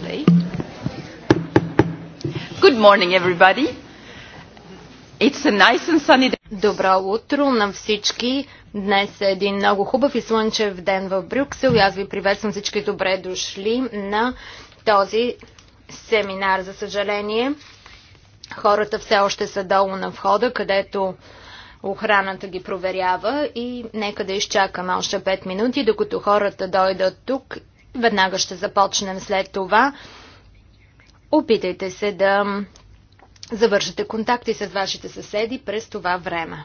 play. Good morning, everybody. It's a nice and sunny day. Добро утро на всички. Днес е един много хубав и слънчев ден в Брюксел и аз ви приветствам всички добре дошли на този семинар. За съжаление, хората все още са долу на входа, където охраната ги проверява и нека да изчакаме още 5 минути, докато хората дойдат тук Веднага ще започнем след това. Опитайте се да завършите контакти с вашите съседи през това време.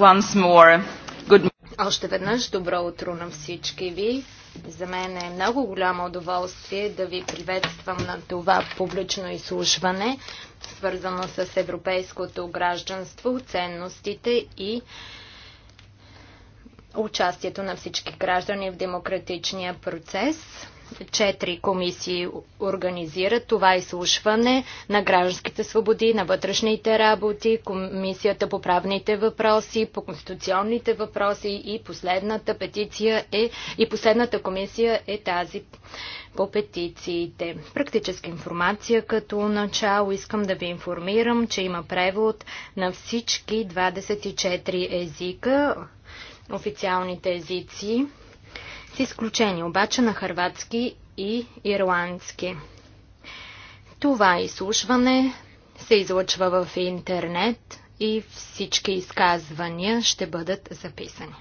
once more. Good... Още веднъж добро утро на всички ви. За мен е много голямо удоволствие да ви приветствам на това публично изслушване, свързано с европейското гражданство, ценностите и участието на всички граждани в демократичния процес четири комисии организират това изслушване на гражданските свободи, на вътрешните работи, комисията по правните въпроси, по конституционните въпроси и последната петиция е и последната комисия е тази по петициите. Практическа информация като начало искам да ви информирам, че има превод на всички 24 езика, официалните езици с изключение обаче на хърватски и ирландски. Това изслушване се излъчва в интернет и всички изказвания ще бъдат записани.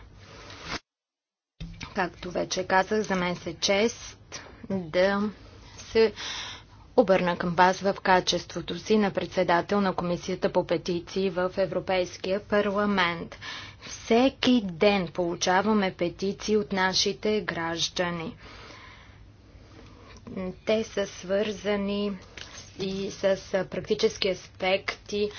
Както вече казах, за мен се чест да се обърна към вас в качеството си на председател на Комисията по петиции в Европейския парламент. Всеки ден получаваме петиции от нашите граждани. Те са свързани и с практически аспекти,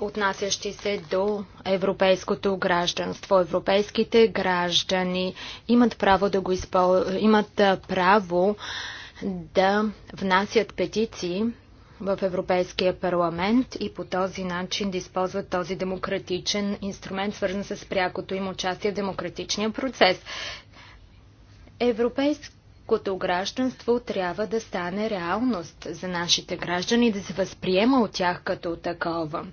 отнасящи се до европейското гражданство. Европейските граждани имат право да го използват, имат право да внасят петиции в Европейския парламент и по този начин да използват този демократичен инструмент, свързан с прякото им участие в демократичния процес. Европейското гражданство трябва да стане реалност за нашите граждани, да се възприема от тях като такова.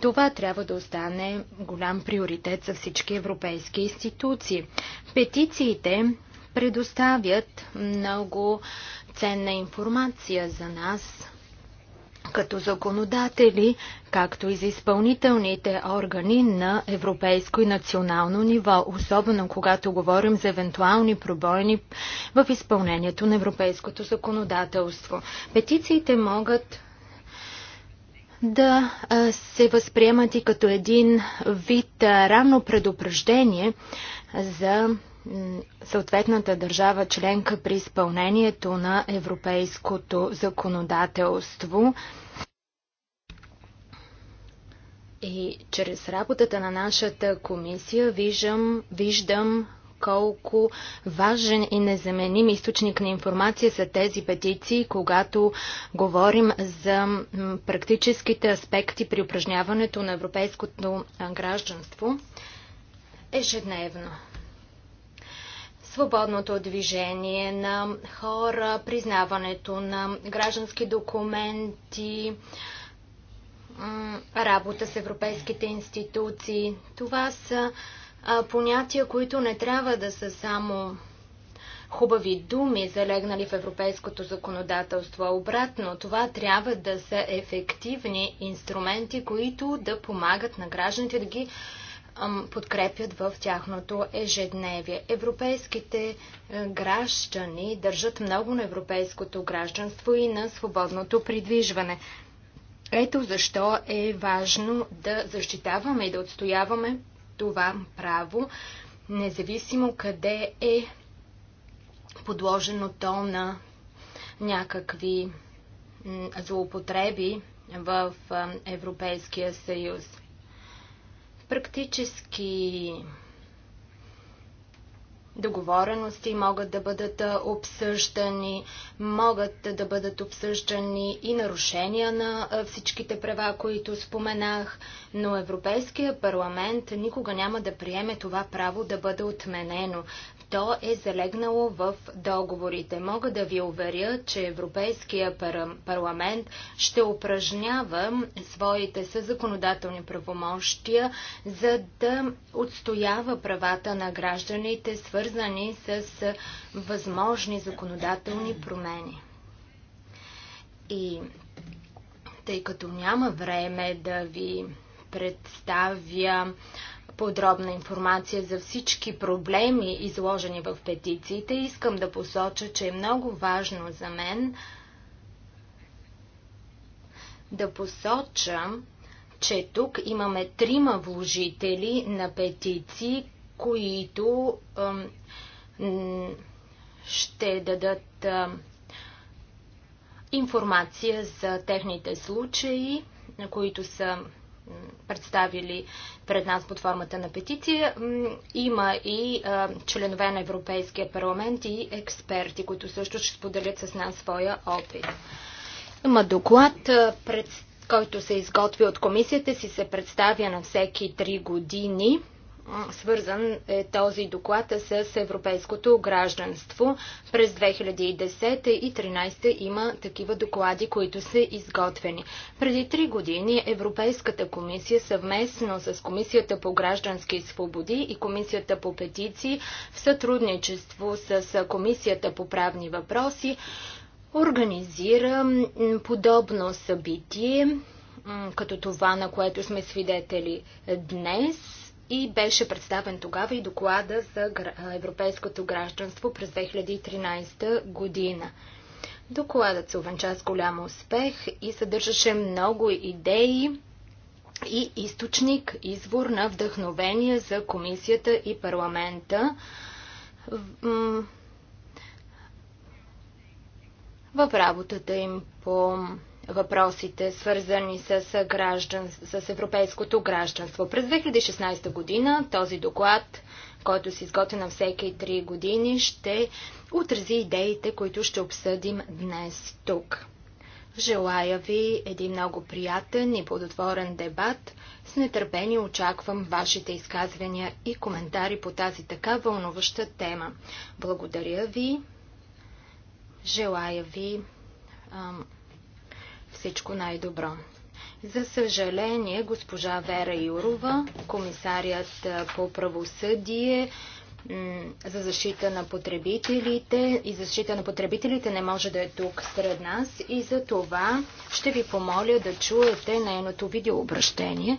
Това трябва да остане голям приоритет за всички европейски институции. Петициите предоставят много ценна информация за нас, като законодатели, както и за изпълнителните органи на европейско и национално ниво, особено когато говорим за евентуални пробойни в изпълнението на европейското законодателство. Петициите могат да се възприемат и като един вид равно предупреждение за съответната държава членка при изпълнението на европейското законодателство. И чрез работата на нашата комисия виждам, виждам колко важен и незаменим източник на информация са тези петиции, когато говорим за практическите аспекти при упражняването на европейското гражданство ежедневно свободното движение на хора, признаването на граждански документи, работа с европейските институции. Това са понятия, които не трябва да са само хубави думи, залегнали в европейското законодателство. Обратно, това трябва да са ефективни инструменти, които да помагат на гражданите да ги подкрепят в тяхното ежедневие. Европейските е, граждани държат много на европейското гражданство и на свободното придвижване. Ето защо е важно да защитаваме и да отстояваме това право, независимо къде е подложено то на някакви злоупотреби в Европейския съюз. Практически договорености могат да бъдат обсъждани, могат да бъдат обсъждани и нарушения на всичките права, които споменах, но Европейския парламент никога няма да приеме това право да бъде отменено. То е залегнало в договорите. Мога да ви уверя, че Европейския парламент ще упражнява своите съзаконодателни правомощия, за да отстоява правата на гражданите, свързани с възможни законодателни промени. И тъй като няма време да ви представя подробна информация за всички проблеми, изложени в петициите, искам да посоча, че е много важно за мен да посоча, че тук имаме трима вложители на петиции, които ще дадат информация за техните случаи, които са представили пред нас под формата на петиция. Има и а, членове на Европейския парламент и експерти, които също ще споделят с нас своя опит. Има доклад, пред, който се изготви от комисията си, се представя на всеки три години свързан е този доклад с европейското гражданство. През 2010 и 2013 има такива доклади, които са изготвени. Преди три години Европейската комисия съвместно с Комисията по граждански свободи и Комисията по петиции в сътрудничество с Комисията по правни въпроси организира подобно събитие като това, на което сме свидетели днес и беше представен тогава и доклада за европейското гражданство през 2013 година. Докладът се увенча с голям успех и съдържаше много идеи и източник, извор на вдъхновение за комисията и парламента в работата им по въпросите, свързани с, граждан, с европейското гражданство. През 2016 година този доклад, който се изготвя на всеки 3 години, ще отрази идеите, които ще обсъдим днес тук. Желая ви един много приятен и плодотворен дебат. С нетърпение очаквам вашите изказвания и коментари по тази така вълнуваща тема. Благодаря ви. Желая ви ам, всичко най-добро. За съжаление, госпожа Вера Юрова, комисарият по правосъдие за защита на потребителите и защита на потребителите не може да е тук сред нас и за това ще ви помоля да чуете нейното видеообращение.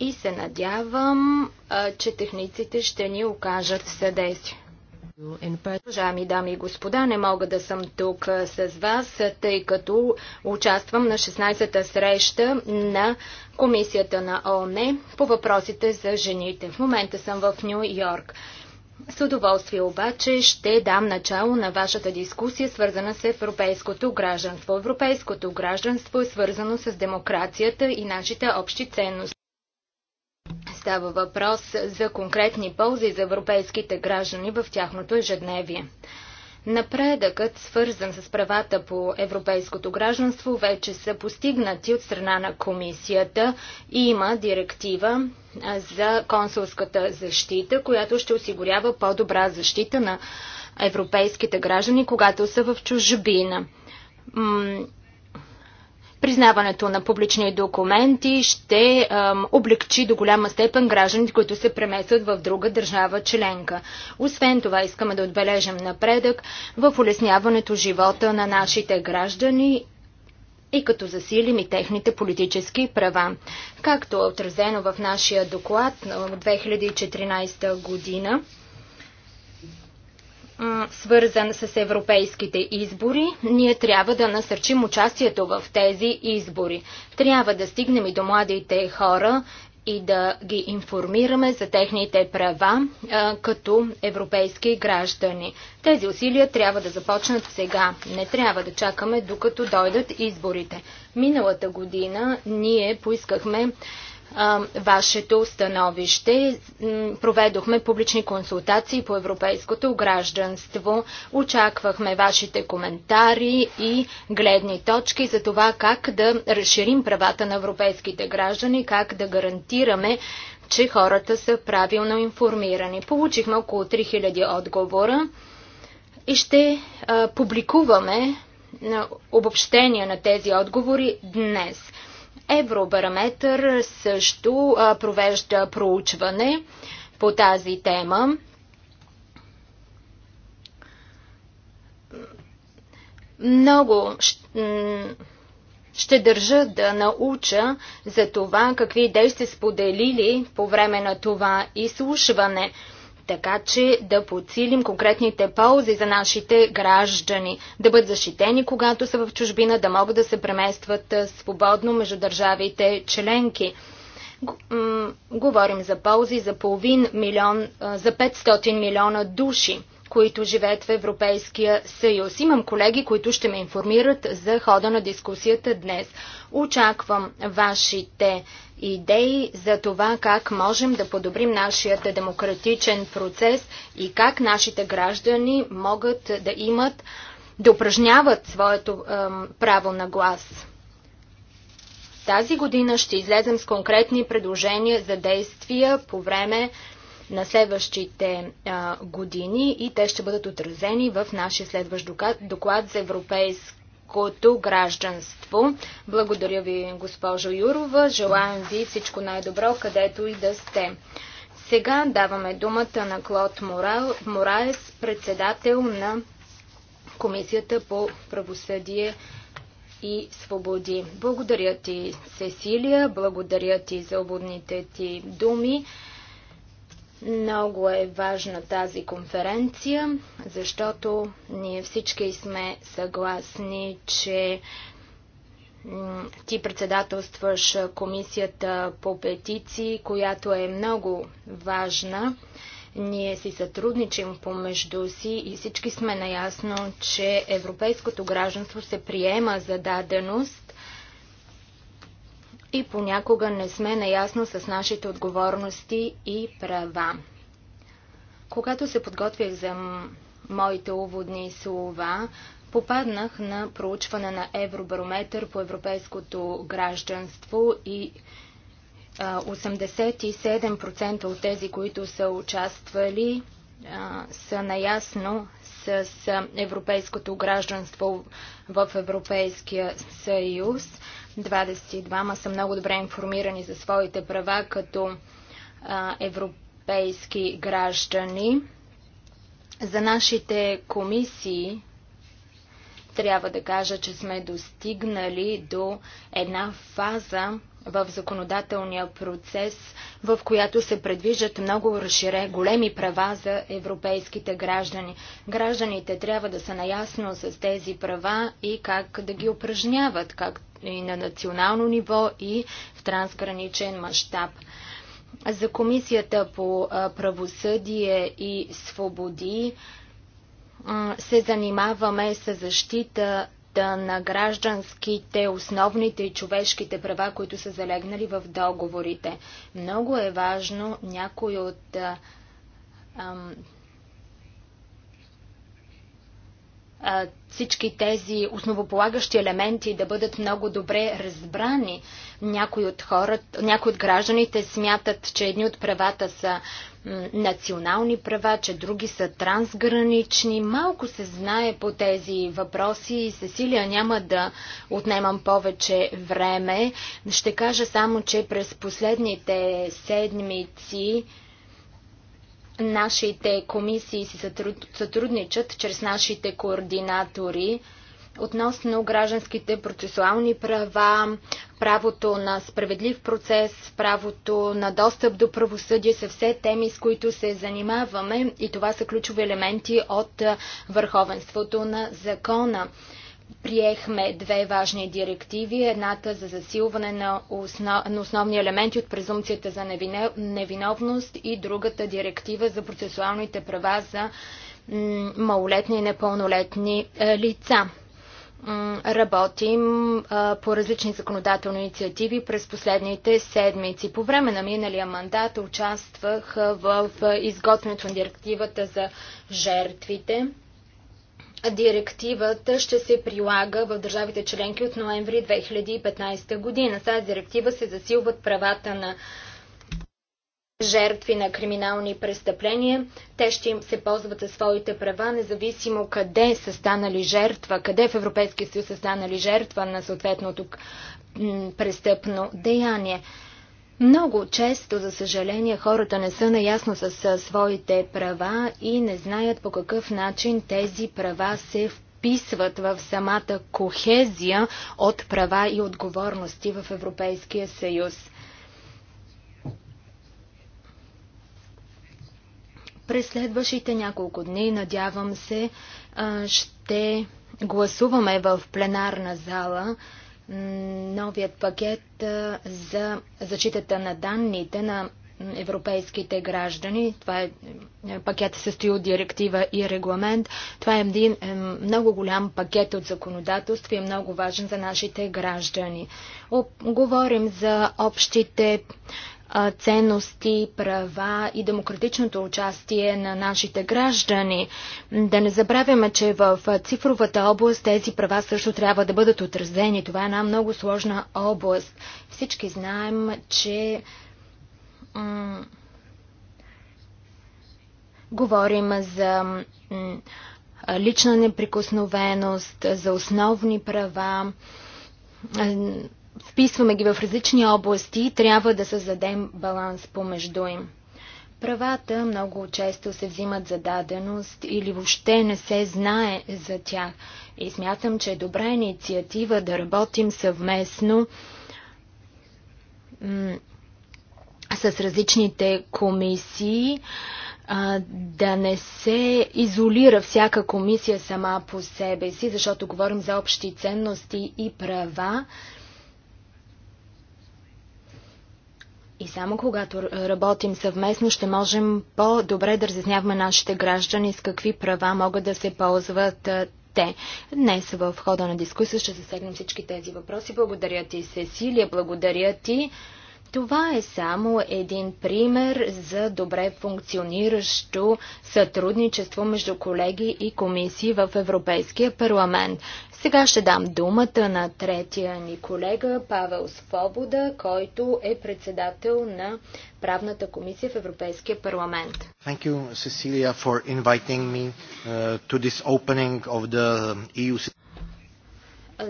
И се надявам, че техниците ще ни окажат съдействие. Уважаеми дами и господа, не мога да съм тук с вас, тъй като участвам на 16-та среща на Комисията на ООН по въпросите за жените. В момента съм в Нью Йорк. С удоволствие обаче ще дам начало на вашата дискусия, свързана с европейското гражданство. Европейското гражданство е свързано с демокрацията и нашите общи ценности. Става въпрос за конкретни ползи за европейските граждани в тяхното ежедневие. Напредъкът, свързан с правата по европейското гражданство, вече са постигнати от страна на комисията и има директива за консулската защита, която ще осигурява по-добра защита на европейските граждани, когато са в чужбина Признаването на публични документи ще ем, облегчи до голяма степен гражданите, които се преместват в друга държава членка. Освен това, искаме да отбележим напредък в улесняването живота на нашите граждани и като засилим и техните политически права. Както е отразено в нашия доклад от 2014 година, свързан с европейските избори, ние трябва да насърчим участието в тези избори. Трябва да стигнем и до младите хора и да ги информираме за техните права а, като европейски граждани. Тези усилия трябва да започнат сега. Не трябва да чакаме докато дойдат изборите. Миналата година ние поискахме вашето становище. Проведохме публични консултации по европейското гражданство. Очаквахме вашите коментари и гледни точки за това как да разширим правата на европейските граждани, как да гарантираме че хората са правилно информирани. Получихме около 3000 отговора и ще а, публикуваме обобщение на тези отговори днес. Евробараметър също а, провежда проучване по тази тема. Много ще държа да науча за това какви действия споделили по време на това изслушване така че да подсилим конкретните ползи за нашите граждани, да бъдат защитени, когато са в чужбина, да могат да се преместват свободно между държавите членки. Говорим за ползи за половин милион, за 500 милиона души които живеят в Европейския съюз. Имам колеги, които ще ме информират за хода на дискусията днес. Очаквам вашите идеи за това как можем да подобрим нашия демократичен процес и как нашите граждани могат да имат, да упражняват своето ем, право на глас. Тази година ще излезем с конкретни предложения за действия по време на следващите а, години и те ще бъдат отразени в нашия следващ доклад за европейското гражданство. Благодаря ви, госпожо Юрова. Желаем ви всичко най-добро, където и да сте. Сега даваме думата на Клод Морал, Мораес, председател на Комисията по правосъдие и свободи. Благодаря ти, Сесилия, благодаря ти за обудните ти думи. Много е важна тази конференция, защото ние всички сме съгласни, че ти председателстваш комисията по петиции, която е много важна. Ние си сътрудничим помежду си и всички сме наясно, че европейското гражданство се приема за даденост и понякога не сме наясно с нашите отговорности и права. Когато се подготвях за моите уводни слова, попаднах на проучване на Евробарометър по европейското гражданство и 87% от тези, които са участвали, са наясно с европейското гражданство в Европейския съюз. 22 са много добре информирани за своите права като европейски граждани. За нашите комисии трябва да кажа, че сме достигнали до една фаза, в законодателния процес, в която се предвиждат много разшире, големи права за европейските граждани. Гражданите трябва да са наясно с тези права и как да ги упражняват, как и на национално ниво, и в трансграничен мащаб. За Комисията по правосъдие и свободи се занимаваме с защита на гражданските, основните и човешките права, които са залегнали в договорите. Много е важно някой от всички тези основополагащи елементи да бъдат много добре разбрани. Някои от, хората, някои от гражданите смятат, че едни от правата са национални права, че други са трансгранични. Малко се знае по тези въпроси и Сесилия няма да отнемам повече време. Ще кажа само, че през последните седмици Нашите комисии си сътрудничат чрез нашите координатори относно гражданските процесуални права, правото на справедлив процес, правото на достъп до правосъдие са все теми, с които се занимаваме и това са ключови елементи от върховенството на закона приехме две важни директиви. Едната за засилване на, основ, на основни елементи от презумцията за невиновност и другата директива за процесуалните права за малолетни и непълнолетни е, лица. Работим по различни законодателни инициативи през последните седмици. По време на миналия мандат участвах в изготвянето на директивата за жертвите. Директивата ще се прилага в държавите членки от ноември 2015 година. С тази директива се засилват правата на жертви на криминални престъпления. Те ще им се ползват за своите права, независимо къде са станали жертва, къде в Европейския съюз са станали жертва на съответното престъпно деяние. Много често, за съжаление, хората не са наясно с своите права и не знаят по какъв начин тези права се вписват в самата кохезия от права и отговорности в Европейския съюз. През следващите няколко дни, надявам се, ще гласуваме в пленарна зала новият пакет за защитата на данните на европейските граждани. Това е, е пакет състои от директива и регламент. Това е един е, много голям пакет от законодателство и е много важен за нашите граждани. Говорим за общите ценности, права и демократичното участие на нашите граждани. Да не забравяме, че в цифровата област тези права също трябва да бъдат отразени. Това е една много сложна област. Всички знаем, че говорим за лична неприкосновеност, за основни права, вписваме ги в различни области, трябва да създадем баланс помежду им. Правата много често се взимат за даденост или въобще не се знае за тях. И смятам, че е добра инициатива да работим съвместно с различните комисии, а, да не се изолира всяка комисия сама по себе си, защото говорим за общи ценности и права. И само когато работим съвместно, ще можем по-добре да разясняваме нашите граждани с какви права могат да се ползват те. Днес в хода на дискусия ще засегнем всички тези въпроси. Благодаря ти, Сесилия, благодаря ти. Това е само един пример за добре функциониращо сътрудничество между колеги и комисии в Европейския парламент. Сега ще дам думата на третия ни колега Павел Свобода, който е председател на правната комисия в Европейския парламент. Thank you, Cecilia, for inviting me uh, to this opening of the EU.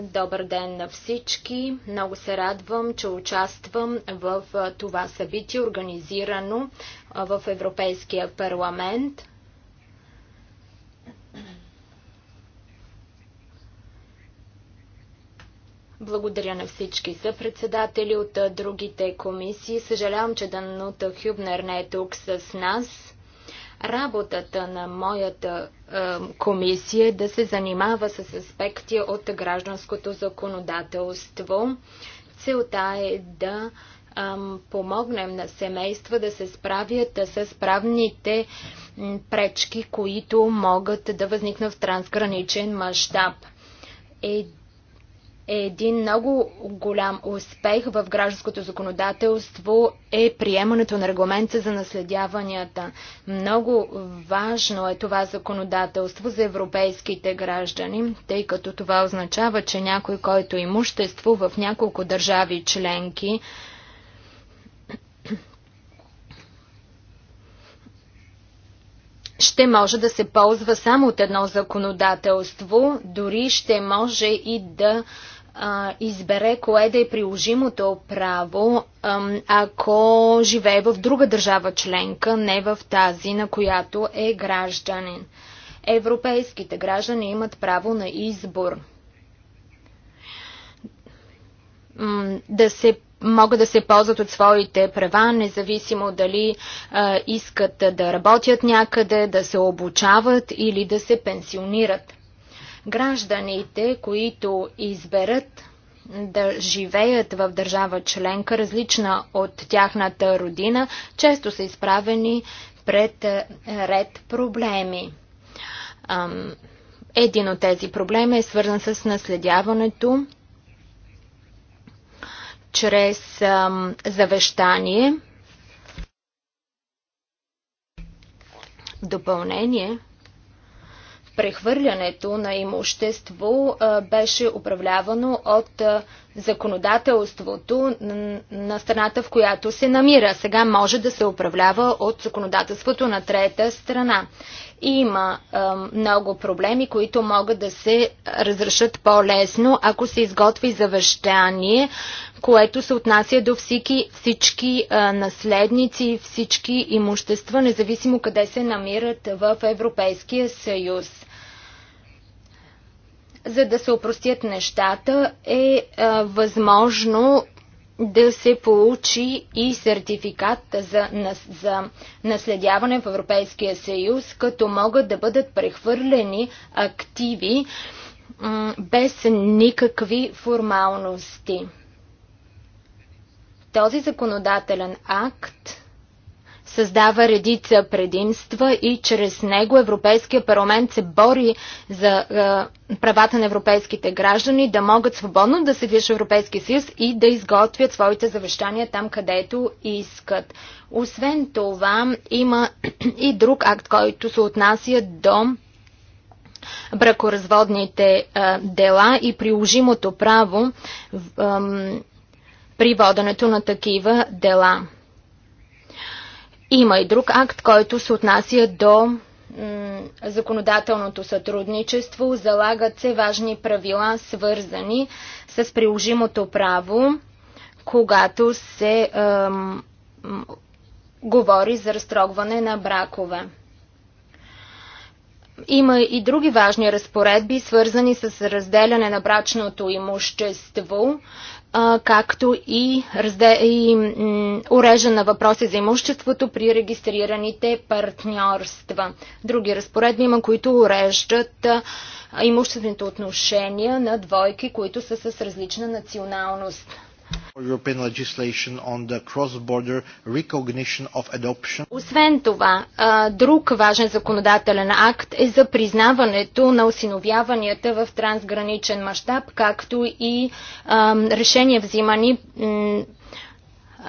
Добър ден на всички! Много се радвам, че участвам в това събитие, организирано в Европейския парламент. Благодаря на всички председатели от другите комисии. Съжалявам, че Данута Хюбнер не е тук с нас. Работата на моята е, комисия е да се занимава с аспекти от гражданското законодателство. Целта е да е, помогнем на семейства да се справят с правните пречки, които могат да възникнат в трансграничен мащаб. Е, е един много голям успех в гражданското законодателство е приемането на регламента за наследяванията. Много важно е това законодателство за европейските граждани, тъй като това означава, че някой, който е имущество в няколко държави членки, ще може да се ползва само от едно законодателство, дори ще може и да а, избере кое да е приложимото право, ако живее в друга държава членка, не в тази, на която е гражданин. Европейските граждани имат право на избор да се могат да се ползват от своите права, независимо дали а, искат да работят някъде, да се обучават или да се пенсионират. Гражданите, които изберат да живеят в държава членка, различна от тяхната родина, често са изправени пред ред проблеми. Един от тези проблеми е свързан с наследяването чрез завещание. Допълнение. Прехвърлянето на имущество беше управлявано от законодателството на страната, в която се намира. Сега може да се управлява от законодателството на трета страна. Има много проблеми, които могат да се разрешат по-лесно, ако се изготви завещание, което се отнася до всички наследници, всички имущества, независимо къде се намират в Европейския съюз за да се опростят нещата, е възможно да се получи и сертификат за, за наследяване в Европейския съюз, като могат да бъдат прехвърлени активи без никакви формалности. Този законодателен акт създава редица предимства и чрез него Европейския парламент се бори за е, правата на европейските граждани да могат свободно да се движат в Европейския съюз и да изготвят своите завещания там, където искат. Освен това, има и друг акт, който се отнася до бракоразводните е, дела и приложимото право е, при воденето на такива дела. Има и друг акт, който се отнася до законодателното сътрудничество. Залагат се важни правила, свързани с приложимото право, когато се ем, говори за разтрогване на бракове. Има и други важни разпоредби, свързани с разделяне на брачното имущество както и, разде... и урежа на въпроси за имуществото при регистрираните партньорства. Други разпоредби има, които уреждат имуществените отношения на двойки, които са с различна националност. Освен това, друг важен законодателен акт е за признаването на осиновяванията в трансграничен мащаб, както и решения взимани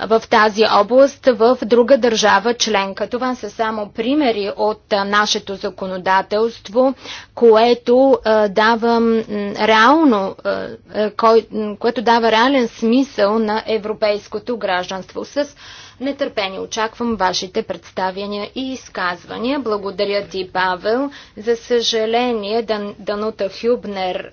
в тази област в друга държава членка. Това са само примери от нашето законодателство, което дава реално, което дава реален смисъл на европейското гражданство. С нетърпение очаквам вашите представяния и изказвания. Благодаря ти, Павел. За съжаление, Данута Хюбнер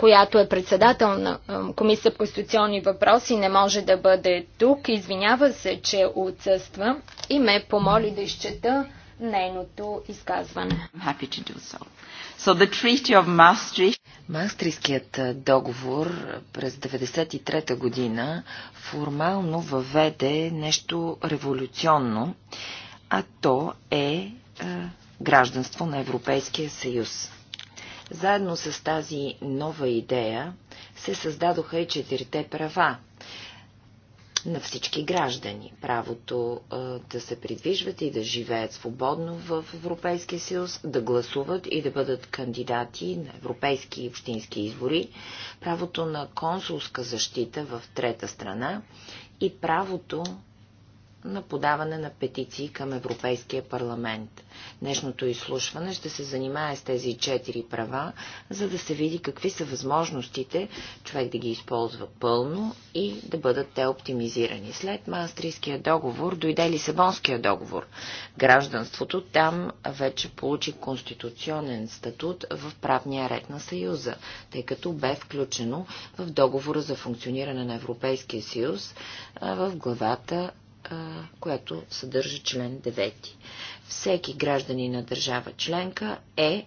която е председател на Комисия по конституционни въпроси, не може да бъде тук. Извинява се, че отсъства и ме помоли да изчета нейното изказване. Мастрийският договор през 1993 година формално въведе нещо революционно, а то е, е гражданство на Европейския съюз. Заедно с тази нова идея се създадоха и четирите права на всички граждани. Правото а, да се придвижват и да живеят свободно в Европейския съюз, да гласуват и да бъдат кандидати на европейски и общински избори, правото на консулска защита в трета страна и правото на подаване на петиции към Европейския парламент. Днешното изслушване ще се занимае с тези четири права, за да се види какви са възможностите човек да ги използва пълно и да бъдат те оптимизирани. След Маастрийския договор дойде Лисабонския договор. Гражданството там вече получи конституционен статут в правния ред на Съюза, тъй като бе включено в договора за функциониране на Европейския съюз в главата която съдържа член 9. Всеки гражданин на държава членка е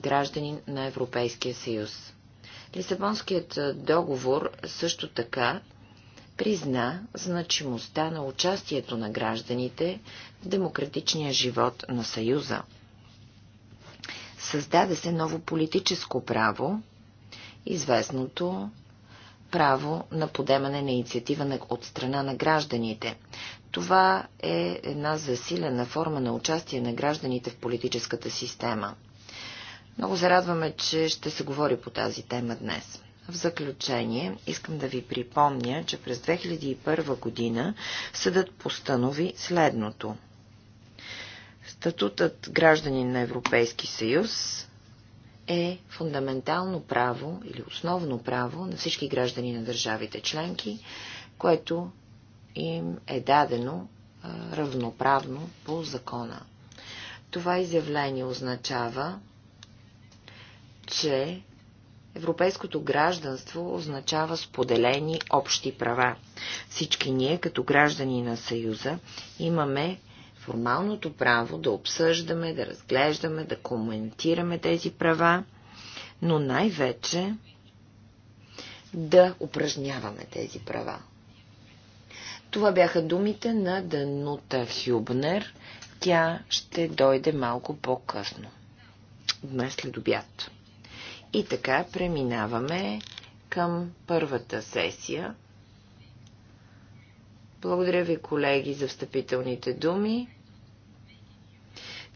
гражданин на Европейския съюз. Лисабонският договор също така призна значимостта на участието на гражданите в демократичния живот на Съюза. Създаде се ново политическо право, известното право на подемане на инициатива от страна на гражданите. Това е една засилена форма на участие на гражданите в политическата система. Много се радваме, че ще се говори по тази тема днес. В заключение искам да ви припомня, че през 2001 година съдът постанови следното. Статутът гражданин на Европейски съюз е фундаментално право или основно право на всички граждани на държавите членки, което им е дадено а, равноправно по закона. Това изявление означава, че Европейското гражданство означава споделени общи права. Всички ние, като граждани на Съюза, имаме формалното право да обсъждаме, да разглеждаме, да коментираме тези права, но най-вече да упражняваме тези права. Това бяха думите на Данута Хюбнер. Тя ще дойде малко по-късно. Днес след обяд. И така преминаваме към първата сесия. Благодаря ви, колеги, за встъпителните думи.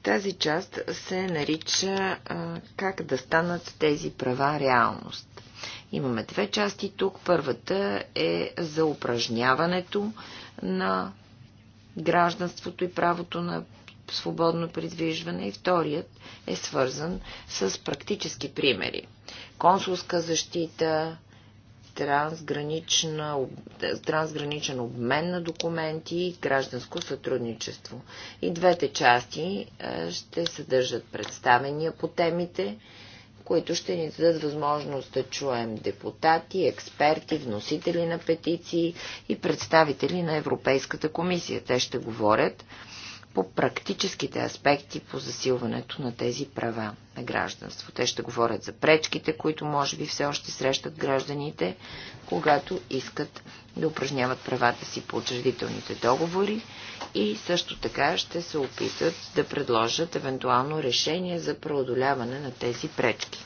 Тази част се нарича а, как да станат тези права реалност. Имаме две части тук. Първата е за упражняването на гражданството и правото на свободно придвижване и вторият е свързан с практически примери. Консулска защита, трансграничен обмен на документи и гражданско сътрудничество. И двете части е, ще съдържат представения по темите, които ще ни дадат възможност да чуем депутати, експерти, вносители на петиции и представители на Европейската комисия. Те ще говорят по практическите аспекти по засилването на тези права на гражданство. Те ще говорят за пречките, които може би все още срещат гражданите, когато искат да упражняват правата си по учредителните договори и също така ще се опитат да предложат евентуално решение за преодоляване на тези пречки.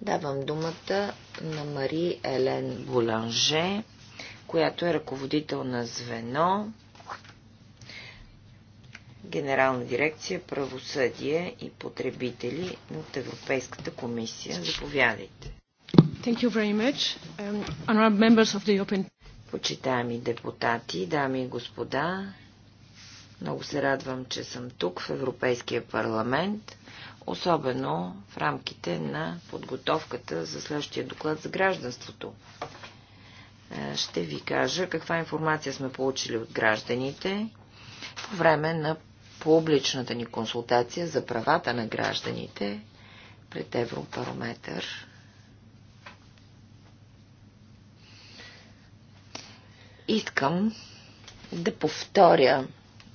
Давам думата на Мари Елен Боланже, която е ръководител на звено Генерална дирекция Правосъдие и потребители от Европейската комисия. Заповядайте. Thank you very much. Um, members of the Почитаеми депутати, дами и господа, много се радвам, че съм тук в Европейския парламент, особено в рамките на подготовката за следващия доклад за гражданството. Е, ще ви кажа каква информация сме получили от гражданите по време на публичната ни консултация за правата на гражданите пред Европарометър. Искам да повторя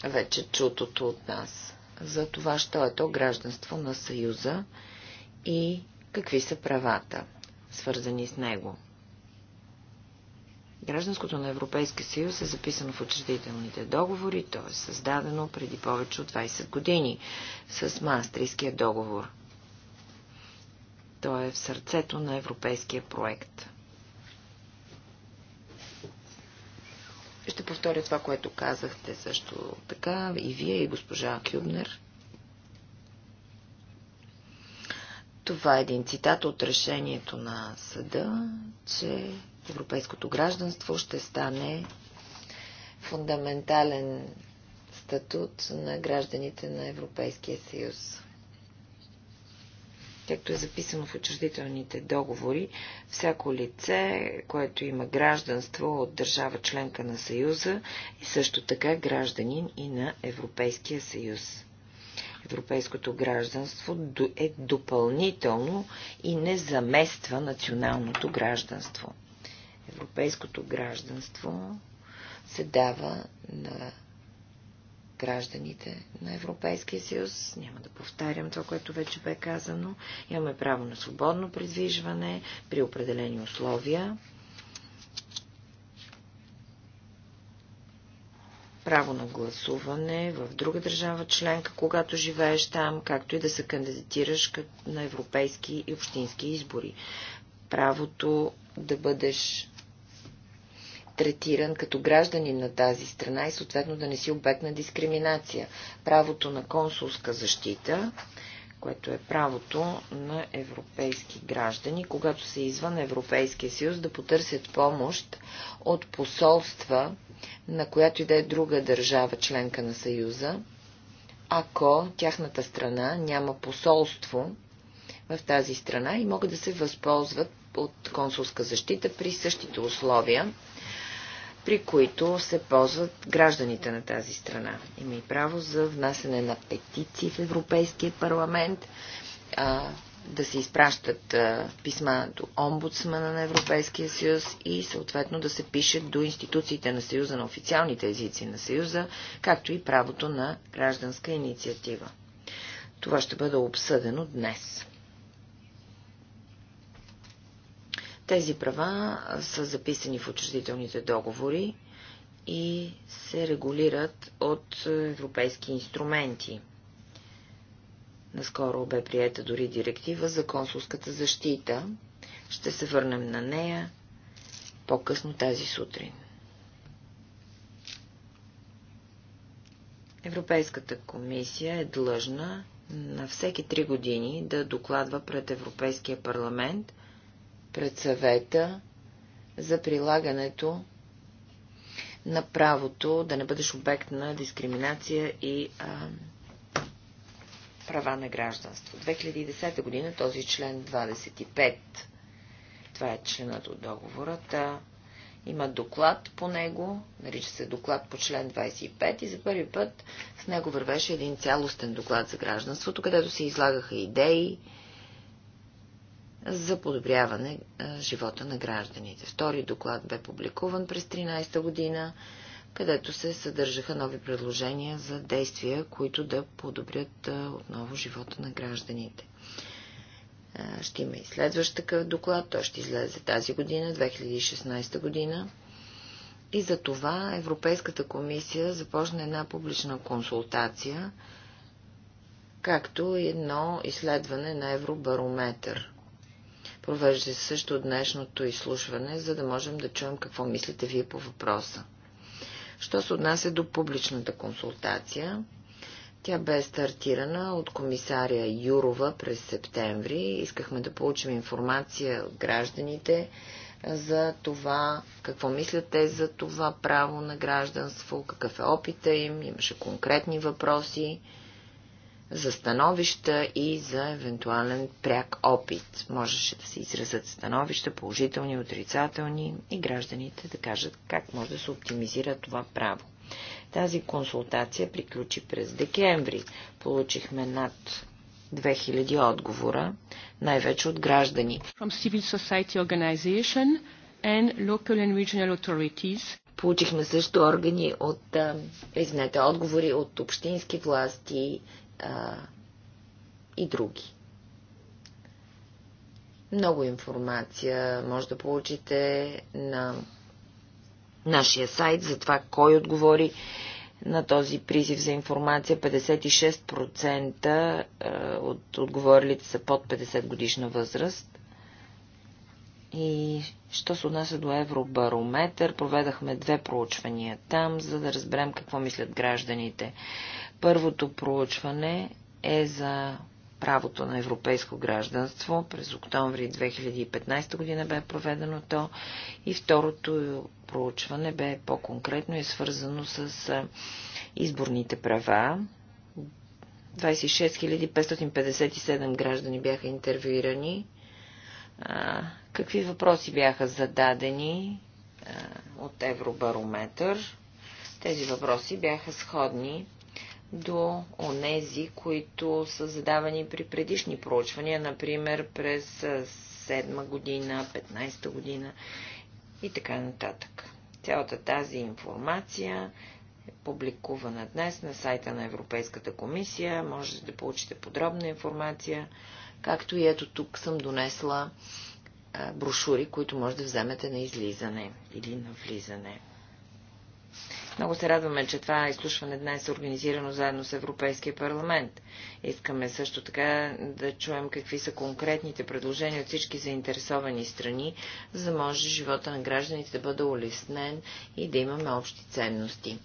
вече чутото от нас за това, що е то гражданство на Съюза и какви са правата, свързани с него. Гражданското на Европейския съюз е записано в учредителните договори, то е създадено преди повече от 20 години с Маастрийския договор. То е в сърцето на европейския проект. Ще повторя това, което казахте също така и вие, и госпожа Кюбнер. Това е един цитат от решението на съда, че Европейското гражданство ще стане фундаментален статут на гражданите на Европейския съюз. Както е записано в учредителните договори, всяко лице, което има гражданство от държава членка на Съюза и е също така гражданин и на Европейския съюз. Европейското гражданство е допълнително и не замества националното гражданство. Европейското гражданство се дава на гражданите на Европейския съюз. Няма да повтарям това, което вече бе казано. Имаме право на свободно придвижване при определени условия. право на гласуване в друга държава членка, когато живееш там, както и да се кандидатираш на европейски и общински избори. Правото да бъдеш третиран като гражданин на тази страна и съответно да не си обект на дискриминация. Правото на консулска защита, което е правото на европейски граждани, когато са извън Европейския съюз, да потърсят помощ от посолства на която и да е друга държава членка на Съюза, ако тяхната страна няма посолство в тази страна и могат да се възползват от консулска защита при същите условия, при които се ползват гражданите на тази страна. Има и право за внасене на петиции в Европейския парламент, а, да се изпращат а, писма до омбудсмана на Европейския съюз и съответно да се пишат до институциите на съюза на официалните езици на съюза, както и правото на гражданска инициатива. Това ще бъде обсъдено днес. Тези права са записани в учредителните договори и се регулират от европейски инструменти. Наскоро бе приета дори директива за консулската защита. Ще се върнем на нея по-късно тази сутрин. Европейската комисия е длъжна на всеки три години да докладва пред Европейския парламент пред съвета за прилагането на правото да не бъдеш обект на дискриминация и а, права на гражданство. 2010 година този член 25, това е членът от договората, има доклад по него, нарича се доклад по член 25 и за първи път с него вървеше един цялостен доклад за гражданството, където се излагаха идеи, за подобряване живота на гражданите. Втори доклад бе публикуван през 13-та година, където се съдържаха нови предложения за действия, които да подобрят отново живота на гражданите. Ще има и следващ такъв доклад. Той ще излезе тази година, 2016 година. И за това Европейската комисия започна една публична консултация, както и едно изследване на Евробарометър. Провежда се също днешното изслушване, за да можем да чуем какво мислите вие по въпроса. Що се отнася до публичната консултация, тя бе стартирана от комисаря Юрова през септември. Искахме да получим информация от гражданите за това, какво мислят те за това право на гражданство, какъв е опита им, имаше конкретни въпроси за становища и за евентуален пряк опит. Можеше да се изразят становища, положителни, отрицателни и гражданите да кажат как може да се оптимизира това право. Тази консултация приключи през декември. Получихме над 2000 отговора, най-вече от граждани. From civil society organization and local and regional authorities. Получихме също органи от, извинете, отговори от общински власти а, и други. Много информация може да получите на нашия сайт за това кой отговори на този призив за информация. 56% от отговорилите са под 50 годишна възраст. И що се отнася до Евробарометър, проведахме две проучвания там, за да разберем какво мислят гражданите. Първото проучване е за правото на европейско гражданство. През октомври 2015 година бе проведено то и второто проучване бе по-конкретно и е свързано с изборните права. 26 557 граждани бяха интервюирани. Какви въпроси бяха зададени от Евробарометър? Тези въпроси бяха сходни до онези, които са задавани при предишни проучвания, например през 7 година, 15 та година и така нататък. Цялата тази информация е публикувана днес на сайта на Европейската комисия. Можете да получите подробна информация, както и ето тук съм донесла брошури, които може да вземете на излизане или на влизане. Много се радваме, че това изслушване днес е организирано заедно с Европейския парламент. Искаме също така да чуем какви са конкретните предложения от всички заинтересовани страни, за да може живота на гражданите да бъде улеснен и да имаме общи ценности.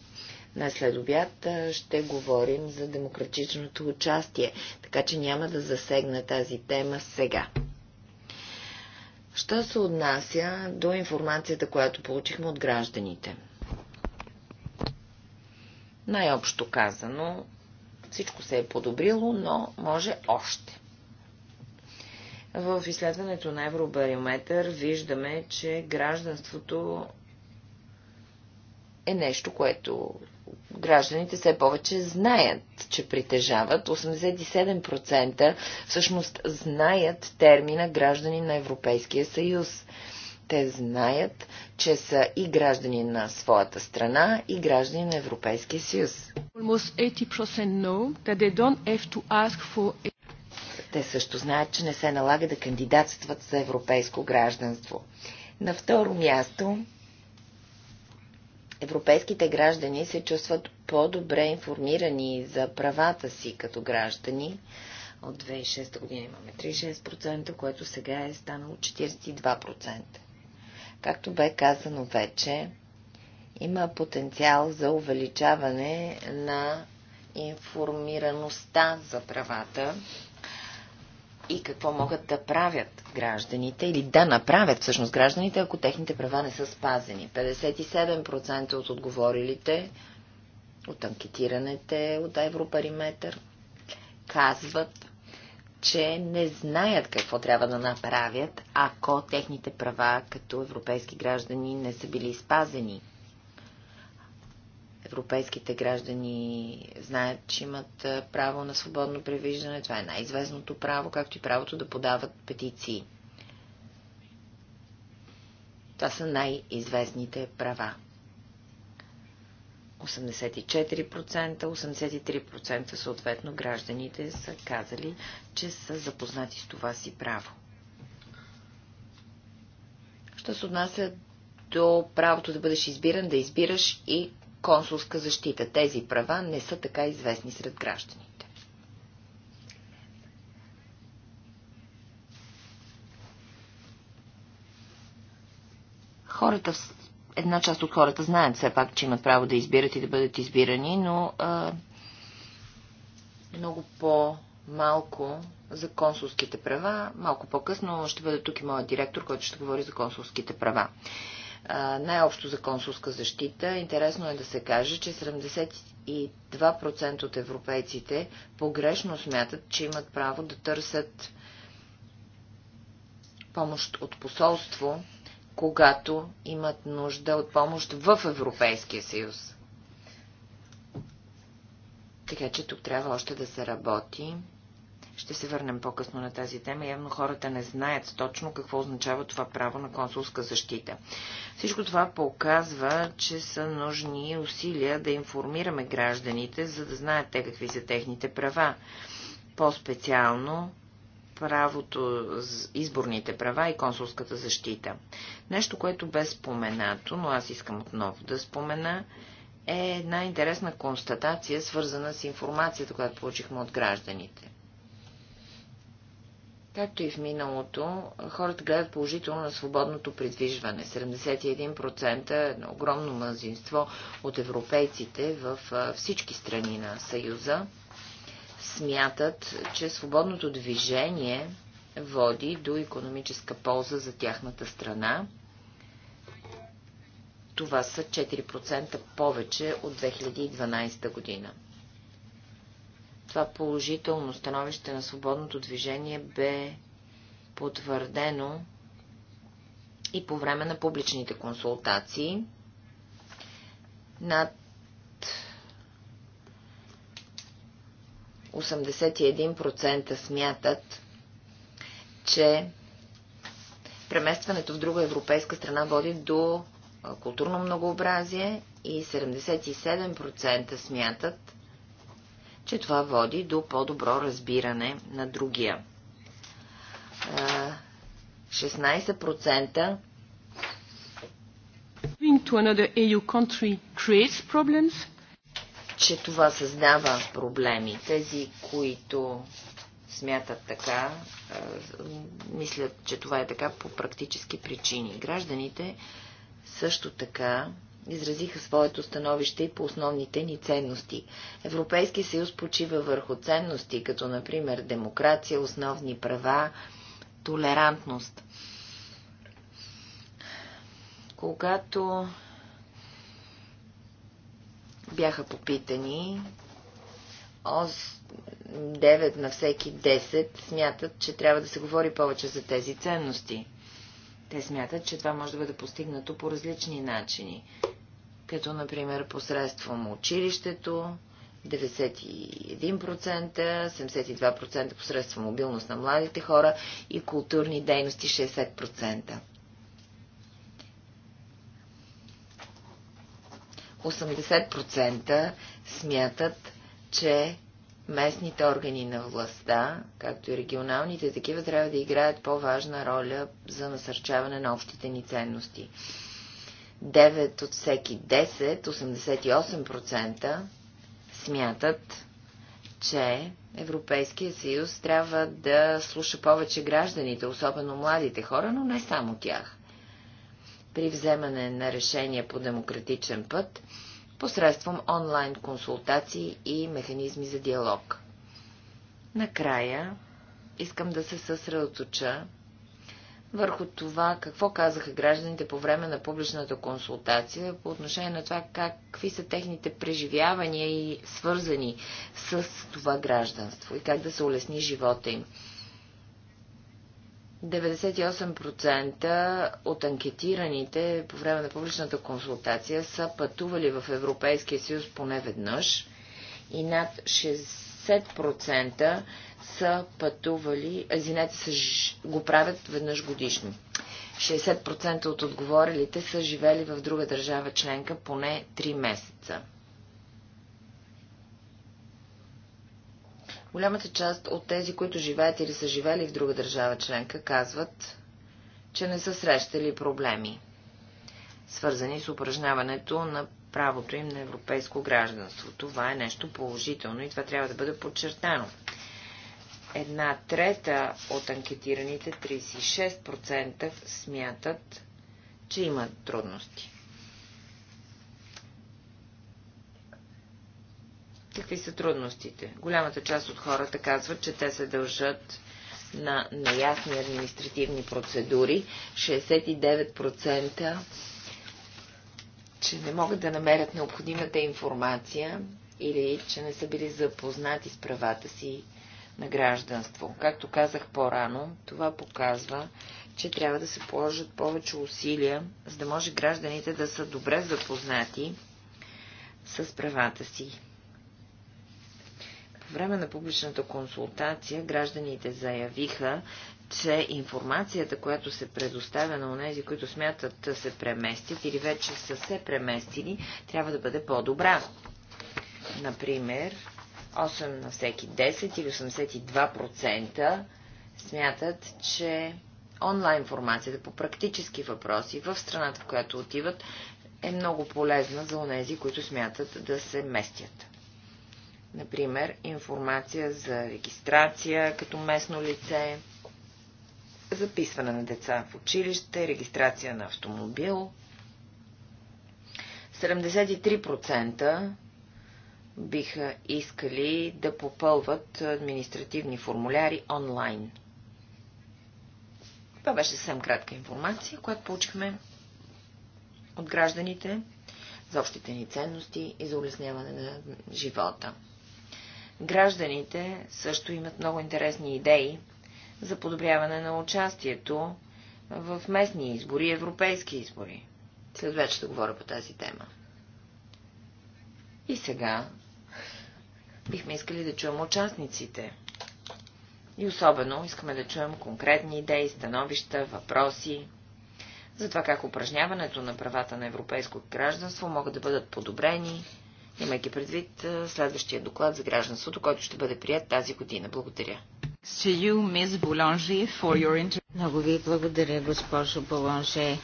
На след обяд ще говорим за демократичното участие, така че няма да засегна тази тема сега. Що се отнася до информацията, която получихме от гражданите – най-общо казано, всичко се е подобрило, но може още. В изследването на Евробариометър виждаме, че гражданството е нещо, което гражданите все повече знаят, че притежават. 87% всъщност знаят термина граждани на Европейския съюз. Те знаят, че са и граждани на своята страна, и граждани на Европейския съюз. Те също знаят, че не се налага да кандидатстват за европейско гражданство. На второ място, европейските граждани се чувстват по-добре информирани за правата си като граждани. От 2006 година имаме 36%, което сега е станало 42%. Както бе казано вече, има потенциал за увеличаване на информираността за правата и какво могат да правят гражданите или да направят всъщност гражданите, ако техните права не са спазени. 57% от отговорилите от анкетираните от Европариметър казват, че не знаят какво трябва да направят, ако техните права като европейски граждани не са били спазени. Европейските граждани знаят, че имат право на свободно превиждане. Това е най-известното право, както и правото да подават петиции. Това са най-известните права. 84%, 83% съответно гражданите са казали, че са запознати с това си право. Що се отнася до правото да бъдеш избиран, да избираш и консулска защита. Тези права не са така известни сред гражданите. Хората една част от хората знаят все пак, че имат право да избират и да бъдат избирани, но а, много по-малко за консулските права. Малко по-късно ще бъде тук и моят директор, който ще говори за консулските права. най-общо за консулска защита интересно е да се каже, че 72% от европейците погрешно смятат, че имат право да търсят помощ от посолство когато имат нужда от помощ в Европейския съюз. Така че тук трябва още да се работи. Ще се върнем по-късно на тази тема. Явно хората не знаят точно какво означава това право на консулска защита. Всичко това показва, че са нужни усилия да информираме гражданите, за да знаят те какви са техните права. По-специално правото, изборните права и консулската защита. Нещо, което бе споменато, но аз искам отново да спомена, е една интересна констатация, свързана с информацията, която получихме от гражданите. Както и в миналото, хората гледат положително на свободното придвижване. 71% е огромно мнозинство от европейците в всички страни на Съюза смятат, че свободното движение води до економическа полза за тяхната страна. Това са 4% повече от 2012 година. Това положително становище на свободното движение бе потвърдено и по време на публичните консултации. Над 81% смятат, че преместването в друга европейска страна води до културно многообразие и 77% смятат, че това води до по-добро разбиране на другия. 16% to another EU country creates problems че това създава проблеми. Тези, които смятат така, мислят, че това е така по практически причини. Гражданите също така изразиха своето становище и по основните ни ценности. Европейски съюз почива върху ценности, като например демокрация, основни права, толерантност. Когато бяха попитани. 9 на всеки 10 смятат, че трябва да се говори повече за тези ценности. Те смятат, че това може да бъде постигнато по различни начини, като например посредством училището, 91%, 72% посредством мобилност на младите хора и културни дейности 60%. 80% смятат, че местните органи на властта, както и регионалните такива, трябва да играят по-важна роля за насърчаване на общите ни ценности. 9 от всеки 10, 88% смятат, че Европейския съюз трябва да слуша повече гражданите, особено младите хора, но не само тях при вземане на решения по демократичен път, посредством онлайн консултации и механизми за диалог. Накрая искам да се съсредоточа върху това, какво казаха гражданите по време на публичната консултация, по отношение на това какви са техните преживявания и свързани с това гражданство и как да се улесни живота им. 98% от анкетираните по време на публичната консултация са пътували в Европейския съюз поне веднъж и над 60% са пътували, извинете, са, го правят веднъж годишно. 60% от отговорилите са живели в друга държава членка поне 3 месеца. Голямата част от тези, които живеят или са живели в друга държава членка, казват, че не са срещали проблеми, свързани с упражняването на правото им на европейско гражданство. Това е нещо положително и това трябва да бъде подчертано. Една трета от анкетираните, 36%, смятат, че имат трудности. Какви са трудностите? Голямата част от хората казват, че те се дължат на неясни административни процедури. 69% че не могат да намерят необходимата информация или че не са били запознати с правата си на гражданство. Както казах по-рано, това показва, че трябва да се положат повече усилия, за да може гражданите да са добре запознати с правата си време на публичната консултация гражданите заявиха, че информацията, която се предоставя на онези, които смятат да се преместят или вече са се преместили, трябва да бъде по-добра. Например, 8 на всеки 10 или 82% смятат, че онлайн формацията по практически въпроси в страната, в която отиват, е много полезна за онези, които смятат да се местят. Например, информация за регистрация като местно лице, записване на деца в училище, регистрация на автомобил. 73% биха искали да попълват административни формуляри онлайн. Това беше съвсем кратка информация, която получихме от гражданите за общите ни ценности и за улесняване на живота. Гражданите също имат много интересни идеи за подобряване на участието в местни избори, европейски избори. След вече ще говоря по тази тема. И сега бихме искали да чуем участниците. И особено искаме да чуем конкретни идеи, становища, въпроси за това как упражняването на правата на европейско гражданство могат да бъдат подобрени имайки предвид следващия доклад за гражданството, който ще бъде прият тази година. Благодаря. Много ви благодаря, госпожо Болонже.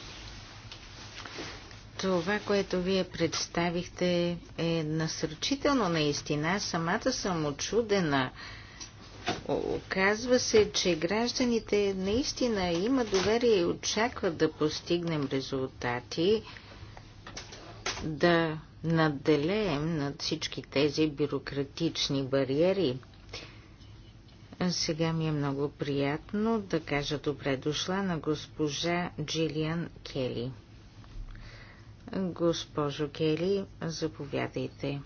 Това, което вие представихте е насърчително наистина. Самата съм очудена. Оказва се, че гражданите наистина имат доверие и очакват да постигнем резултати, да Надделеем над всички тези бюрократични бариери. Сега ми е много приятно да кажа добре дошла на госпожа Джилиан Кели. Госпожо Кели, заповядайте.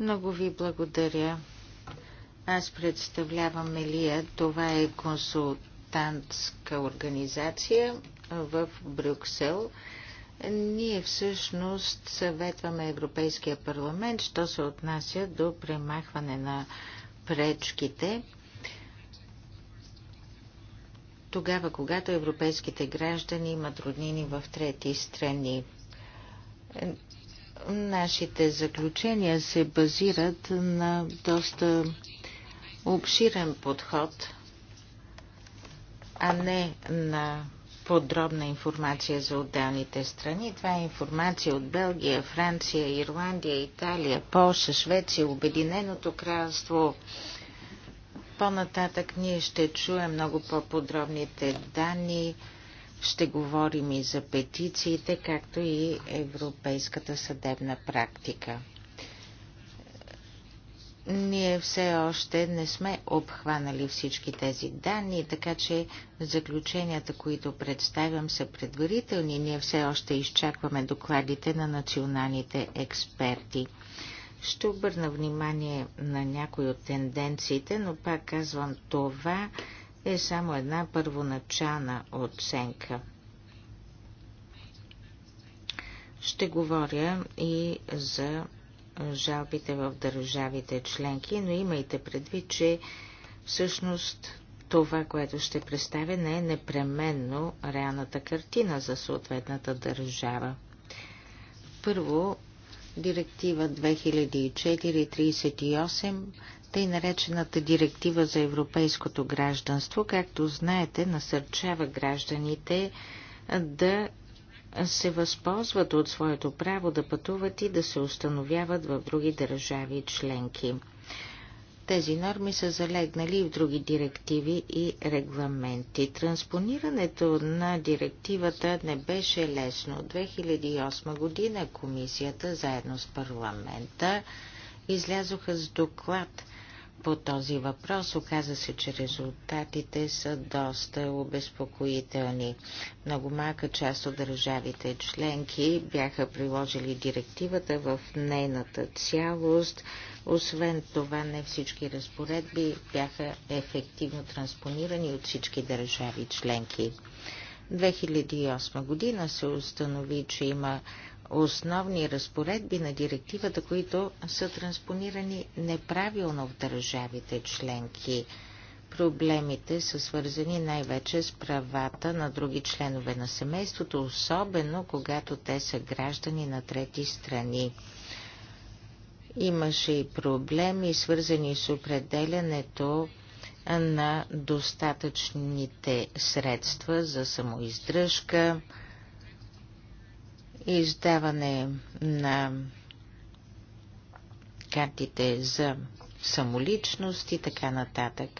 Много ви благодаря. Аз представлявам Елия. Това е консултантска организация в Брюксел. Ние всъщност съветваме Европейския парламент, що се отнася до премахване на пречките тогава, когато европейските граждани имат роднини в трети страни. Нашите заключения се базират на доста обширен подход, а не на подробна информация за отделните страни. Това е информация от Белгия, Франция, Ирландия, Италия, Полша, Швеция, Обединеното кралство. По-нататък ние ще чуем много по-подробните данни. Ще говорим и за петициите, както и европейската съдебна практика. Ние все още не сме обхванали всички тези данни, така че заключенията, които представям, са предварителни. Ние все още изчакваме докладите на националните експерти. Ще обърна внимание на някои от тенденциите, но пак казвам, това е само една първоначална оценка. Ще говоря и за жалбите в държавите членки, но имайте предвид, че всъщност това, което ще представя, не е непременно реалната картина за съответната държава. Първо, директива 2004-38, тъй наречената директива за европейското гражданство, както знаете, насърчава гражданите да се възползват от своето право да пътуват и да се установяват в други държави членки. Тези норми са залегнали и в други директиви и регламенти. Транспонирането на директивата не беше лесно. От 2008 година комисията заедно с парламента излязоха с доклад по този въпрос. Оказа се, че резултатите са доста обезпокоителни. Много малка част от държавите членки бяха приложили директивата в нейната цялост. Освен това, не всички разпоредби бяха ефективно транспонирани от всички държави членки. 2008 година се установи, че има основни разпоредби на директивата, които са транспонирани неправилно в държавите членки. Проблемите са свързани най-вече с правата на други членове на семейството, особено когато те са граждани на трети страни. Имаше и проблеми, свързани с определянето на достатъчните средства за самоиздръжка, издаване на картите за самоличност и така нататък.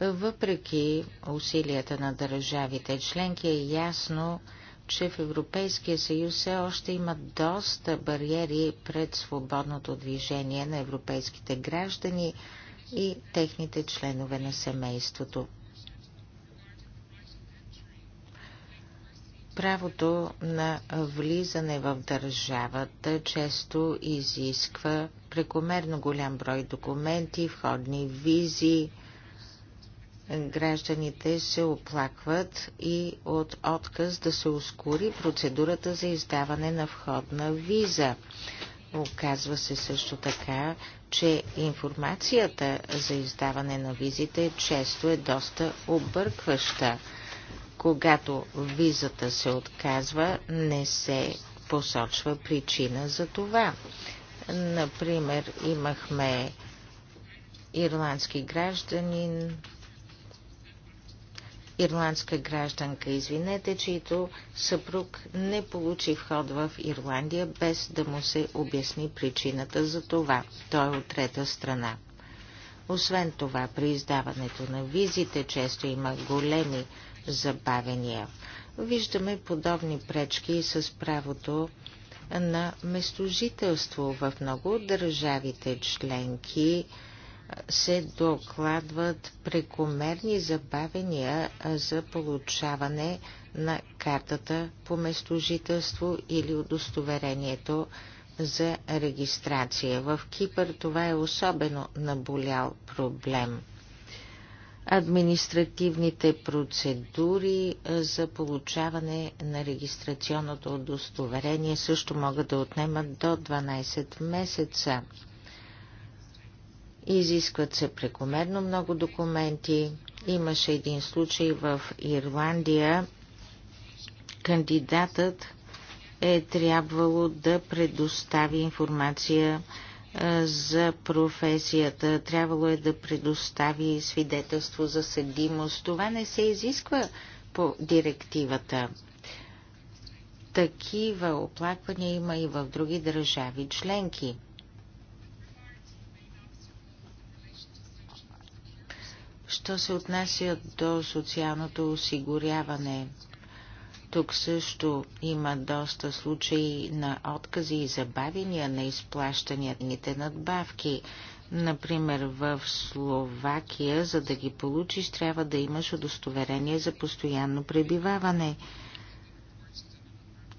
Въпреки усилията на държавите членки е ясно, че в Европейския съюз все още има доста бариери пред свободното движение на европейските граждани и техните членове на семейството. Правото на влизане в държавата често изисква прекомерно голям брой документи, входни визи. Гражданите се оплакват и от отказ да се ускори процедурата за издаване на входна виза. Оказва се също така, че информацията за издаване на визите често е доста объркваща. Когато визата се отказва, не се посочва причина за това. Например, имахме ирландски гражданин, ирландска гражданка, извинете, чието съпруг не получи вход в Ирландия, без да му се обясни причината за това. Той е от трета страна. Освен това, при издаването на визите често има големи забавения. Виждаме подобни пречки с правото на местожителство в много от държавите членки се докладват прекомерни забавения за получаване на картата по местожителство или удостоверението за регистрация. В Кипър това е особено наболял проблем административните процедури за получаване на регистрационното удостоверение също могат да отнемат до 12 месеца. Изискват се прекомерно много документи. Имаше един случай в Ирландия. Кандидатът е трябвало да предостави информация за професията. Трябвало е да предостави свидетелство за съдимост. Това не се изисква по директивата. Такива оплаквания има и в други държави членки. Що се отнася до социалното осигуряване – тук също има доста случаи на откази и забавения на изплащаните надбавки. Например, в Словакия, за да ги получиш, трябва да имаш удостоверение за постоянно пребиваване.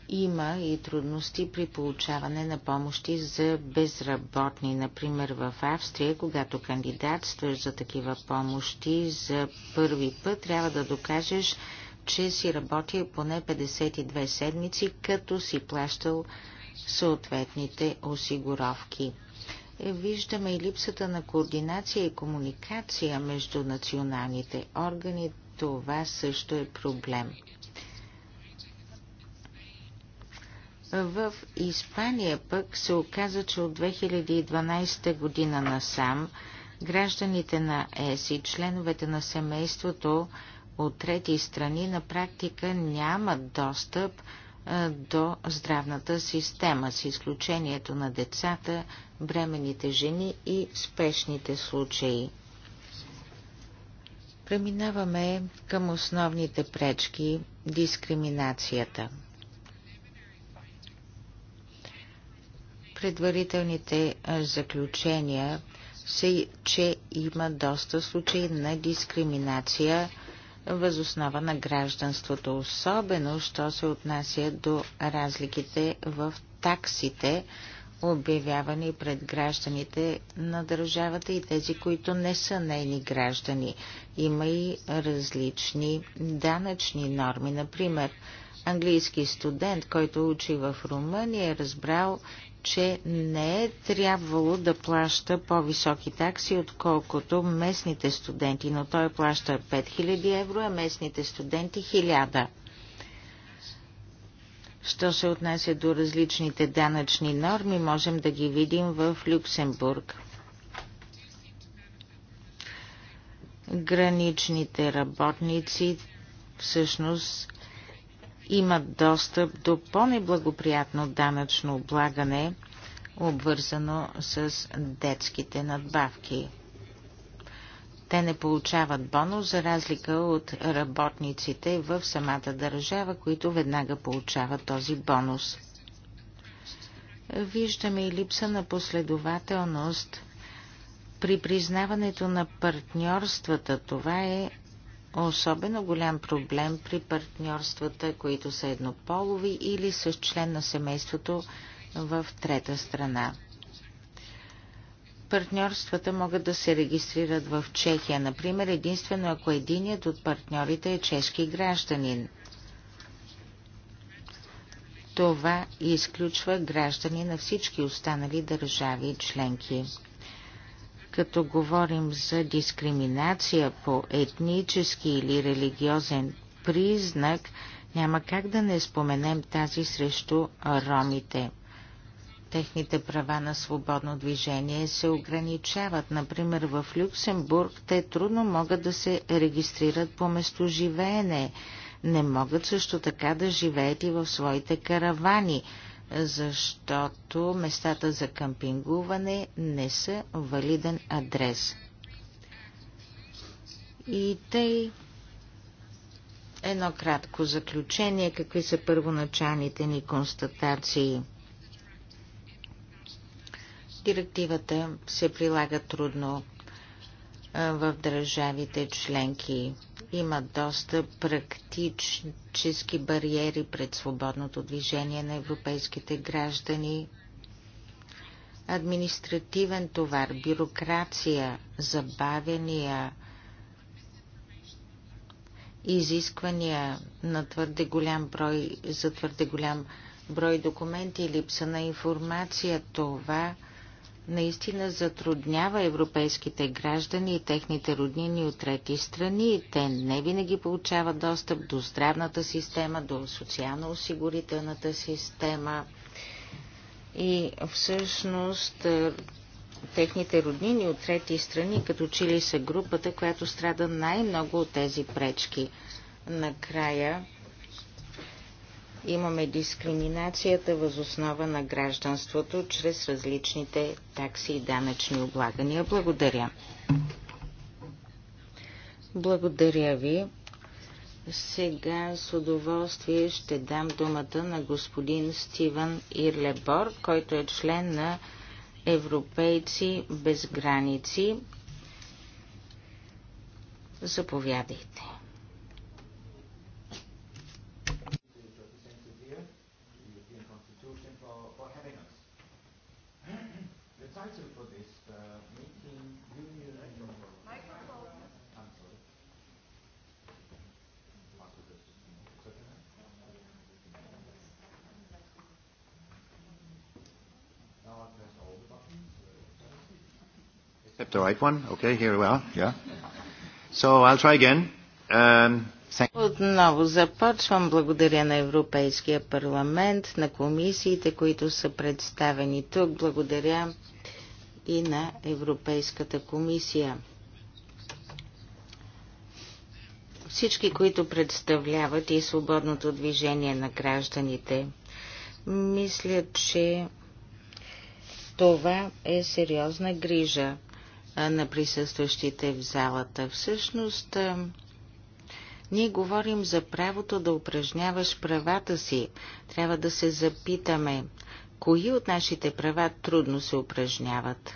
Има и трудности при получаване на помощи за безработни. Например, в Австрия, когато кандидатстваш за такива помощи за първи път, трябва да докажеш, че си работил поне 52 седмици, като си плащал съответните осигуровки. Е, виждаме и липсата на координация и комуникация между националните органи. Това също е проблем. В Испания пък се оказа, че от 2012 година насам гражданите на ЕС и членовете на семейството от трети страни на практика нямат достъп до здравната система, с изключението на децата, бременните жени и спешните случаи. Преминаваме към основните пречки – дискриминацията. Предварителните заключения са, че има доста случаи на дискриминация – възоснова на гражданството, особено, що се отнася до разликите в таксите, обявявани пред гражданите на държавата и тези, които не са нейни граждани. Има и различни данъчни норми. Например, английски студент, който учи в Румъния, е разбрал, че не е трябвало да плаща по-високи такси, отколкото местните студенти, но той плаща 5000 евро, а местните студенти 1000. Що се отнася до различните данъчни норми, можем да ги видим в Люксембург. Граничните работници всъщност имат достъп до по-неблагоприятно данъчно облагане, обвързано с детските надбавки. Те не получават бонус за разлика от работниците в самата държава, които веднага получават този бонус. Виждаме и липса на последователност при признаването на партньорствата. Това е особено голям проблем при партньорствата, които са еднополови или с член на семейството в трета страна. Партньорствата могат да се регистрират в Чехия, например, единствено ако единият от партньорите е чешки гражданин. Това изключва граждани на всички останали държави и членки. Като говорим за дискриминация по етнически или религиозен признак, няма как да не споменем тази срещу ромите. Техните права на свободно движение се ограничават. Например, в Люксембург те трудно могат да се регистрират по местоживеене. Не могат също така да живеят и в своите каравани защото местата за кампингуване не са валиден адрес. И тъй едно кратко заключение, какви са първоначалните ни констатации. Директивата се прилага трудно в държавите членки. Има доста практически бариери пред свободното движение на европейските граждани, административен товар, бюрокрация, забавения, изисквания на твърде голям брой, за твърде голям брой документи, липса на информация, това наистина затруднява европейските граждани и техните роднини от трети страни. Те не винаги получават достъп до здравната система, до социално-осигурителната система. И всъщност е, техните роднини от трети страни, като чили са групата, която страда най-много от тези пречки. Накрая имаме дискриминацията въз основа на гражданството чрез различните такси и данъчни облагания. Благодаря. Благодаря ви. Сега с удоволствие ще дам думата на господин Стивън Ирлебор, който е член на Европейци без граници. Заповядайте. The right one? Okay, here we are. Yeah. So I'll try again. Um, отново започвам. Благодаря на Европейския парламент, на комисиите, които са представени тук. Благодаря и на Европейската комисия. Всички, които представляват и свободното движение на гражданите. Мисля, че това е сериозна грижа на присъстващите в залата. Всъщност, ние говорим за правото да упражняваш правата си. Трябва да се запитаме, кои от нашите права трудно се упражняват.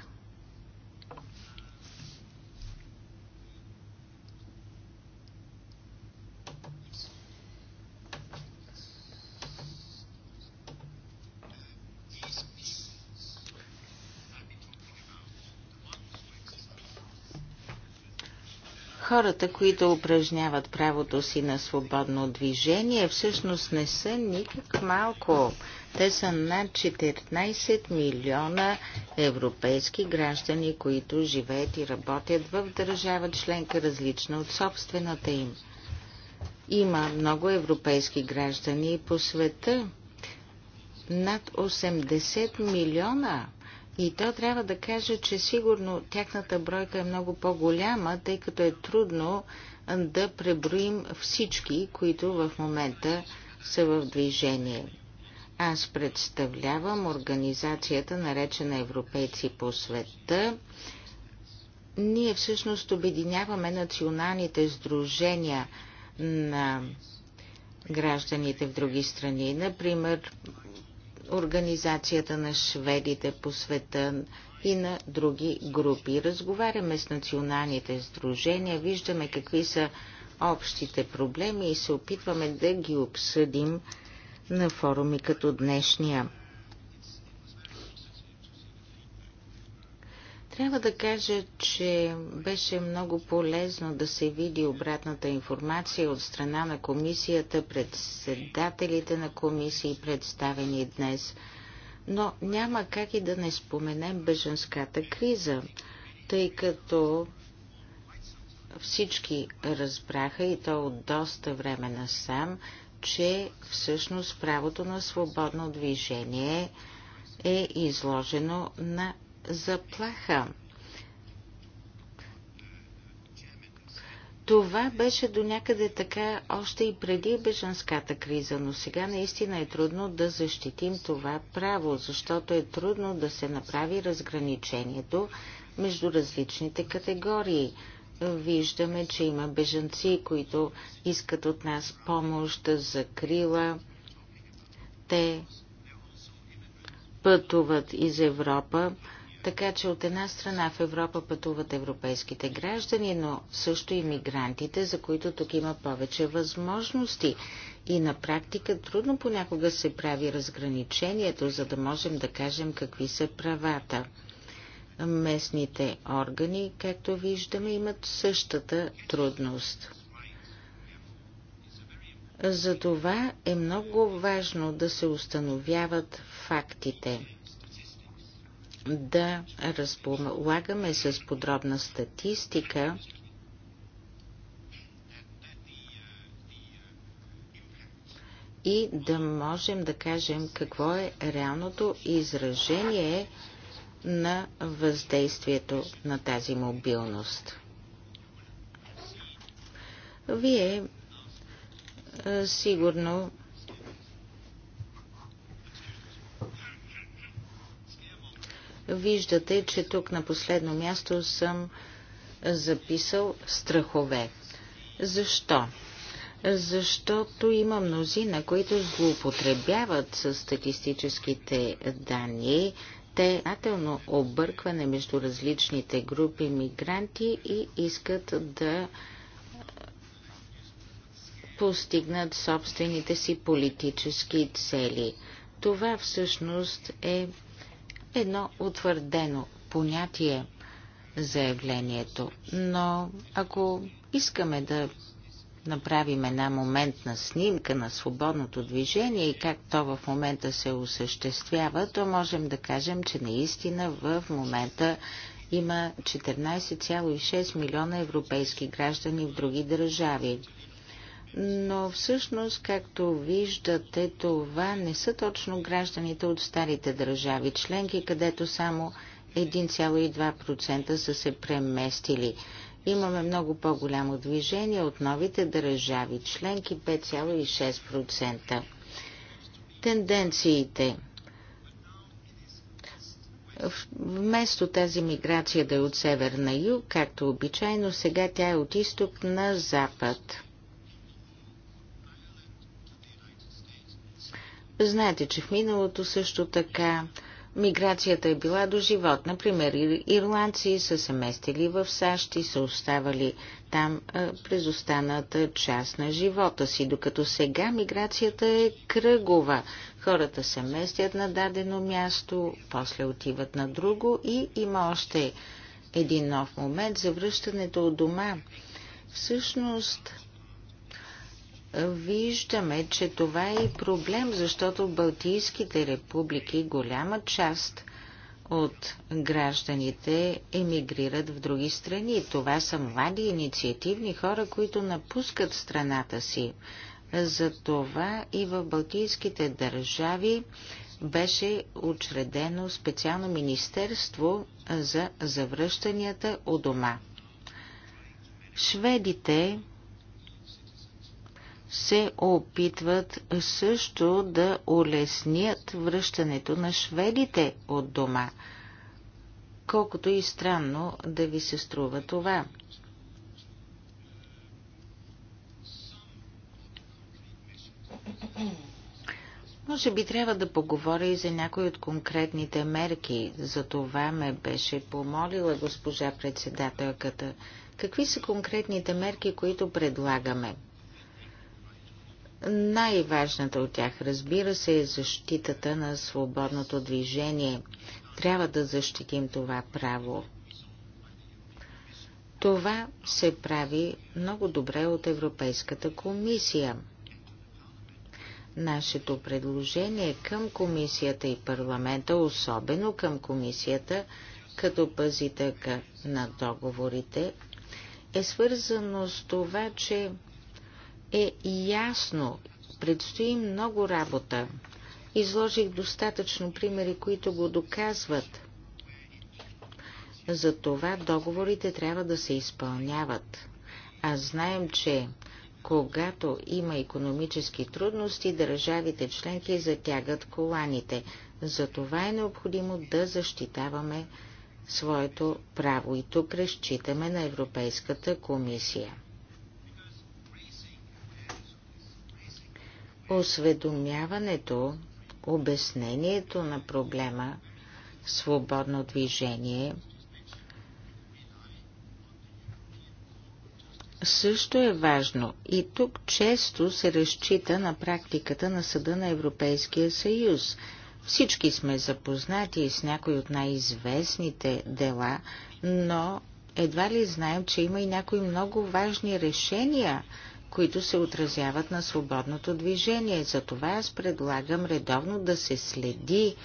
хората, които упражняват правото си на свободно движение, всъщност не са никак малко. Те са над 14 милиона европейски граждани, които живеят и работят в държава членка, различна от собствената им. Има много европейски граждани по света. Над 80 милиона и то трябва да кажа, че сигурно тяхната бройка е много по-голяма, тъй като е трудно да преброим всички, които в момента са в движение. Аз представлявам организацията, наречена Европейци по света. Ние всъщност обединяваме националните сдружения на гражданите в други страни. Например, Организацията на шведите по света и на други групи. Разговаряме с националните сдружения, виждаме какви са общите проблеми и се опитваме да ги обсъдим на форуми като днешния. Трябва да кажа, че беше много полезно да се види обратната информация от страна на комисията, председателите на комисии, представени днес. Но няма как и да не споменем беженската криза, тъй като всички разбраха и то от доста време насам, че всъщност правото на свободно движение е изложено на заплаха. Това беше до някъде така още и преди беженската криза, но сега наистина е трудно да защитим това право, защото е трудно да се направи разграничението между различните категории. Виждаме, че има беженци, които искат от нас помощ, за крила. Те пътуват из Европа така че от една страна в Европа пътуват европейските граждани, но също и мигрантите, за които тук има повече възможности. И на практика трудно понякога се прави разграничението, за да можем да кажем какви са правата. Местните органи, както виждаме, имат същата трудност. Затова е много важно да се установяват фактите да разполагаме с подробна статистика и да можем да кажем какво е реалното изражение на въздействието на тази мобилност. Вие сигурно Виждате, че тук на последно място съм записал страхове. Защо? Защото има мнозина, които злоупотребяват с статистическите данни, те ателно объркване между различните групи мигранти и искат да постигнат собствените си политически цели. Това всъщност е едно утвърдено понятие заявлението, но ако искаме да направим една моментна снимка на свободното движение и как то в момента се осъществява, то можем да кажем, че наистина в момента има 14,6 милиона европейски граждани в други държави но всъщност, както виждате, това не са точно гражданите от старите държави членки, където само 1,2% са се преместили. Имаме много по-голямо движение от новите държави членки 5,6%. Тенденциите Вместо тази миграция да е от север на юг, както обичайно, сега тя е от изток на запад. Знаете, че в миналото също така миграцията е била до живот. Например, ирландци са се местили в САЩ и са оставали там през останата част на живота си, докато сега миграцията е кръгова. Хората се местят на дадено място, после отиват на друго и има още един нов момент за връщането от дома. Всъщност, виждаме, че това е и проблем, защото Балтийските републики, голяма част от гражданите емигрират в други страни. Това са млади инициативни хора, които напускат страната си. Затова и в Балтийските държави беше учредено специално министерство за завръщанията у дома. Шведите се опитват също да улеснят връщането на шведите от дома. Колкото и странно да ви се струва това. Може би трябва да поговоря и за някои от конкретните мерки. За това ме беше помолила госпожа председателката. Какви са конкретните мерки, които предлагаме? Най-важната от тях, разбира се, е защитата на свободното движение. Трябва да защитим това право. Това се прави много добре от Европейската комисия. Нашето предложение към комисията и парламента, особено към комисията, като пазитъка на договорите, е свързано с това, че е ясно. Предстои много работа. Изложих достатъчно примери, които го доказват. Затова договорите трябва да се изпълняват. А знаем, че когато има економически трудности, държавите членки затягат коланите. Затова е необходимо да защитаваме своето право и тук разчитаме на Европейската комисия. Осведомяването, обяснението на проблема, свободно движение, също е важно и тук често се разчита на практиката на Съда на Европейския съюз. Всички сме запознати с някои от най-известните дела, но едва ли знаем, че има и някои много важни решения които се отразяват на свободното движение. Затова аз предлагам редовно да се следи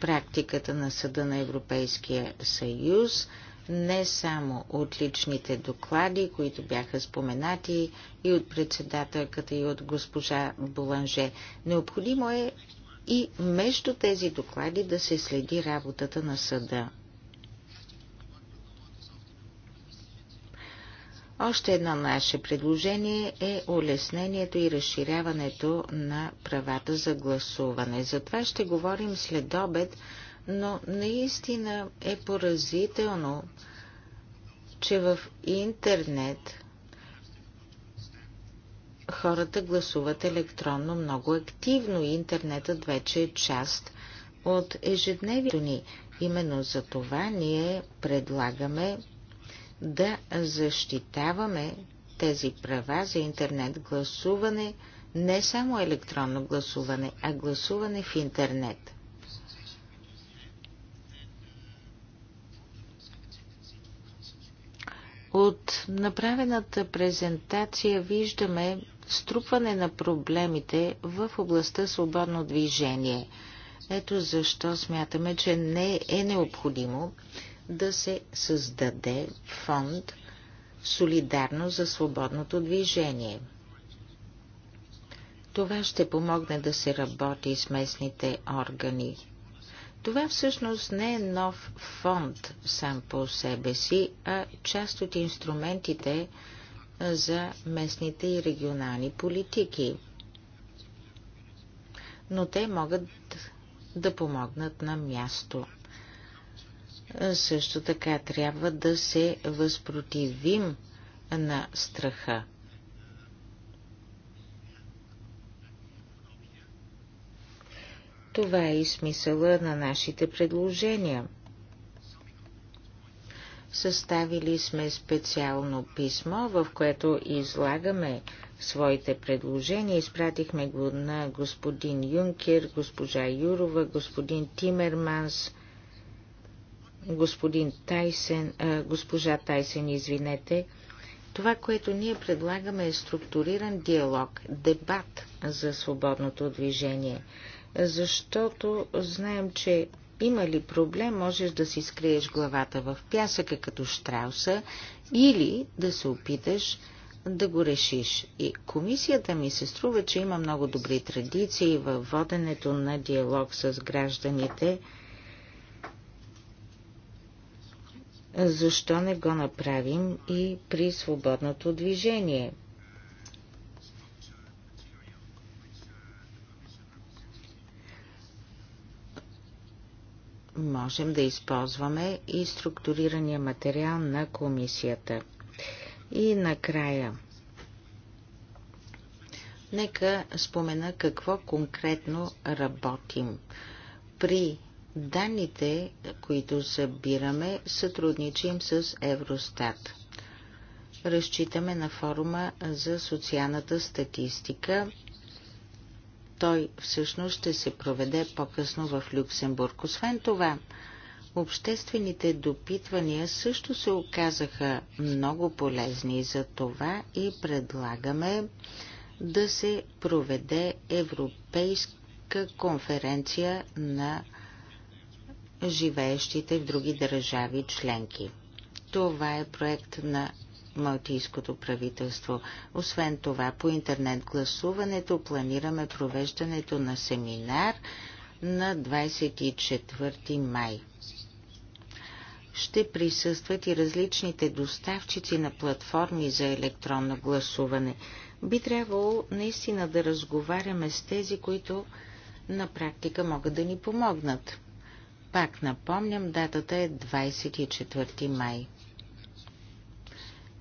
практиката на Съда на Европейския съюз, не само от личните доклади, които бяха споменати и от председателката и от госпожа Боланже. Необходимо е и между тези доклади да се следи работата на съда. Още едно наше предложение е улеснението и разширяването на правата за гласуване. За това ще говорим след обед, но наистина е поразително, че в интернет хората гласуват електронно много активно. Интернетът вече е част от ежедневието ни. Именно за това ние предлагаме да защитаваме тези права за интернет гласуване, не само електронно гласуване, а гласуване в интернет. От направената презентация виждаме струпване на проблемите в областта свободно движение. Ето защо смятаме, че не е необходимо да се създаде фонд солидарно за свободното движение. Това ще помогне да се работи с местните органи. Това всъщност не е нов фонд сам по себе си, а част от инструментите за местните и регионални политики. Но те могат да помогнат на място. Е, също така трябва да се възпротивим на страха. Това е и смисъла на нашите предложения. Съставили сме специално писмо, в което излагаме своите предложения. Изпратихме го на господин Юнкер, госпожа Юрова, господин Тимерманс господин Тайсен, госпожа Тайсен, извинете, това, което ние предлагаме е структуриран диалог, дебат за свободното движение, защото знаем, че има ли проблем, можеш да си скриеш главата в пясъка като Штрауса или да се опиташ да го решиш. И комисията ми се струва, че има много добри традиции във воденето на диалог с гражданите – Защо не го направим и при свободното движение? Можем да използваме и структурирания материал на комисията. И накрая. Нека спомена какво конкретно работим. При Данните, които събираме, сътрудничим с Евростат. Разчитаме на форума за социалната статистика. Той всъщност ще се проведе по-късно в Люксембург. Освен това, обществените допитвания също се оказаха много полезни за това и предлагаме да се проведе европейска конференция на живеещите в други държави членки. Това е проект на Малтийското правителство. Освен това, по интернет гласуването планираме провеждането на семинар на 24 май. Ще присъстват и различните доставчици на платформи за електронно гласуване. Би трябвало наистина да разговаряме с тези, които на практика могат да ни помогнат. Пак напомням, датата е 24 май.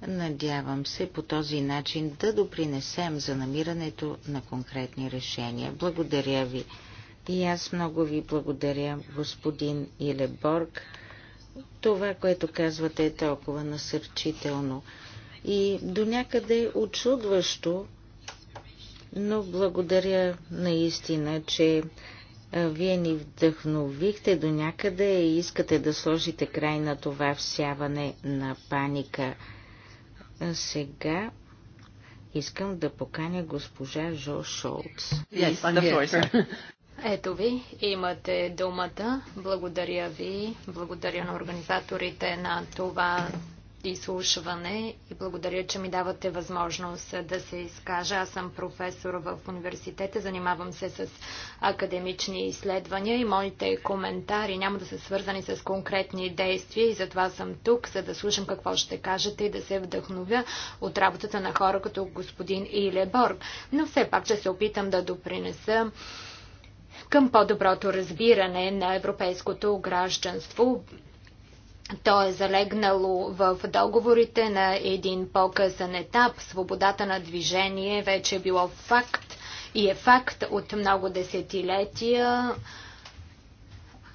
Надявам се по този начин да допринесем за намирането на конкретни решения. Благодаря ви. И аз много ви благодаря, господин Илеборг. Това, което казвате, е толкова насърчително и до някъде очудващо, но благодаря наистина, че вие ни вдъхновихте до някъде и искате да сложите край на това всяване на паника. Сега искам да поканя госпожа Жо Шолц. Yes, Ето ви, имате думата. Благодаря ви. Благодаря на организаторите на това изслушване и благодаря, че ми давате възможност да се изкажа. Аз съм професор в университета, занимавам се с академични изследвания и моите коментари няма да са свързани с конкретни действия и затова съм тук, за да слушам какво ще кажете и да се вдъхновя от работата на хора като господин Илеборг. Но все пак ще се опитам да допринеса към по-доброто разбиране на европейското гражданство, то е залегнало в договорите на един по-късен етап. Свободата на движение вече е било факт и е факт от много десетилетия.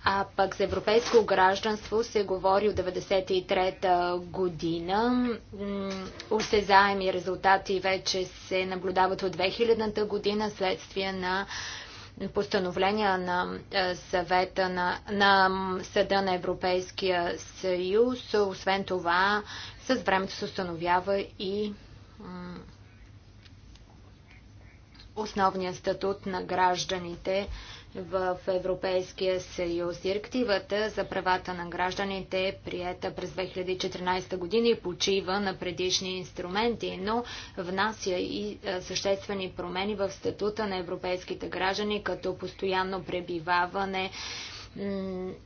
А пък за европейско гражданство се говори от 1993-та година. Осезаеми резултати вече се наблюдават от 2000-та година следствие на постановления на е, съвета на, на Съда на Европейския съюз. Освен това, с времето се установява и основния статут на гражданите в Европейския съюз. Директивата за правата на гражданите е приета през 2014 година и почива на предишни инструменти, но внася и съществени промени в статута на европейските граждани, като постоянно пребиваване,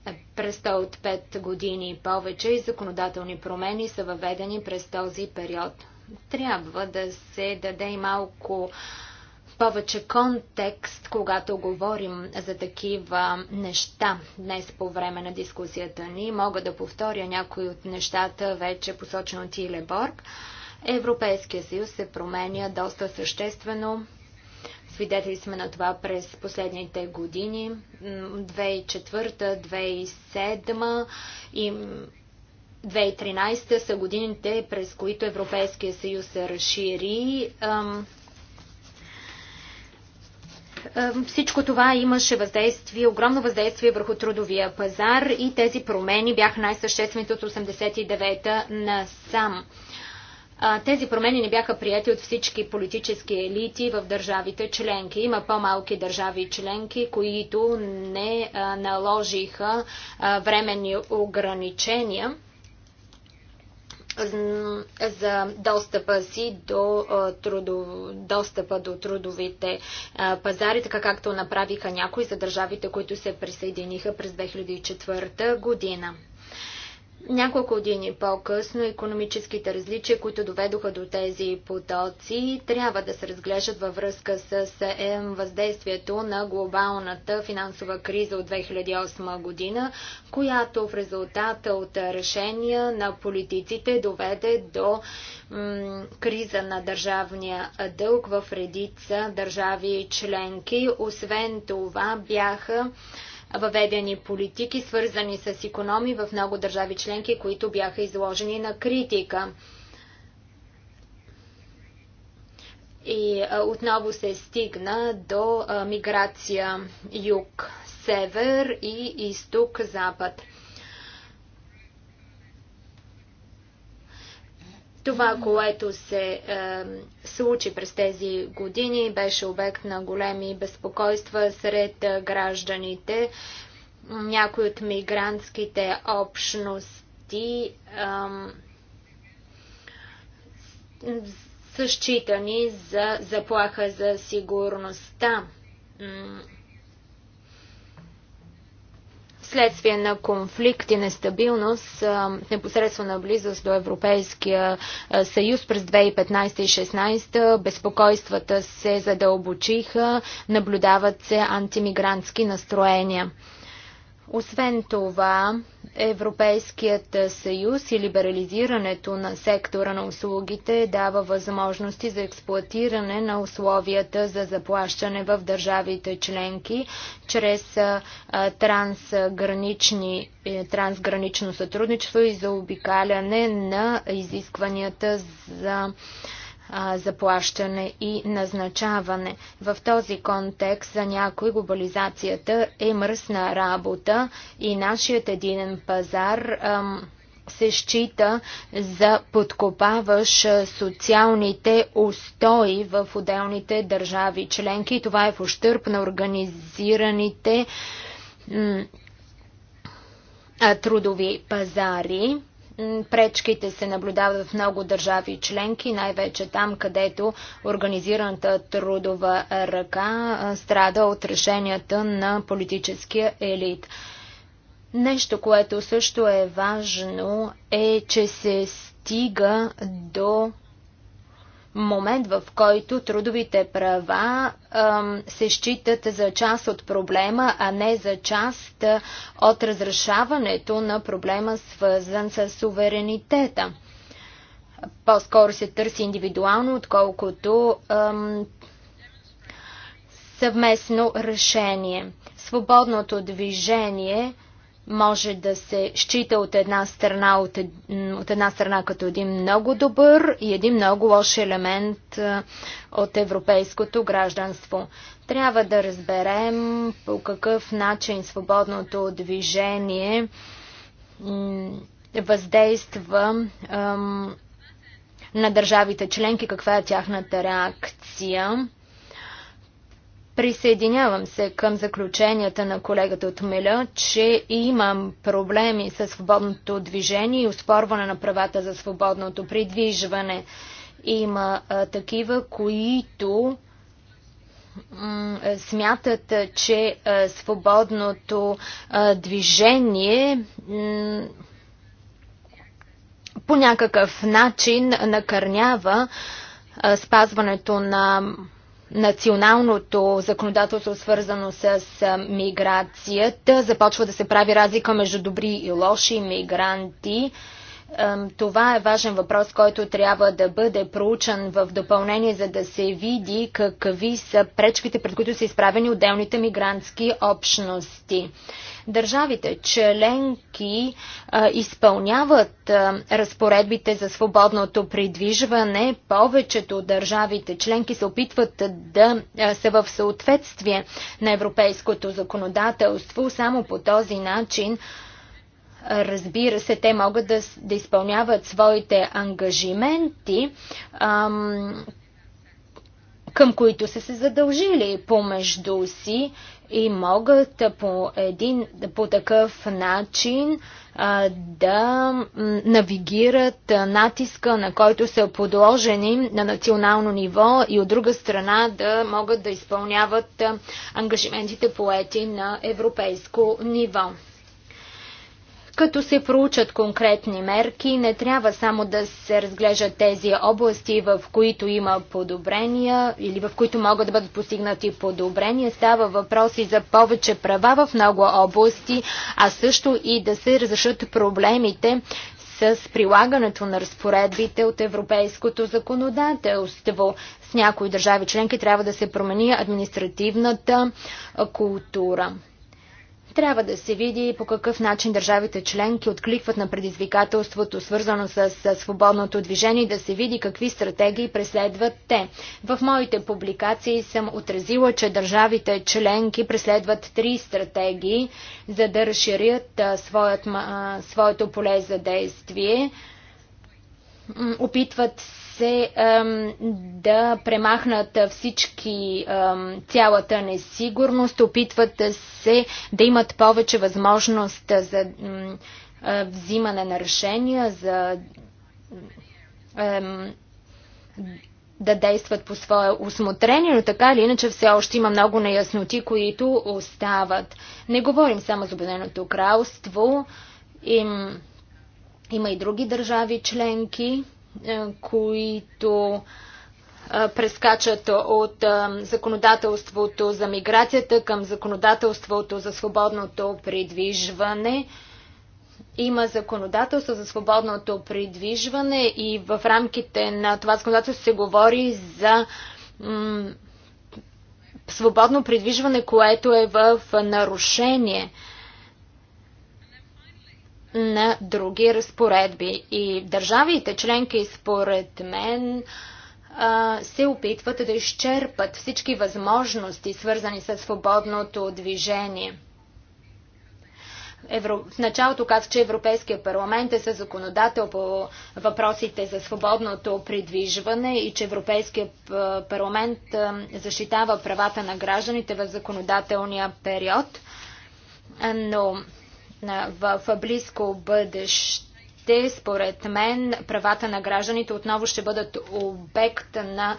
през престой от 5 години и повече и законодателни промени са въведени през този период. Трябва да се даде и малко повече контекст, когато говорим за такива неща днес по време на дискусията ни. Мога да повторя някои от нещата, вече посочено от Илеборг. Европейския съюз се променя доста съществено. Свидетели сме на това през последните години. 2004-2007 и 2013 са годините, през които Европейския съюз се разшири. Ам, всичко това имаше въздействие, огромно въздействие върху трудовия пазар и тези промени бяха най-съществените от 89-та сам. Тези промени не бяха прияти от всички политически елити в държавите членки. Има по-малки държави членки, които не наложиха временни ограничения за достъпа си до, трудов, достъпа до трудовите пазари, така както направиха някои за държавите, които се присъединиха през 2004 година. Няколко години по-късно економическите различия, които доведоха до тези потоци, трябва да се разглеждат във връзка с въздействието на глобалната финансова криза от 2008 година, която в резултат от решения на политиците доведе до криза на държавния дълг в редица държави членки. Освен това бяха въведени политики, свързани с економи в много държави членки, които бяха изложени на критика. И отново се стигна до миграция юг-север и изток-запад. Това, което се е, случи през тези години, беше обект на големи безпокойства сред е, гражданите. Някои от мигрантските общности е, са считани за заплаха за сигурността вследствие на конфликт и нестабилност в непосредствена близост до Европейския съюз през 2015 и 2016 безпокойствата се задълбочиха, наблюдават се антимигрантски настроения. Освен това, Европейският съюз и либерализирането на сектора на услугите дава възможности за експлуатиране на условията за заплащане в държавите членки чрез трансгранични, е, трансгранично сътрудничество и за обикаляне на изискванията за заплащане и назначаване. В този контекст за някой глобализацията е мръсна работа и нашият единен пазар ам, се счита за подкопаваш социалните устои в отделните държави членки. Това е в ощърп на организираните трудови пазари. Пречките се наблюдават в много държави и членки, най-вече там, където организираната трудова ръка страда от решенията на политическия елит. Нещо, което също е важно, е, че се стига до момент, в който трудовите права се считат за част от проблема, а не за част от разрешаването на проблема, свързан с суверенитета. По-скоро се търси индивидуално, отколкото съвместно решение. Свободното движение – може да се счита от една страна, от, от една страна като един много добър и един много лош елемент от европейското гражданство. Трябва да разберем по какъв начин свободното движение въздейства на държавите членки, каква е тяхната реакция. Присъединявам се към заключенията на колегата от Миля, че имам проблеми с свободното движение и успорване на правата за свободното придвижване. Има а, такива, които смятат, че а, свободното а, движение по някакъв начин накърнява спазването на националното законодателство, свързано с миграцията, започва да се прави разлика между добри и лоши мигранти. Това е важен въпрос, който трябва да бъде проучен в допълнение, за да се види какви са пречките, пред които са изправени отделните мигрантски общности. Държавите членки изпълняват разпоредбите за свободното придвижване. Повечето държавите членки се опитват да са в съответствие на европейското законодателство. Само по този начин Разбира се, те могат да, да изпълняват своите ангажименти, ам, към които са се задължили помежду си и могат по, един, по такъв начин а, да навигират натиска, на който са подложени на национално ниво и от друга страна да могат да изпълняват ангажиментите поети на европейско ниво като се проучат конкретни мерки, не трябва само да се разглеждат тези области, в които има подобрения или в които могат да бъдат постигнати подобрения. Става въпроси за повече права в много области, а също и да се разрешат проблемите с прилагането на разпоредбите от европейското законодателство. С някои държави членки трябва да се промени административната култура. Трябва да се види по какъв начин държавите членки откликват на предизвикателството, свързано с, с свободното движение, да се види какви стратегии преследват те. В моите публикации съм отразила, че държавите членки преследват три стратегии, за да разширят а, своят, а, своето поле за действие. Опитват се да премахнат всички цялата несигурност, опитват се да имат повече възможност за взимане на решения, за да действат по свое усмотрение, но така или иначе все още има много неясноти, които остават. Не говорим само за Обединеното кралство, им, има и други държави членки. Е, които е, прескачат от е, законодателството за миграцията към законодателството за свободното придвижване. Има законодателство за свободното придвижване и в рамките на това законодателство се говори за свободно придвижване, което е в нарушение на други разпоредби. И държавите членки, според мен, се опитват да изчерпат всички възможности, свързани с свободното движение. Евро... В началото казах, че Европейския парламент е законодател по въпросите за свободното придвижване и че Европейския парламент защитава правата на гражданите в законодателния период. Но в близко бъдеще, според мен, правата на гражданите отново ще бъдат обект на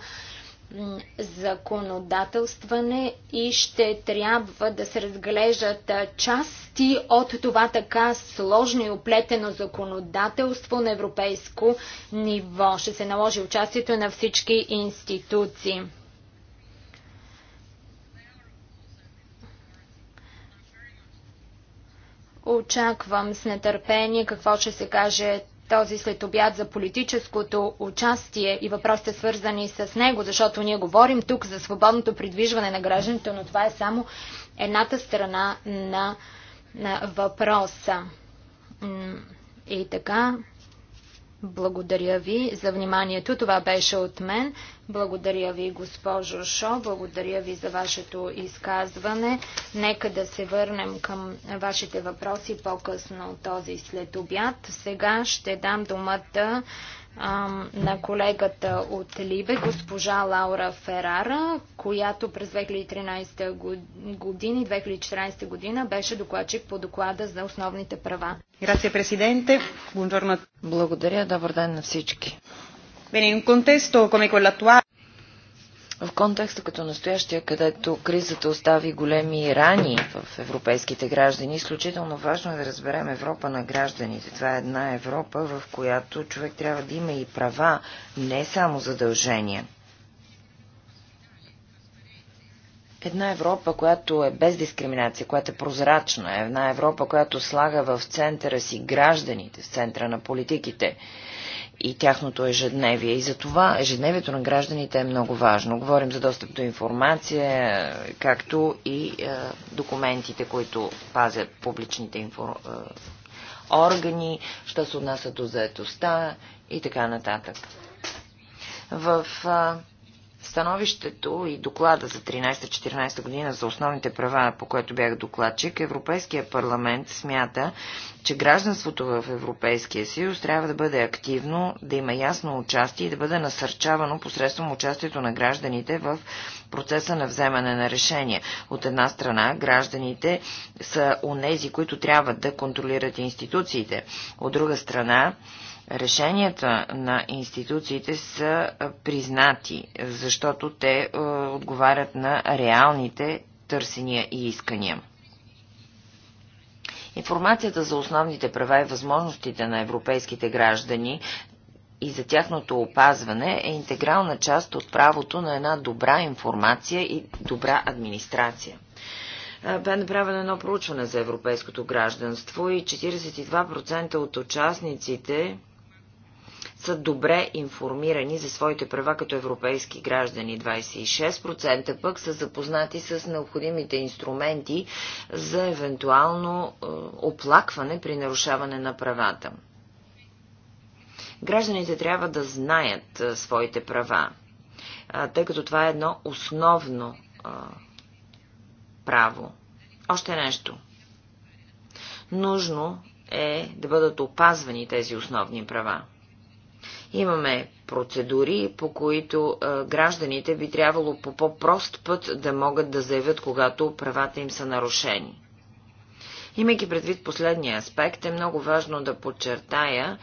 законодателстване и ще трябва да се разглеждат части от това така сложно и оплетено законодателство на европейско ниво. Ще се наложи участието на всички институции. Очаквам с нетърпение какво ще се каже този след обяд за политическото участие и въпросите свързани с него, защото ние говорим тук за свободното придвижване на гражданите, но това е само едната страна на, на въпроса. И така, благодаря ви за вниманието. Това беше от мен. Благодаря ви, госпожо Шо. Благодаря ви за вашето изказване. Нека да се върнем към вашите въпроси по-късно този след обяд. Сега ще дам думата на колегата от Либе, госпожа Лаура Ферара, която през 2013 година и 2014 година беше докладчик по доклада за основните права. Грация, президенте. Благодаря. Добър ден на всички. Bene, in un contesto come quello в контекста като настоящия, където кризата остави големи рани в европейските граждани, изключително важно е да разберем Европа на гражданите. Това е една Европа, в която човек трябва да има и права, не само задължения. Една Европа, която е без дискриминация, която е прозрачна, е една Европа, която слага в центъра си гражданите, в центъра на политиките и тяхното ежедневие. И за това ежедневието на гражданите е много важно. Говорим за достъп до информация, както и е, документите, които пазят публичните инфор... е, органи, що се отнася до заетостта и така нататък. В е, становището и доклада за 13-14 година за основните права, по което бях докладчик, Европейския парламент смята, че гражданството в Европейския съюз трябва да бъде активно, да има ясно участие и да бъде насърчавано посредством участието на гражданите в процеса на вземане на решения. От една страна, гражданите са онези, които трябва да контролират институциите. От друга страна, решенията на институциите са признати, защото те отговарят на реалните търсения и искания. Информацията за основните права и възможностите на европейските граждани и за тяхното опазване е интегрална част от правото на една добра информация и добра администрация бе направено едно проучване за европейското гражданство и 42% от участниците са добре информирани за своите права като европейски граждани. 26% пък са запознати с необходимите инструменти за евентуално е, оплакване при нарушаване на правата. Гражданите трябва да знаят е, своите права, тъй като това е едно основно е, право. Още нещо. Нужно е да бъдат опазвани тези основни права. Имаме процедури, по които гражданите би трябвало по по-прост път да могат да заявят, когато правата им са нарушени. Имайки предвид последния аспект, е много важно да подчертая,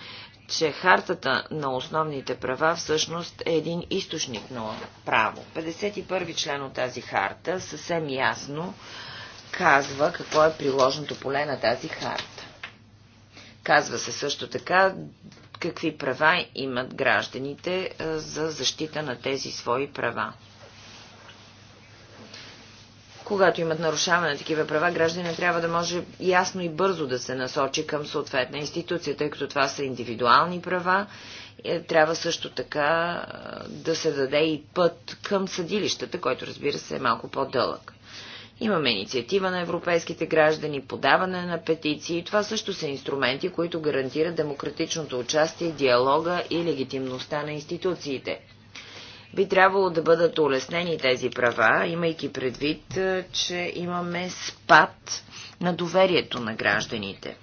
че хартата на основните права всъщност е един източник на право. 51 член от тази харта съвсем ясно казва какво е приложното поле на тази харта. Казва се също така какви права имат гражданите е, за защита на тези свои права. Когато имат нарушаване на такива права, гражданите трябва да може ясно и бързо да се насочи към съответна институция, тъй като това са индивидуални права. Е, трябва също така е, да се даде и път към съдилищата, който разбира се е малко по-дълъг. Имаме инициатива на европейските граждани, подаване на петиции. Това също са инструменти, които гарантират демократичното участие, диалога и легитимността на институциите. Би трябвало да бъдат улеснени тези права, имайки предвид, че имаме спад на доверието на гражданите.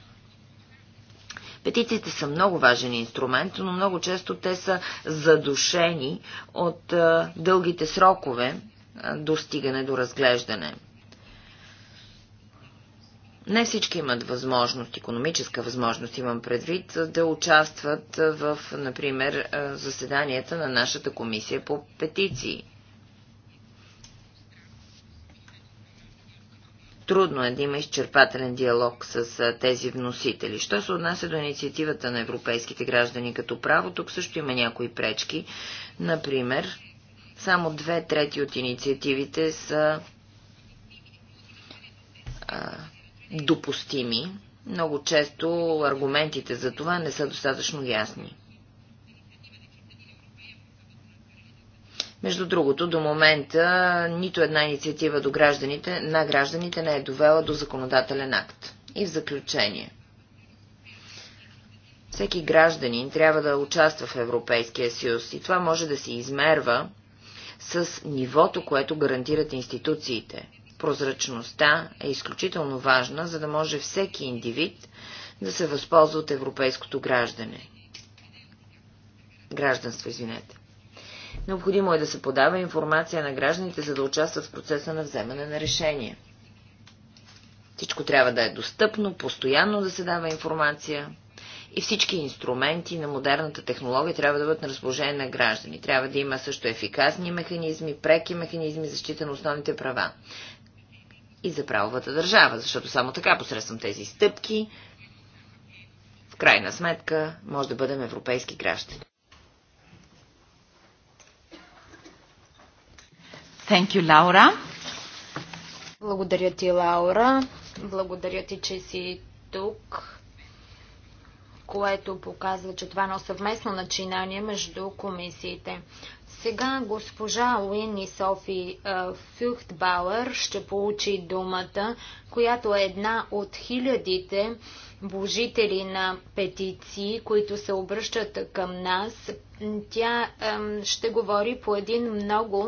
Петициите са много важен инструмент, но много често те са задушени от дългите срокове до стигане до разглеждане не всички имат възможност, економическа възможност имам предвид, да участват в, например, заседанията на нашата комисия по петиции. Трудно е да има изчерпателен диалог с тези вносители. Що се отнася до инициативата на европейските граждани като право, тук също има някои пречки. Например, само две трети от инициативите са е. допустими. Много често аргументите за това не са достатъчно ясни. Между другото, до момента нито една инициатива до гражданите, на гражданите не е довела до законодателен акт. И в заключение. Всеки гражданин трябва да участва в Европейския съюз и това може да се измерва с нивото, което гарантират институциите. Прозрачността е изключително важна, за да може всеки индивид да се възползва от европейското граждане. Гражданство, извинете. Необходимо е да се подава информация на гражданите, за да участват в процеса на вземане на решение. Всичко трябва да е достъпно, постоянно да се дава информация и всички инструменти на модерната технология трябва да бъдат на разположение на граждани. Трябва да има също ефикасни механизми, преки механизми защита на основните права и за правовата държава, защото само така посредством тези стъпки, в крайна сметка, може да бъдем европейски граждани. Thank you, Laura. Благодаря ти, Лаура. Благодаря ти, че си тук, което показва, че това е едно съвместно начинание между комисиите. Сега госпожа Уинни Софи Фюхтбауер ще получи думата, която е една от хилядите вложители на петиции, които се обръщат към нас. Тя ще говори по един много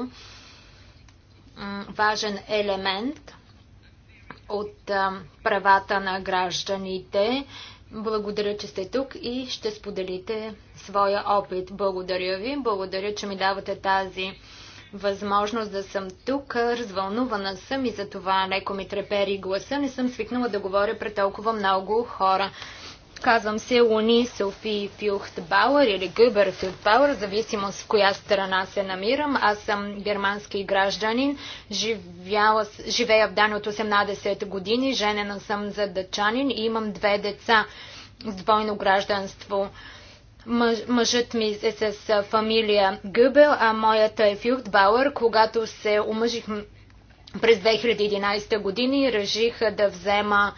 важен елемент от правата на гражданите. Благодаря, че сте тук и ще споделите своя опит. Благодаря ви. Благодаря, че ми давате тази възможност да съм тук. Развълнувана съм и за това леко ми трепери гласа. Не съм свикнала да говоря пред толкова много хора. Казвам се Луни Софи Бауър, или Гюбер Бауър, зависимост в коя страна се намирам. Аз съм германски гражданин, живяла, живея в дан от 18 години, женена съм за дъчанин и имам две деца с двойно гражданство. Мъж, мъжът ми е с фамилия Гюбел, а моята е Фюхтбауер. Когато се омъжих през 2011 години, реших да взема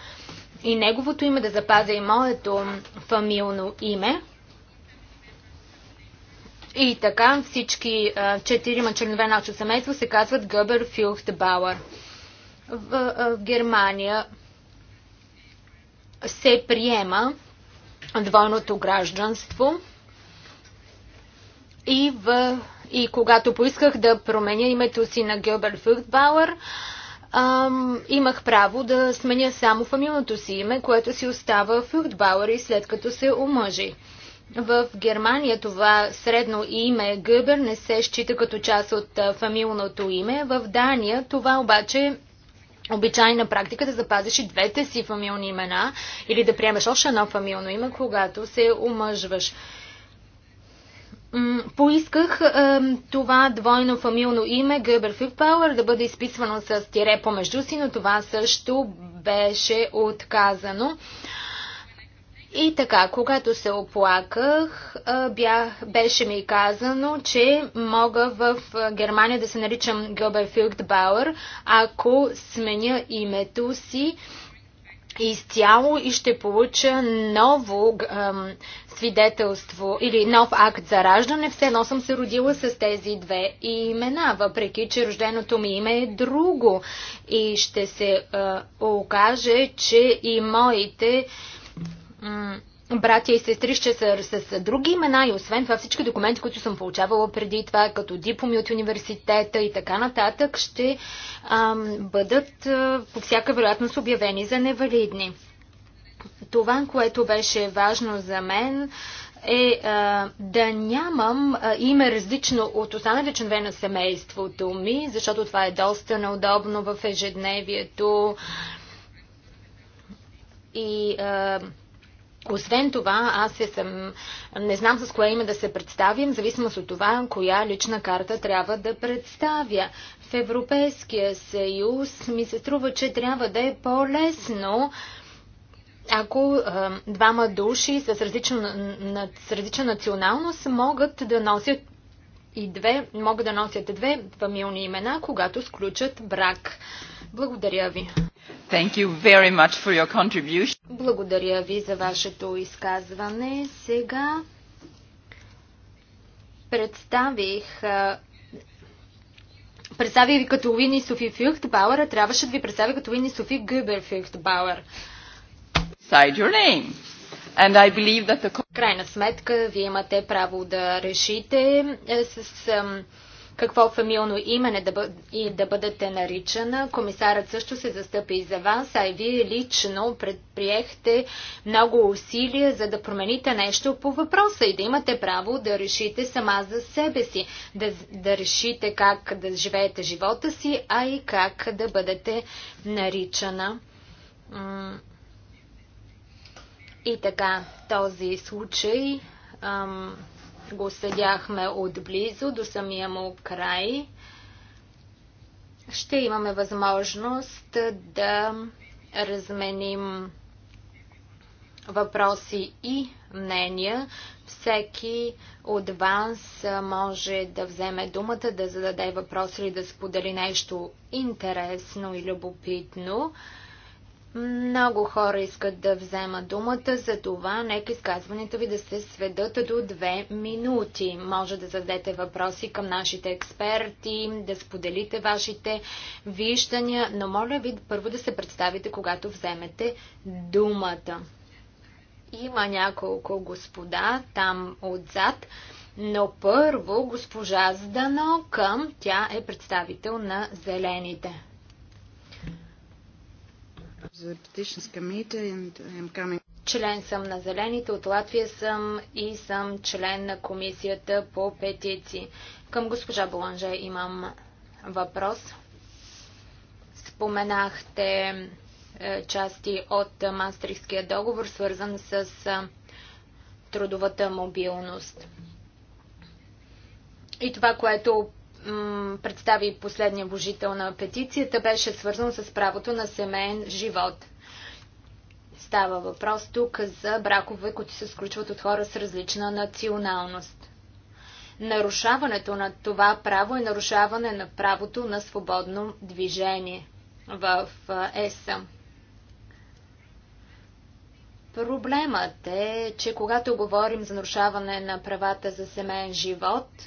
и неговото име, да запазя и моето фамилно име. И така всички четирима членове на нашето семейство се казват Гъбер Фюхтбауер. В, в Германия се приема двойното гражданство и, в, и когато поисках да променя името си на Гюбер Фюхтбауер, ам, имах право да сменя само фамилното си име, което си остава Фюхтбауер и след като се омъжи. В Германия това средно име Гъбер не се счита като част от фамилното име. В Дания това обаче е обичайна практика да запазиш и двете си фамилни имена или да приемеш още едно фамилно име, когато се омъжваш поисках това двойно фамилно име Гъбер Фюкпауър да бъде изписвано с тире помежду си, но това също беше отказано. И така, когато се оплаках, бях, беше ми казано, че мога в Германия да се наричам Гъбер Фюктбауер, ако сменя името си изцяло и ще получа ново ем, свидетелство или нов акт за раждане. Все едно съм се родила с тези две имена, въпреки че рожденото ми име е друго. И ще се е, окаже, че и моите братя и сестри ще са с, с други имена и освен това всички документи, които съм получавала преди това, като дипломи от университета и така нататък, ще ам, бъдат а, по всяка вероятност обявени за невалидни. Това, което беше важно за мен, е а, да нямам а, име различно от останалите членове на семейството ми, защото това е доста неудобно в ежедневието. И а, освен това, аз се съм, не знам с кое име да се представим, зависимост от това, коя лична карта трябва да представя. В Европейския съюз ми се струва, че трябва да е по-лесно ако е, двама души с различна, на, с различна националност могат да носят и две, могат да носят две фамилни имена, когато сключат брак. Благодаря ви. Thank you very much for your contribution. Благодаря ви за вашето изказване. Сега представих представих ви като Уини Софи Фюхтбауер, а трябваше да ви представя като Уини Софи Гюбер Фюхтбауер. Side your name. And I believe that the... Крайна сметка, вие имате право да решите е, с е, какво фамилно име да, бъ... и да бъдете наричана. Комисарът също се застъпи и за вас, а и вие лично предприехте много усилия за да промените нещо по въпроса и да имате право да решите сама за себе си, да, да решите как да живеете живота си, а и как да бъдете наричана. И така, този случай ам, го съдяхме отблизо до самия му край. Ще имаме възможност да разменим въпроси и мнения. Всеки от вас може да вземе думата, да зададе въпрос или да сподели нещо интересно и любопитно. Много хора искат да вземат думата, за това нека изказването ви да се сведат до две минути. Може да зададете въпроси към нашите експерти, да споделите вашите виждания, но моля ви първо да се представите, когато вземете думата. Има няколко господа там отзад, но първо госпожа Зданока, тя е представител на зелените. Член съм на Зелените, от Латвия съм и съм член на комисията по петиции. Към госпожа Боланже имам въпрос. Споменахте е, части от Мастрихския договор, свързан с е, трудовата мобилност. И това, което представи последния вложител на петицията, беше свързан с правото на семейен живот. Става въпрос тук за бракове, които се сключват от хора с различна националност. Нарушаването на това право е нарушаване на правото на свободно движение в ЕСА. Проблемът е, че когато говорим за нарушаване на правата за семейен живот –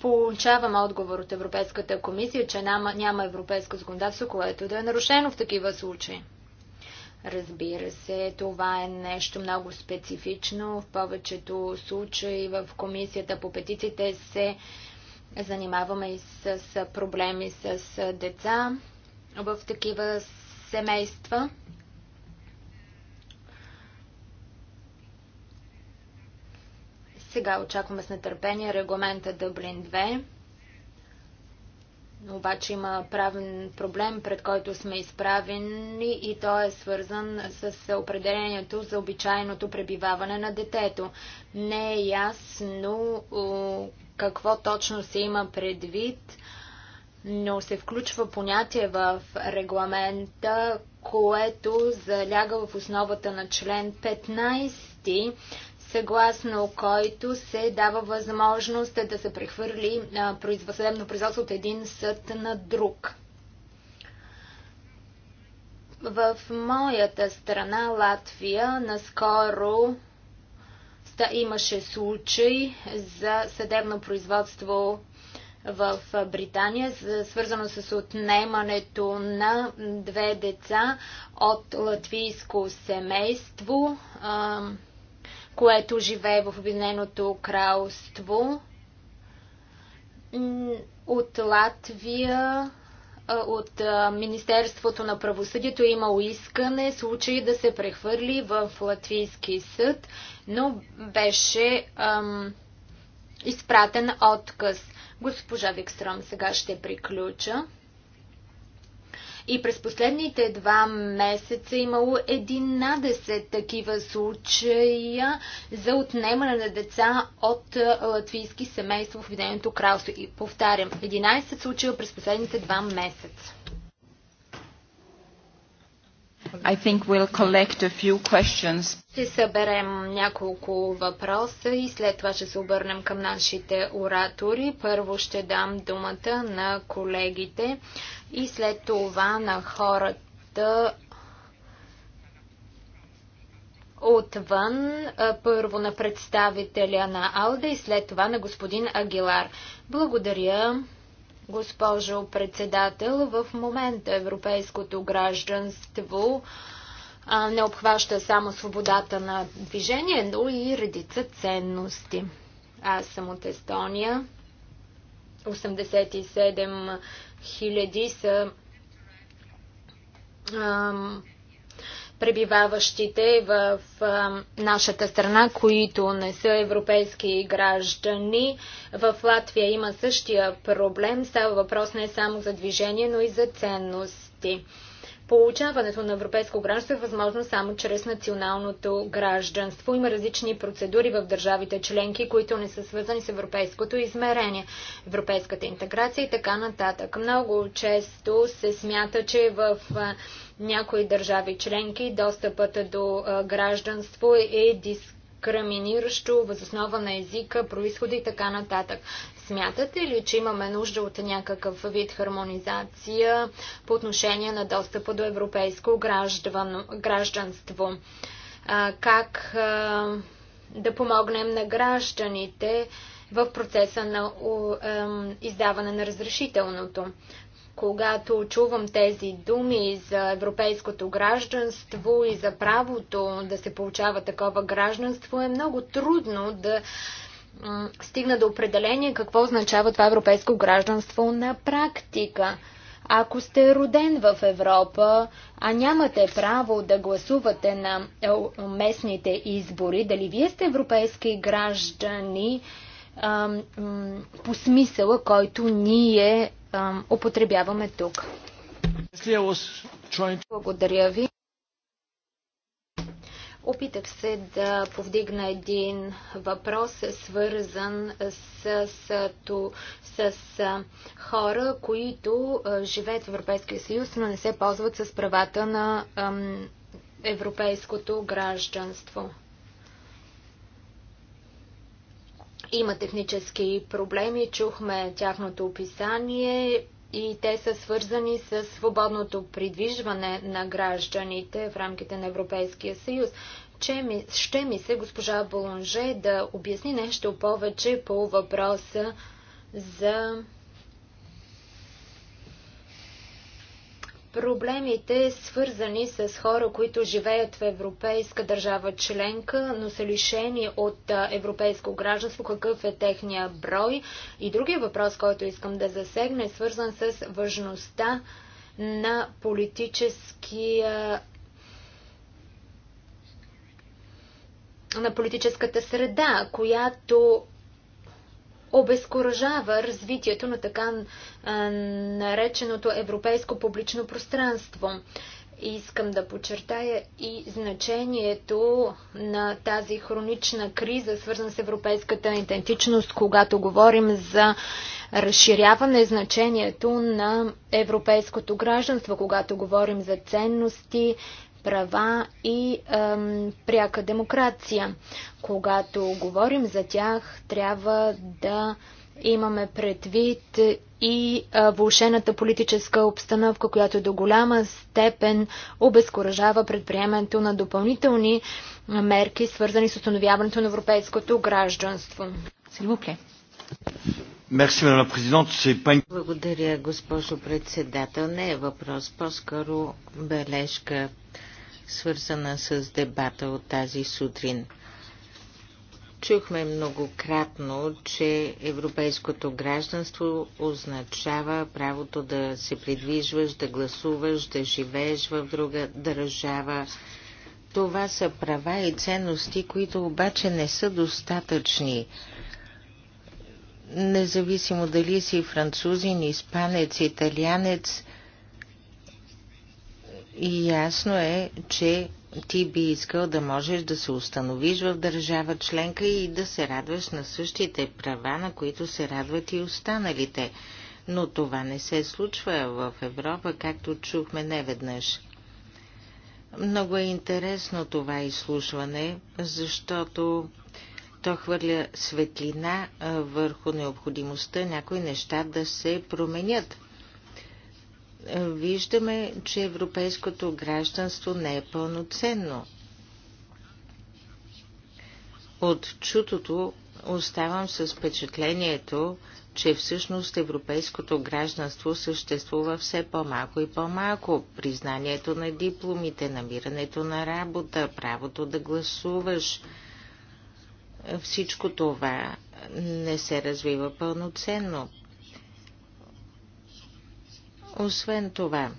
получавам отговор от Европейската комисия, че няма, няма европейско законодателство, което да е нарушено в такива случаи. Разбира се, това е нещо много специфично. В повечето случаи в комисията по петициите се занимаваме и с проблеми с деца в такива семейства. Сега очакваме с нетърпение регламента Дъблин 2. Обаче има правен проблем, пред който сме изправени и той е свързан с определението за обичайното пребиваване на детето. Не е ясно какво точно се има предвид, но се включва понятие в регламента, което заляга в основата на член 15 съгласно който се дава възможност да се прехвърли съдебно производство от един съд на друг. В моята страна, Латвия, наскоро имаше случай за съдебно производство в Британия, свързано с отнемането на две деца от латвийско семейство което живее в Обединеното кралство. От Латвия, от Министерството на правосъдието е имало искане случай да се прехвърли в Латвийски съд, но беше ам, изпратен отказ. Госпожа Викстром, сега ще приключа. И през последните два месеца е имало 11 такива случая за отнемане на деца от е, латвийски семейства в Обединеното кралство. И повтарям, 11 случая през последните два месеца. I think we'll collect a few questions. Ще съберем няколко въпроса и след това ще се обърнем към нашите оратори. Първо ще дам думата на колегите и след това на хората отвън, първо на представителя на Алда и след това на господин Агилар. Благодаря. Госпожо председател, в момента европейското гражданство не обхваща само свободата на движение, но и редица ценности. Аз съм от Естония. 87 хиляди са пребиваващите в нашата страна, които не са европейски граждани. В Латвия има същия проблем. Става въпрос не само за движение, но и за ценности. Получаването на европейско гражданство е възможно само чрез националното гражданство. Има различни процедури в държавите членки, които не са свързани с европейското измерение, европейската интеграция и така нататък. Много често се смята, че в някои държави членки достъпът до гражданство е дискриминиращо възоснова на езика, происход и така нататък. Смятате ли, че имаме нужда от някакъв вид хармонизация по отношение на достъпа до европейско гражданство? Как да помогнем на гражданите в процеса на издаване на разрешителното? когато чувам тези думи за европейското гражданство и за правото да се получава такова гражданство, е много трудно да стигна до определение какво означава това европейско гражданство на практика. Ако сте роден в Европа, а нямате право да гласувате на е, местните избори, дали вие сте европейски граждани, по смисъла, който ние употребяваме тук. Благодаря ви. Опитах се да повдигна един въпрос, свързан с, с, с, с хора, които живеят в Европейския съюз, но не се ползват с правата на ам, европейското гражданство. Има технически проблеми, чухме тяхното описание и те са свързани с свободното придвижване на гражданите в рамките на Европейския съюз. Че ми, ще ми се госпожа Болонже да обясни нещо повече по въпроса за проблемите, свързани с хора, които живеят в европейска държава членка, но са лишени от европейско гражданство, какъв е техния брой. И другия въпрос, който искам да засегна, е свързан с важността на политическия на политическата среда, която обезкуражава развитието на така нареченото европейско публично пространство. Искам да подчертая и значението на тази хронична криза, свързана с европейската идентичност, когато говорим за разширяване значението на европейското гражданство, когато говорим за ценности, права и ем, пряка демокрация. Когато говорим за тях, трябва да имаме предвид и е, влушената политическа обстановка, която до голяма степен обезкуражава предприемането на допълнителни мерки, свързани с установяването на европейското гражданство. Силвупле. Благодаря, госпожо председател. Не е въпрос, по-скоро бележка свързана с дебата от тази сутрин. Чухме многократно, че европейското гражданство означава правото да се придвижваш, да гласуваш, да живееш в друга държава. Това са права и ценности, които обаче не са достатъчни. Независимо дали си французин, испанец, италианец. И ясно е, че ти би искал да можеш да се установиш в държава членка и да се радваш на същите права, на които се радват и останалите. Но това не се случва в Европа, както чухме неведнъж. Много е интересно това изслушване, защото то хвърля светлина върху необходимостта някои неща да се променят. Е, виждаме, че европейското гражданство не е пълноценно. От чутото оставам с впечатлението, че всъщност европейското гражданство съществува все по-малко и по-малко. Признанието на дипломите, намирането на работа, правото да гласуваш, всичко това не се развива пълноценно. Освен това,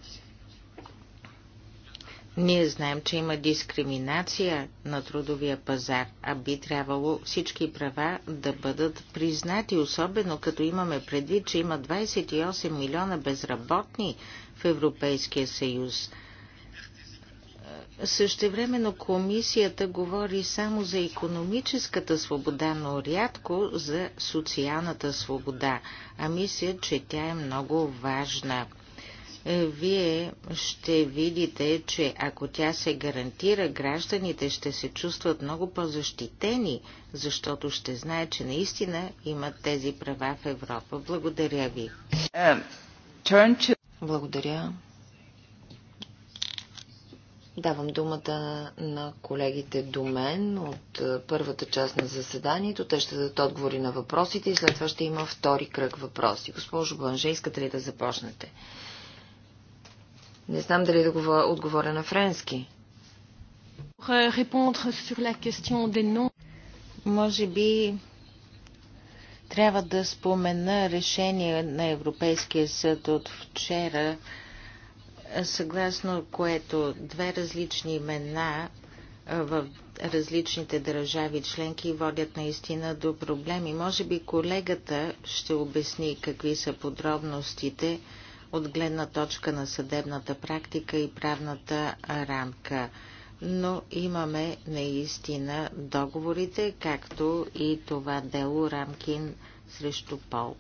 ние знаем, че има дискриминация на трудовия пазар, а би трябвало всички права да бъдат признати, особено като имаме предвид, че има 28 милиона безработни в Европейския съюз. Същевременно комисията говори само за економическата свобода, но рядко за социалната свобода, а мисля, че тя е много важна вие ще видите, че ако тя се гарантира, гражданите ще се чувстват много по-защитени, защото ще знаят, че наистина имат тези права в Европа. Благодаря ви. Благодаря. Давам думата на колегите до мен от е, първата част на заседанието. Те ще дадат отговори на въпросите и след това ще има втори кръг въпроси. Госпожо Бланже, искате ли да започнете? Не знам дали да отговоря на френски. Може би трябва да спомена решение на Европейския съд от вчера, съгласно което две различни имена в различните държави членки водят наистина до проблеми. Може би колегата ще обясни какви са подробностите от гледна точка на съдебната практика и правната рамка. Но имаме наистина договорите, както и това дело Рамкин срещу Пол.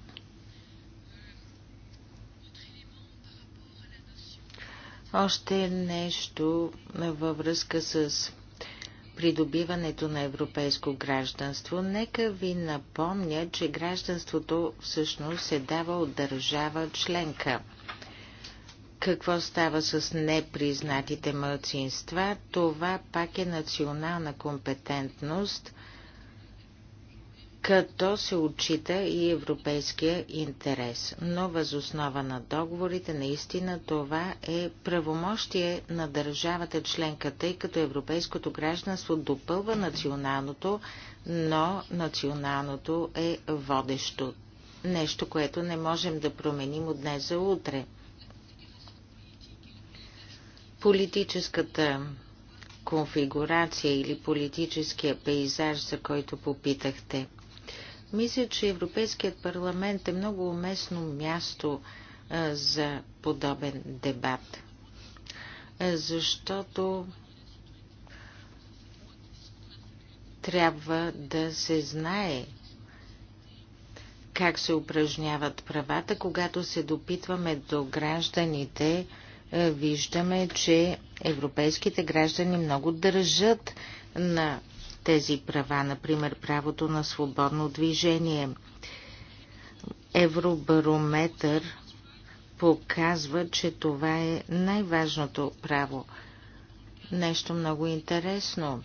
Още нещо във връзка с придобиването на европейско гражданство. Нека ви напомня, че гражданството всъщност се дава от държава членка – какво става с непризнатите мълцинства? Това пак е национална компетентност, като се отчита и европейския интерес. Но възоснова на договорите, наистина това е правомощие на държавата членка, тъй като европейското гражданство допълва националното, но националното е водещо. Нещо, което не можем да променим от днес за утре. Политическата конфигурация или политическия пейзаж, за който попитахте. Мисля, че Европейският парламент е много уместно място а, за подобен дебат. Защото трябва да се знае как се упражняват правата, когато се допитваме до гражданите, е, виждаме, че европейските граждани много държат на тези права, например правото на свободно движение. Евробарометър показва, че това е най-важното право. Нещо много интересно.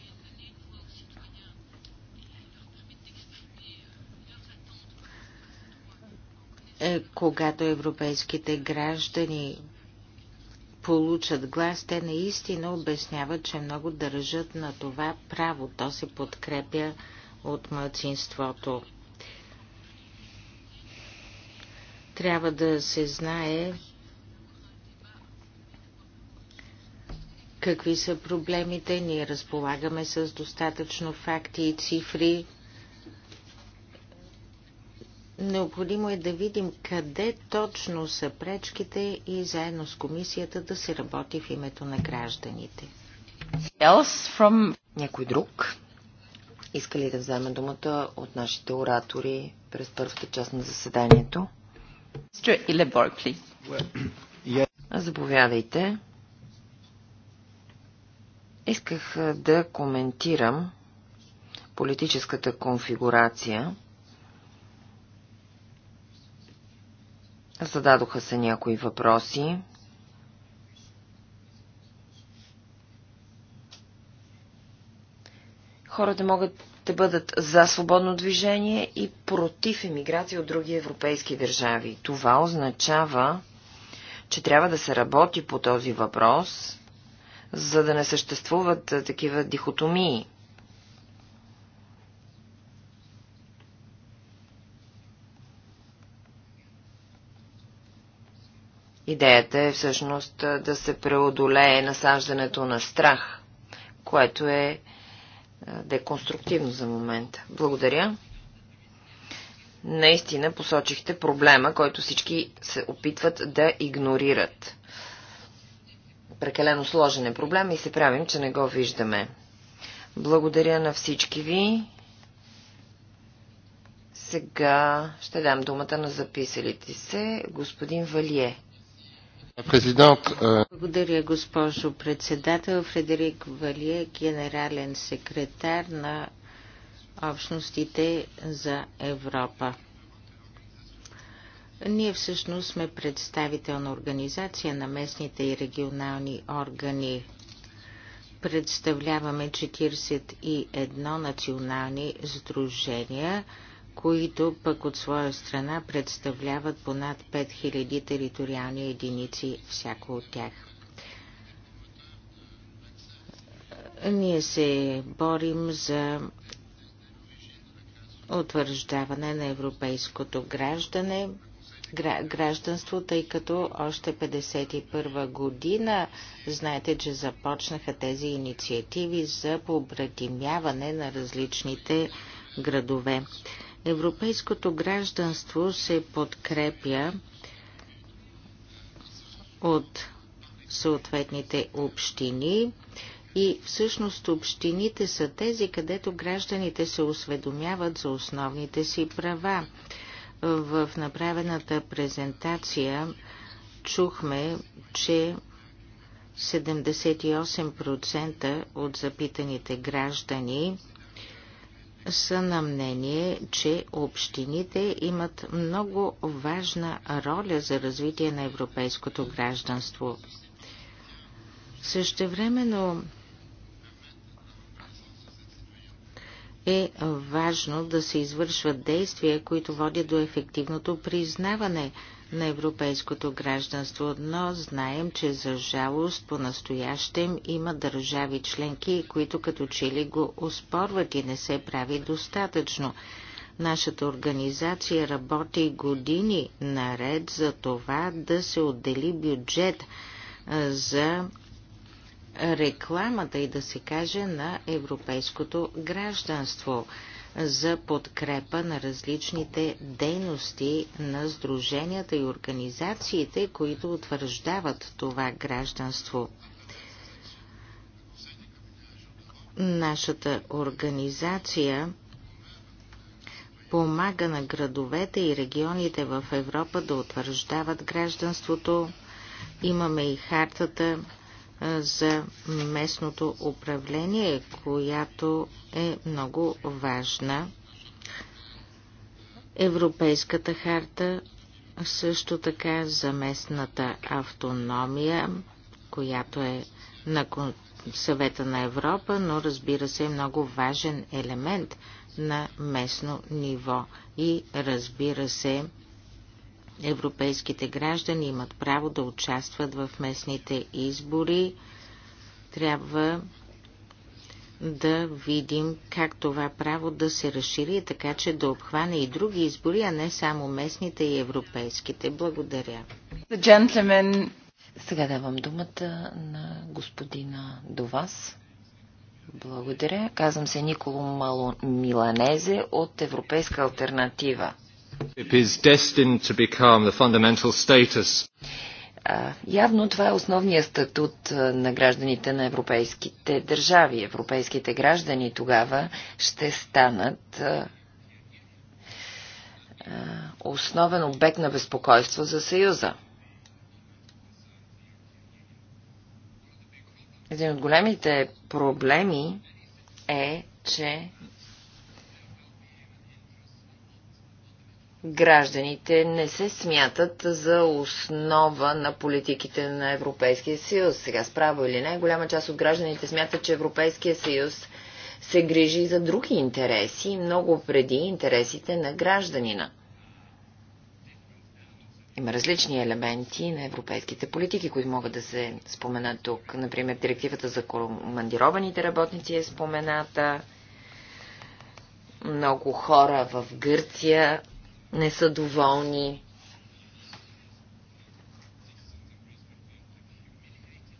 Е, когато европейските граждани получат глас, те наистина обясняват, че много държат на това право. То се подкрепя от младсинството. Трябва да се знае какви са проблемите. Ние разполагаме с достатъчно факти и цифри, Необходимо е да видим къде точно са пречките и заедно с комисията да се работи в името на гражданите. from... Някой друг иска ли да вземе думата от нашите оратори през първата част на заседанието? Заповядайте. Исках да коментирам политическата конфигурация – Зададоха се някои въпроси. Хората могат да бъдат за свободно движение и против емиграция от други европейски държави. Това означава, че трябва да се работи по този въпрос, за да не съществуват такива дихотомии – Идеята е всъщност да се преодолее насаждането на страх, което е деконструктивно за момента. Благодаря. Наистина посочихте проблема, който всички се опитват да игнорират. Прекалено сложен е проблем и се правим, че не го виждаме. Благодаря на всички ви. Сега ще дам думата на записалите се господин Валие. Е, Благодаря, госпожо председател. Фредерик Валие, генерален секретар на Общностите за Европа. Ние всъщност сме представителна организация на местните и регионални органи. Представляваме 41 национални сдружения – които пък от своя страна представляват понад 5000 териториални единици всяко от тях. Ние се борим за утвърждаване на европейското граждане, гражданство, тъй като още 51 година знаете, че започнаха тези инициативи за пообратимяване на различните градове. Европейското гражданство се подкрепя от съответните общини и всъщност общините са тези, където гражданите се осведомяват за основните си права. В направената презентация чухме, че 78% от запитаните граждани са на мнение, че общините имат много важна роля за развитие на европейското гражданство. Същевременно е важно да се извършват действия, които водят до ефективното признаване на европейското гражданство, но знаем, че за жалост по-настоящем има държави членки, които като че ли го оспорват и не се прави достатъчно. Нашата организация работи години наред за това да се отдели бюджет за рекламата и да се каже на европейското гражданство – за подкрепа на различните дейности на сдруженията и организациите, които утвърждават това гражданство. Нашата организация помага на градовете и регионите в Европа да утвърждават гражданството. Имаме и хартата за местното управление, която е много важна. Европейската харта също така за местната автономия, която е на съвета на Европа, но разбира се е много важен елемент на местно ниво. И разбира се, Европейските граждани имат право да участват в местните избори. Трябва да видим как това право да се разшири, така че да обхване и други избори, а не само местните и европейските. Благодаря. Сега давам думата на господина до вас. Благодаря. Казвам се Николо Мало Миланезе от Европейска альтернатива. Явно това е основният статут на гражданите на европейските държави. Европейските граждани тогава ще станат основен обект на безпокойство за Съюза. Един от големите проблеми е, че гражданите не се смятат за основа на политиките на Европейския съюз. Сега справо или не, голяма част от гражданите смятат, че Европейския съюз се грижи за други интереси, много преди интересите на гражданина. Има различни елементи на европейските политики, които могат да се споменат тук. Например, директивата за командированите работници е спомената. Много хора в Гърция не са доволни.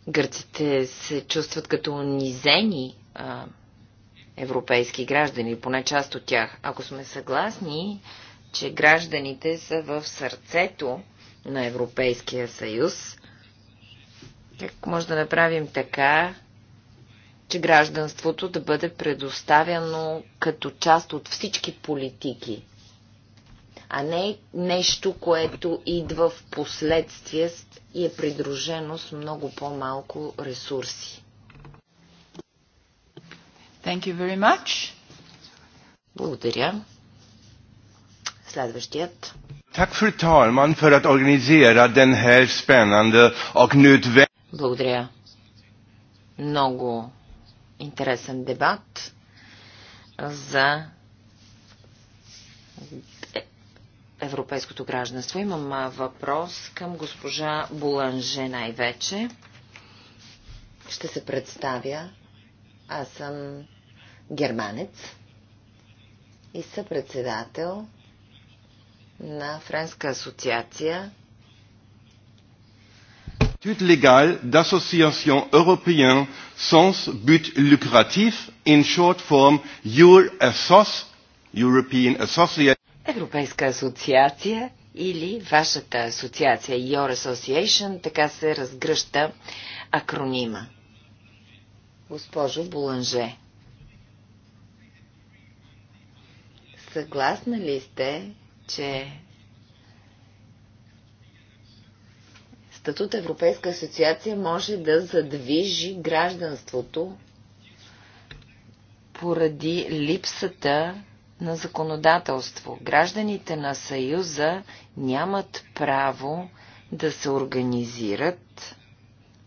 Гърците се чувстват като унизени а, европейски граждани, поне част от тях. Ако сме съгласни, че гражданите са в сърцето на Европейския съюз, как може да направим така, че гражданството да бъде предоставяно като част от всички политики? а не нещо, което идва в последствие и е придружено с много по-малко ресурси. Thank you very much. Благодаря. Следващият. Tack fru talman för att organisera den här spännande och nödvändiga... Благодаря. Много интересен дебат за европейското гражданство. Имам въпрос към госпожа Буланже най-вече. Ще се представя. Аз съм германец и съпредседател на Френска асоциация Институт légal d'association européen sans but lucratif, in short form EURASOS, European Association. Европейска асоциация или вашата асоциация, Your Association, така се разгръща акронима. Госпожо Буланже, съгласна ли сте, че статут Европейска асоциация може да задвижи гражданството поради липсата на законодателство. Гражданите на Съюза нямат право да се организират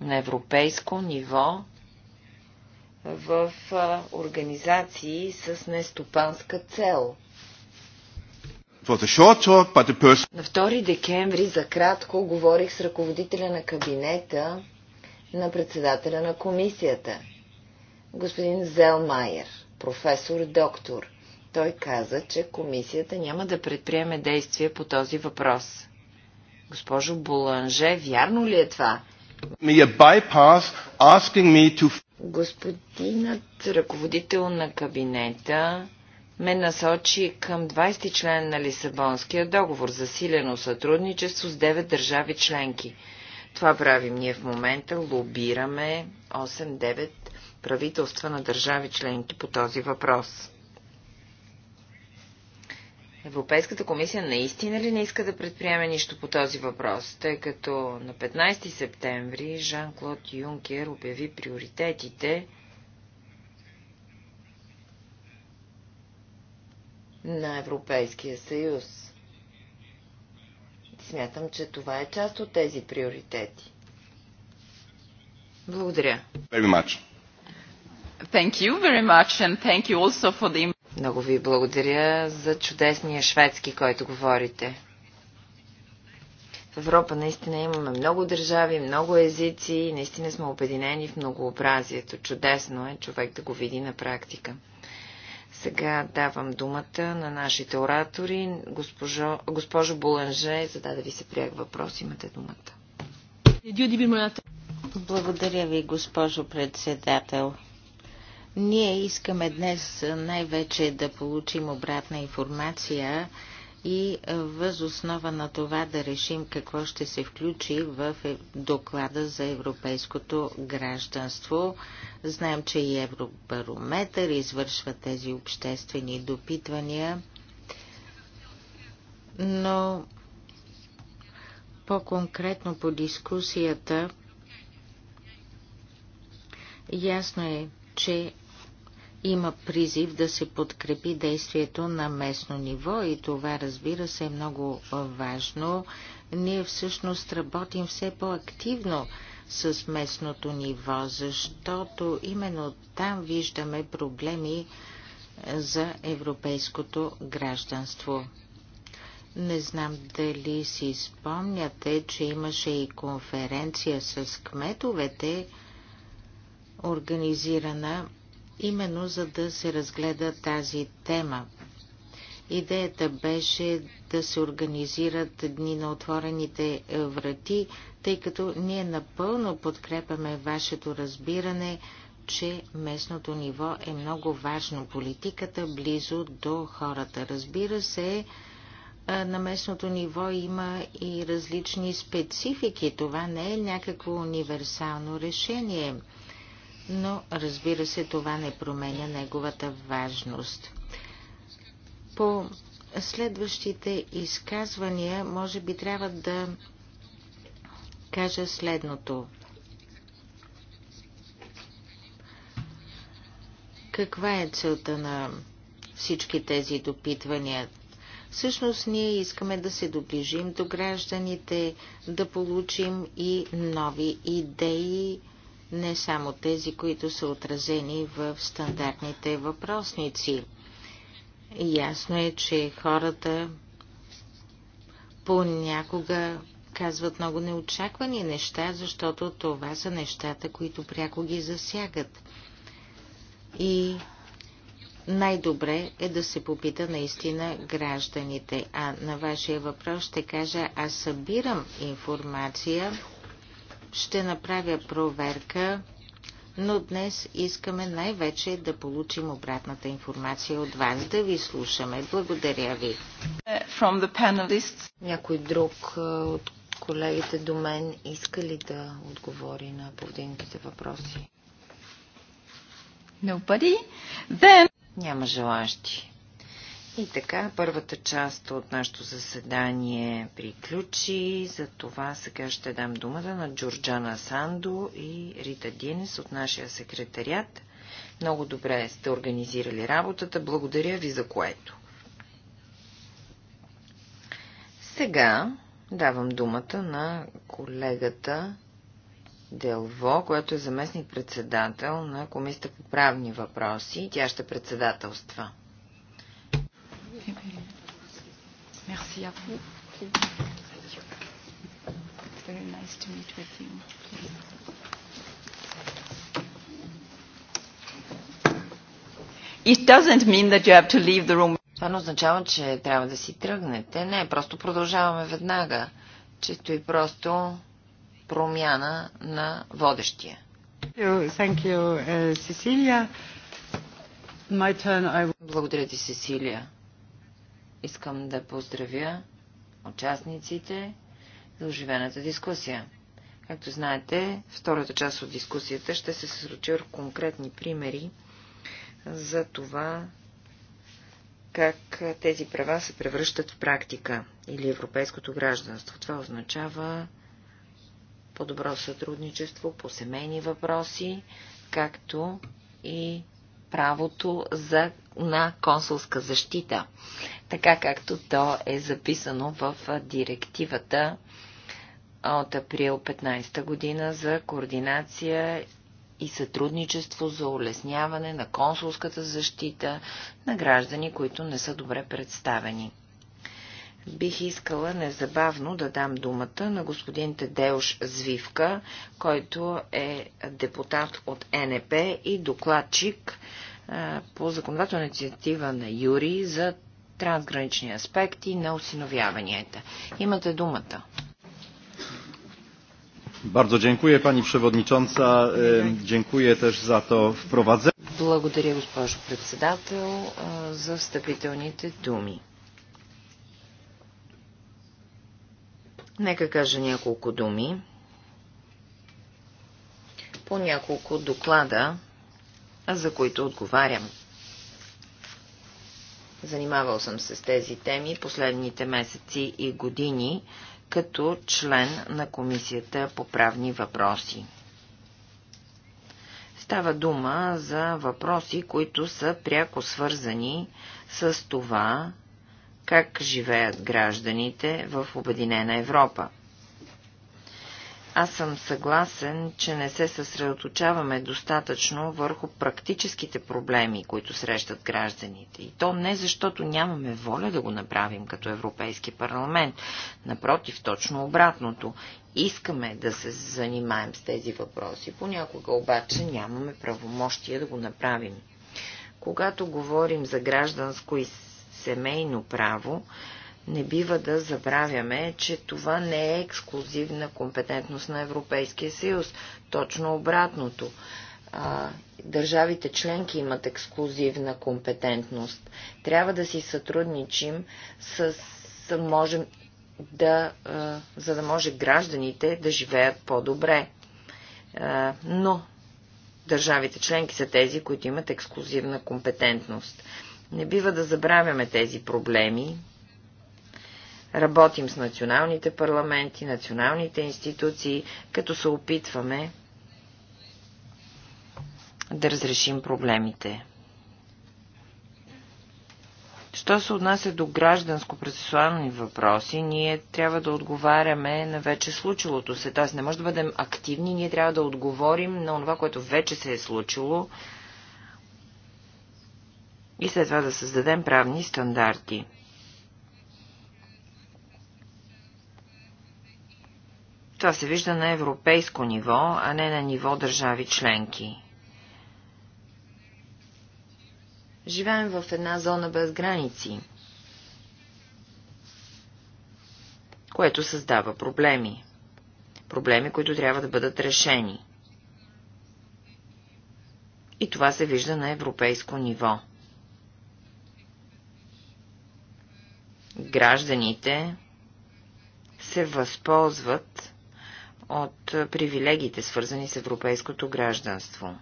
на европейско ниво в организации с нестопанска цел. На 2 декември за кратко говорих с ръководителя на кабинета на председателя на комисията, господин Зелмайер, професор-доктор – той каза, че комисията няма да предприеме действия по този въпрос. Госпожо Боланже, вярно ли е това? Господинът ръководител на кабинета ме насочи към 20 член на Лисабонския договор за силено сътрудничество с 9 държави членки. Това правим ние в момента, лобираме 8-9 правителства на държави членки по този въпрос. Европейската комисия наистина ли не иска да предприеме нищо по този въпрос, тъй като на 15 септември Жан-Клод Юнкер обяви приоритетите на Европейския съюз. Смятам, че това е част от тези приоритети. Благодаря. Very much. Thank you very much and thank you also for the много ви благодаря за чудесния шведски, който говорите. В Европа наистина имаме много държави, много езици и наистина сме обединени в многообразието. Чудесно е човек да го види на практика. Сега давам думата на нашите оратори. Госпожо, госпожо Буланже, да ви се прияк въпрос. Имате думата. Благодаря ви, госпожо председател. Ние искаме днес най-вече да получим обратна информация и въз основа на това да решим какво ще се включи в е, доклада за европейското гражданство. Знаем, че и Евробарометър извършва тези обществени допитвания, но по-конкретно по дискусията ясно е, че има призив да се подкрепи действието на местно ниво и това разбира се е много важно. Ние всъщност работим все по-активно с местното ниво, защото именно там виждаме проблеми за европейското гражданство. Не знам дали си спомняте, че имаше и конференция с кметовете, организирана именно за да се разгледа тази тема. Идеята беше да се организират дни на отворените врати, тъй като ние напълно подкрепяме вашето разбиране, че местното ниво е много важно. Политиката близо до хората. Разбира се, на местното ниво има и различни специфики. Това не е някакво универсално решение но разбира се това не променя неговата важност. По следващите изказвания може би трябва да кажа следното. Каква е целта на всички тези допитвания? Всъщност ние искаме да се доближим до гражданите, да получим и нови идеи, не само тези, които са отразени в стандартните въпросници. Ясно е, че хората понякога казват много неочаквани неща, защото това са нещата, които пряко ги засягат. И най-добре е да се попита наистина гражданите. А на вашия въпрос ще кажа, аз събирам информация ще направя проверка, но днес искаме най-вече да получим обратната информация от вас, да ви слушаме. Благодаря ви. From the panelists. Някой друг е, от колегите до мен иска ли да отговори на повдинките въпроси? Nobody. Then... Няма желащи. И така, първата част от нашето заседание приключи. За това сега ще дам думата на Джорджана Сандо и Рита Динес от нашия секретарят. Много добре сте организирали работата. Благодаря ви за което. Сега давам думата на колегата Делво, която е заместник-председател на Комисията по правни въпроси. Тя ще председателства. Merci à vous. Very nice to meet with you. It doesn't mean that you have to leave the room. Това не означава, че трябва да си тръгнете. Не, просто продължаваме веднага. Чисто и просто промяна на водещия. Thank you, uh, Cecilia. My turn, I... Благодаря ти, Сесилия. Искам да поздравя участниците за оживената дискусия. Както знаете, втората част от дискусията ще се съсредоточи върху конкретни примери за това, как тези права се превръщат в практика или европейското гражданство. Това означава по-добро сътрудничество по семейни въпроси, както и правото за, на консулска защита, така както то е записано в директивата от април 15 година за координация и сътрудничество за улесняване на консулската защита на граждани, които не са добре представени бих искала незабавно да дам думата на господин Тедеуш Звивка, който е депутат от НП и докладчик по законодателна инициатива на Юри за трансгранични аспекти на осиновяванията. Имате думата. Bardzo dziękuję Pani Przewodnicząca. Dziękuję też za to wprowadzenie. Благодаря, госпожо председател, за встъпителните думи. Нека кажа няколко думи по няколко доклада, за които отговарям. Занимавал съм се с тези теми последните месеци и години като член на Комисията по правни въпроси. Става дума за въпроси, които са пряко свързани с това, как живеят гражданите в Обединена Европа. Аз съм съгласен, че не се съсредоточаваме достатъчно върху практическите проблеми, които срещат гражданите. И то не защото нямаме воля да го направим като Европейски парламент. Напротив, точно обратното. Искаме да се занимаем с тези въпроси. Понякога обаче нямаме правомощия да го направим. Когато говорим за гражданско и семейно право, не бива да забравяме, че това не е ексклюзивна компетентност на Европейския съюз. Точно обратното. Държавите членки имат ексклюзивна компетентност. Трябва да си сътрудничим с... Можем да, за да може гражданите да живеят по-добре. Но държавите членки са тези, които имат ексклюзивна компетентност. Не бива да забравяме тези проблеми. Работим с националните парламенти, националните институции, като се опитваме да разрешим проблемите. Що се отнася до гражданско-процесуални въпроси, ние трябва да отговаряме на вече случилото се. Т.е. не може да бъдем активни, ние трябва да отговорим на това, което вече се е случило, и след това да създадем правни стандарти. Това се вижда на европейско ниво, а не на ниво държави членки. Живеем в една зона без граници, което създава проблеми. Проблеми, които трябва да бъдат решени. И това се вижда на европейско ниво. гражданите се възползват от привилегиите, свързани с европейското гражданство.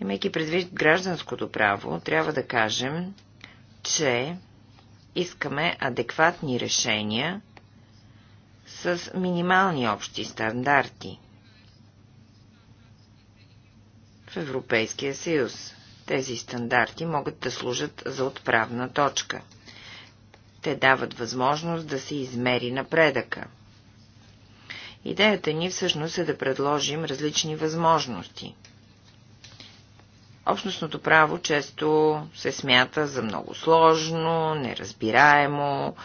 Имайки предвид гражданското право, трябва да кажем, че искаме адекватни решения с минимални общи стандарти в Европейския съюз. Тези стандарти могат да служат за отправна точка – те дават възможност да се измери напредъка. Идеята ни всъщност е да предложим различни възможности. Общностното право често се смята за много сложно, неразбираемо,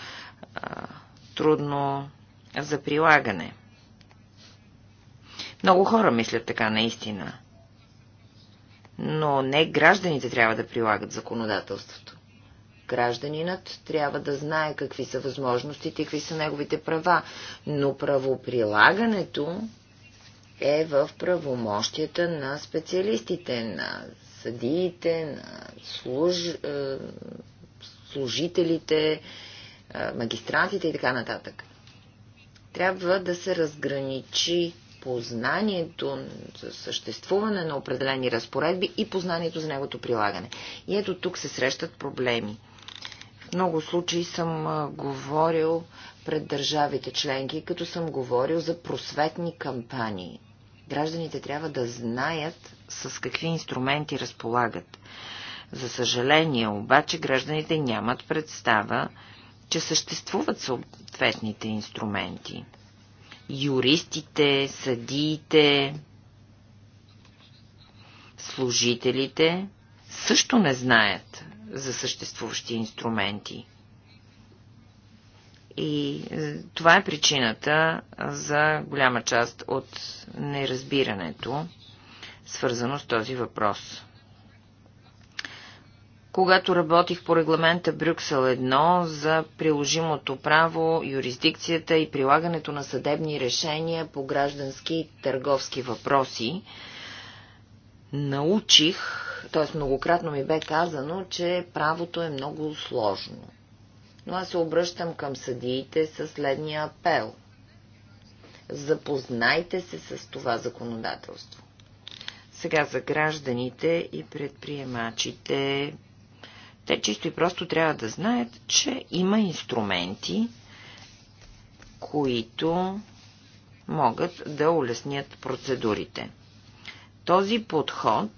трудно за прилагане. Много хора мислят така наистина. Но не гражданите трябва да прилагат законодателството. Гражданинът трябва да знае какви са възможностите и какви са неговите права, но правоприлагането е в правомощията на специалистите, на съдиите, на служ... Е, служителите, е, магистратите и така нататък. Трябва да се разграничи познанието за съществуване на определени разпоредби и познанието за неговото прилагане. И ето тук се срещат проблеми много случаи съм говорил пред държавите членки, като съм говорил за просветни кампании. Гражданите трябва да знаят с какви инструменти разполагат. За съжаление, обаче, гражданите нямат представа, че съществуват съответните инструменти. Юристите, съдиите, служителите също не знаят за съществуващи инструменти. И е, това е причината е, за голяма част от неразбирането, свързано с този въпрос. Когато работих по регламента Брюксел 1 за приложимото право, юрисдикцията и прилагането на съдебни решения по граждански и търговски въпроси, научих, т.е. многократно ми бе казано, че правото е много сложно. Но аз се обръщам към съдиите със следния апел. Запознайте се с това законодателство. Сега за гражданите и предприемачите. Те чисто и просто трябва да знаят, че има инструменти, които могат да улеснят процедурите. Този подход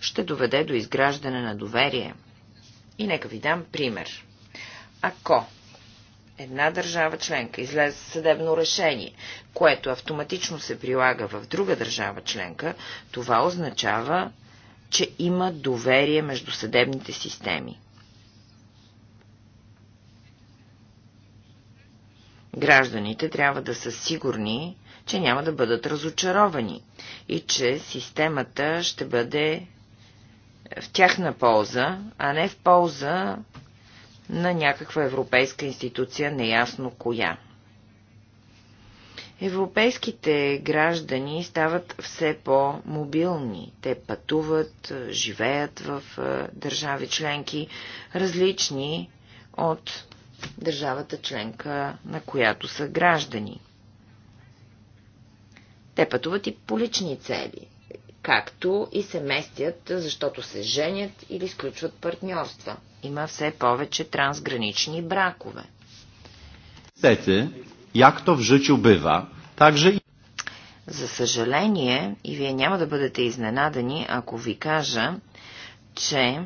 ще доведе до изграждане на доверие. И нека ви дам пример. Ако една държава членка излезе съдебно решение, което автоматично се прилага в друга държава членка, това означава, че има доверие между съдебните системи. Гражданите трябва да са сигурни, че няма да бъдат разочаровани и че системата ще бъде в тяхна полза, а не в полза на някаква европейска институция, неясно коя. Европейските граждани стават все по-мобилни. Те пътуват, живеят в държави членки, различни от държавата членка, на която са граждани. Те пътуват и по лични цели, както и се местят, защото се женят или изключват партньорства. Има все повече трансгранични бракове. Сете, як то в życiu bywa, и... За съжаление, и вие няма да бъдете изненадани, ако ви кажа, че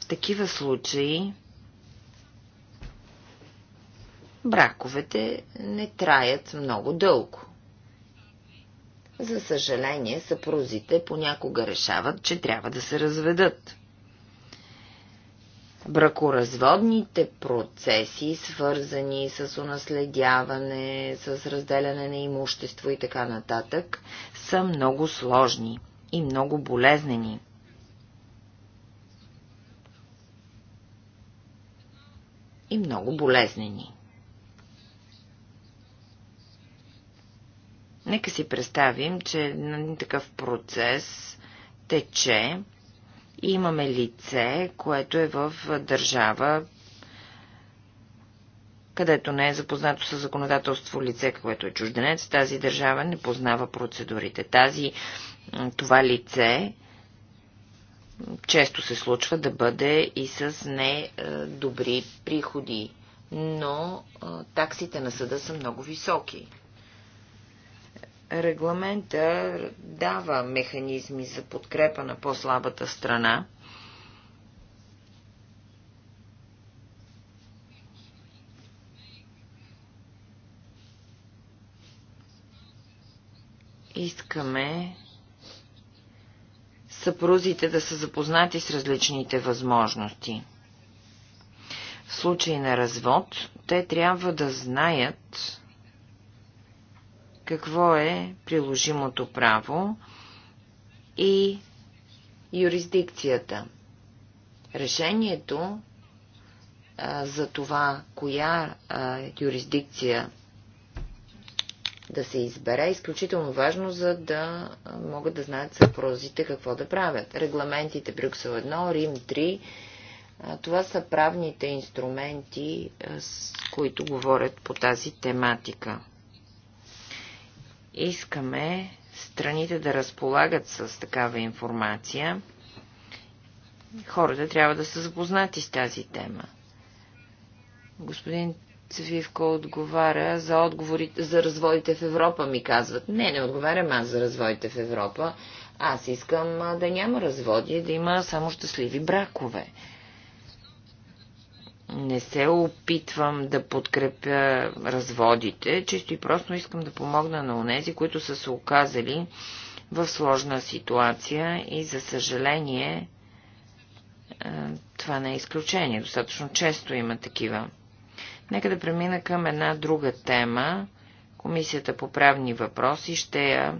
в такива случаи браковете не траят много дълго. За съжаление, съпрузите понякога решават, че трябва да се разведат. Бракоразводните процеси, свързани с унаследяване, с разделяне на имущество и така нататък, са много сложни и много болезнени. И много болезнени. Нека си представим, че един такъв процес тече и имаме лице, което е в държава, където не е запознато с законодателство лице, което е чужденец, тази държава не познава процедурите. Тази, това лице често се случва да бъде и с недобри е, приходи, но е, таксите на съда са много високи регламента дава механизми за подкрепа на по-слабата страна. Искаме съпрузите да са запознати с различните възможности. В случай на развод, те трябва да знаят, какво е приложимото право и юрисдикцията. Решението а, за това, коя а, юрисдикция да се избере, е изключително важно, за да могат да знаят съпрозите какво да правят. Регламентите Брюксел 1, Рим 3, това са правните инструменти, с които говорят по тази тематика. Искаме страните да разполагат с такава информация. Хората трябва да са запознати с тази тема. Господин Цвивко отговаря за, отговорите, за разводите в Европа, ми казват. Не, не отговарям аз за разводите в Европа. Аз искам да няма разводи, да има само щастливи бракове не се опитвам да подкрепя разводите, чисто и просто искам да помогна на онези, които са се оказали в сложна ситуация и за съжаление е, това не е изключение. Достатъчно често има такива. Нека да премина към една друга тема. Комисията по правни въпроси ще я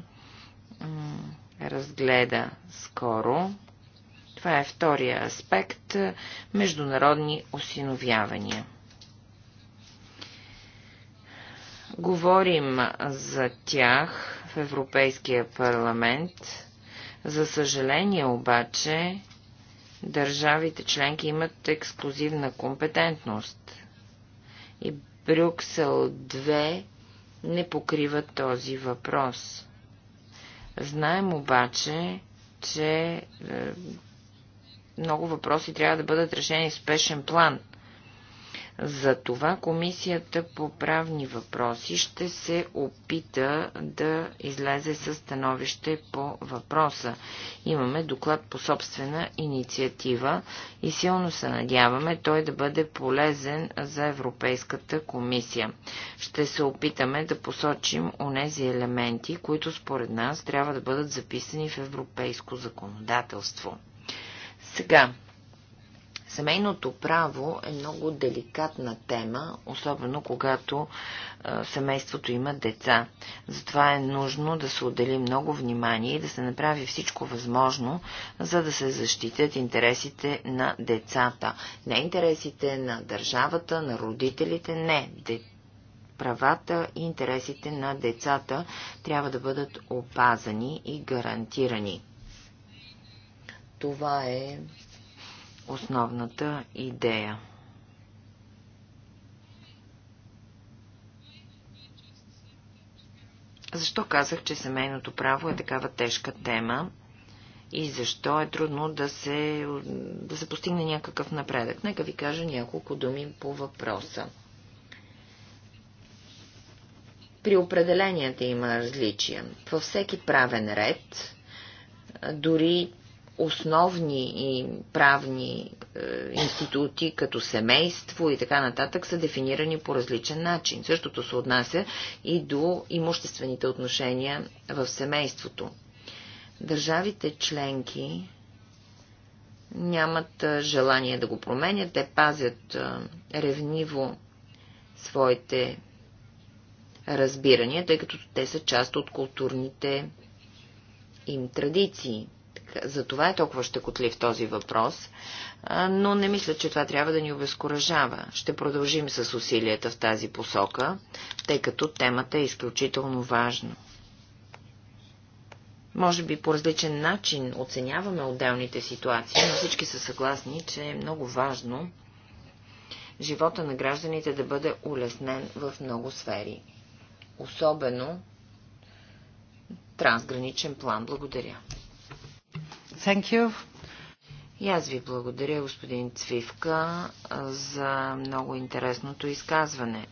разгледа скоро. Това е втория аспект – международни осиновявания. Говорим за тях в Европейския парламент. За съжаление обаче, държавите членки имат ексклюзивна компетентност. И Брюксел 2 не покрива този въпрос. Знаем обаче, че е, много въпроси трябва да бъдат решени в спешен план. За това комисията по правни въпроси ще се опита да излезе със становище по въпроса. Имаме доклад по собствена инициатива и силно се надяваме той да бъде полезен за Европейската комисия. Ще се опитаме да посочим онези елементи, които според нас трябва да бъдат записани в европейско законодателство. Сега, Семейното право е много деликатна тема, особено когато семейството има деца. Затова е нужно да се отдели много внимание и да се направи всичко възможно, за да се защитят интересите на децата. Не интересите на държавата, на родителите, не. Де... Правата и интересите на децата трябва да бъдат опазани и гарантирани. Това е основната идея. Защо казах, че семейното право е такава тежка тема и защо е трудно да се, да се постигне някакъв напредък? Нека ви кажа няколко думи по въпроса. При определенията има различия. Във всеки правен ред, дори основни и правни е, институти, като семейство и така нататък, са дефинирани по различен начин. Същото се отнася и до имуществените отношения в семейството. Държавите членки нямат е, желание да го променят, те пазят е, ревниво своите разбирания, тъй като те са част от културните им традиции. За това е толкова щекотлив този въпрос, но не мисля, че това трябва да ни обезкуражава. Ще продължим с усилията в тази посока, тъй като темата е изключително важна. Може би по различен начин оценяваме отделните ситуации, но всички са съгласни, че е много важно живота на гражданите да бъде улеснен в много сфери. Особено трансграничен план. Благодаря. Thank you. И аз ви благодаря, господин Цвивка, за много интересното изказване.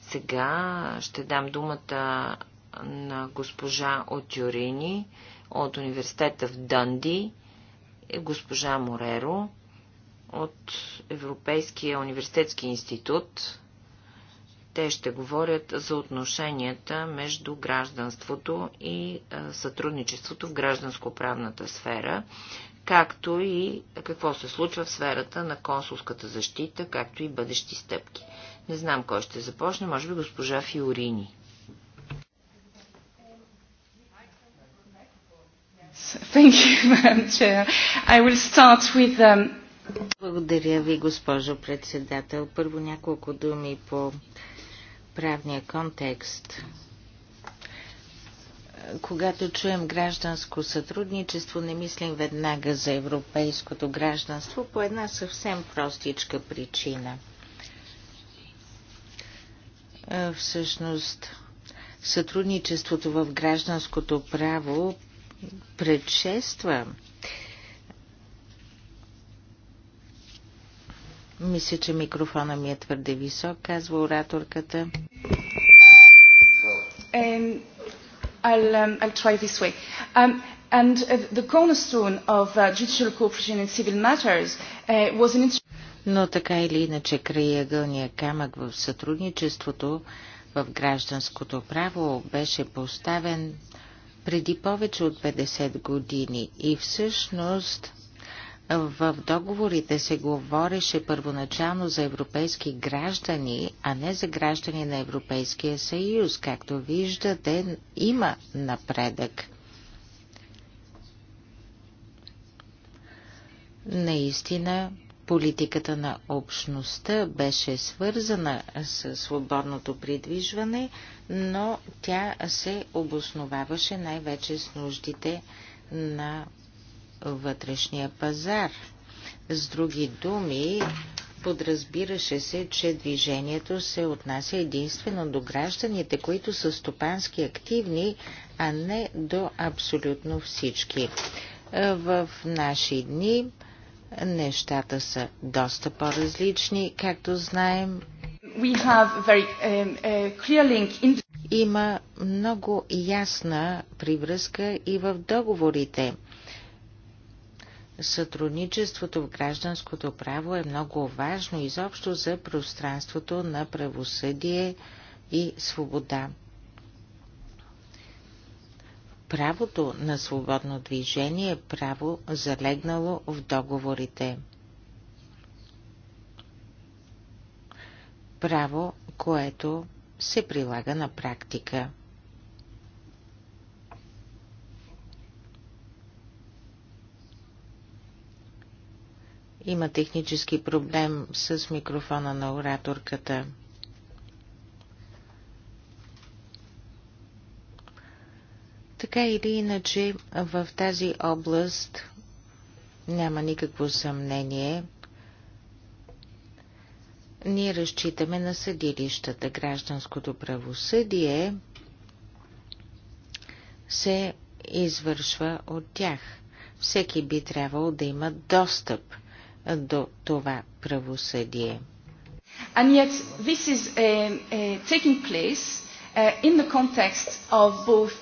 Сега ще дам думата на госпожа Отюрини от университета в Дънди, госпожа Мореро от Европейския университетски институт те ще говорят за отношенията между гражданството и сътрудничеството в гражданско-правната сфера, както и какво се случва в сферата на консулската защита, както и бъдещи стъпки. Не знам кой ще започне, може би госпожа Фиорини. With... Um, Благодаря ви, госпожо председател. Първо няколко думи по правния контекст. Когато чуем гражданско сътрудничество, не мислим веднага за европейското гражданство по една съвсем простичка причина. Е, всъщност, сътрудничеството в гражданското право предшества Мисля, че микрофона ми е твърде висок, казва ораторката. I'll, um, I'll try this way. Um, and uh, the cornerstone of uh, judicial cooperation in civil matters uh, was an но така или иначе краягълния камък в сътрудничеството в гражданското право беше поставен преди повече от 50 години и всъщност в договорите се говореше първоначално за европейски граждани, а не за граждани на Европейския съюз. Както виждате, има напредък. Наистина, политиката на общността беше свързана с свободното придвижване, но тя се обосноваваше най-вече с нуждите на вътрешния пазар. С други думи, подразбираше се, че движението се отнася единствено до гражданите, които са стопански активни, а не до абсолютно всички. В наши дни нещата са доста по-различни, както знаем. Very, um, uh, in... Има много ясна привръзка и в договорите. Сътрудничеството в гражданското право е много важно изобщо за пространството на правосъдие и свобода. Правото на свободно движение е право залегнало в договорите. Право, което се прилага на практика. Има технически проблем с микрофона на ораторката. Така или иначе, в тази област няма никакво съмнение. Ние разчитаме на съдилищата. Гражданското правосъдие се извършва от тях. Всеки би трябвало да има достъп до това правосъдие. And yet this is a, a taking place uh, in the context of both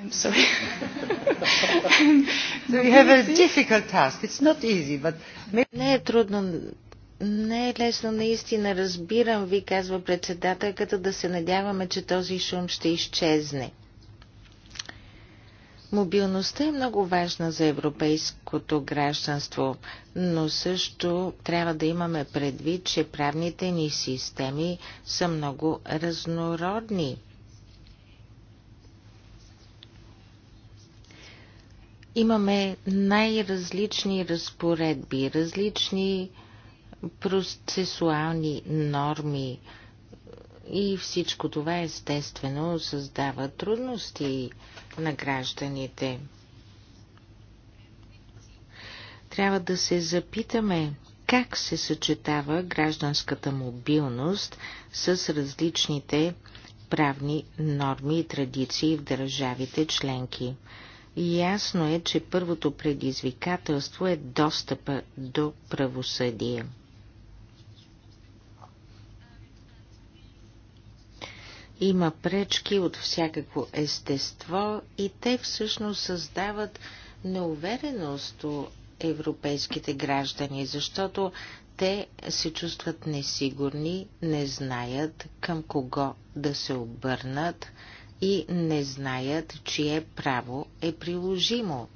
I'm sorry. so you have a difficult task. It's not easy, but не е трудно. Не е лесно наистина, разбирам ви, казва председателката, да се надяваме, че този шум ще изчезне. Мобилността е много важна за европейското гражданство, но също трябва да имаме предвид, че правните ни системи са много разнородни. Имаме най-различни разпоредби, различни процесуални норми и всичко това естествено създава трудности на гражданите. Трябва да се запитаме как се съчетава гражданската мобилност с различните правни норми и традиции в държавите членки. Ясно е, че първото предизвикателство е достъпа до правосъдие. Има пречки от всякакво естество и те всъщност създават неувереност у европейските граждани, защото те се чувстват несигурни, не знаят към кого да се обърнат и не знаят, чие право е приложимо.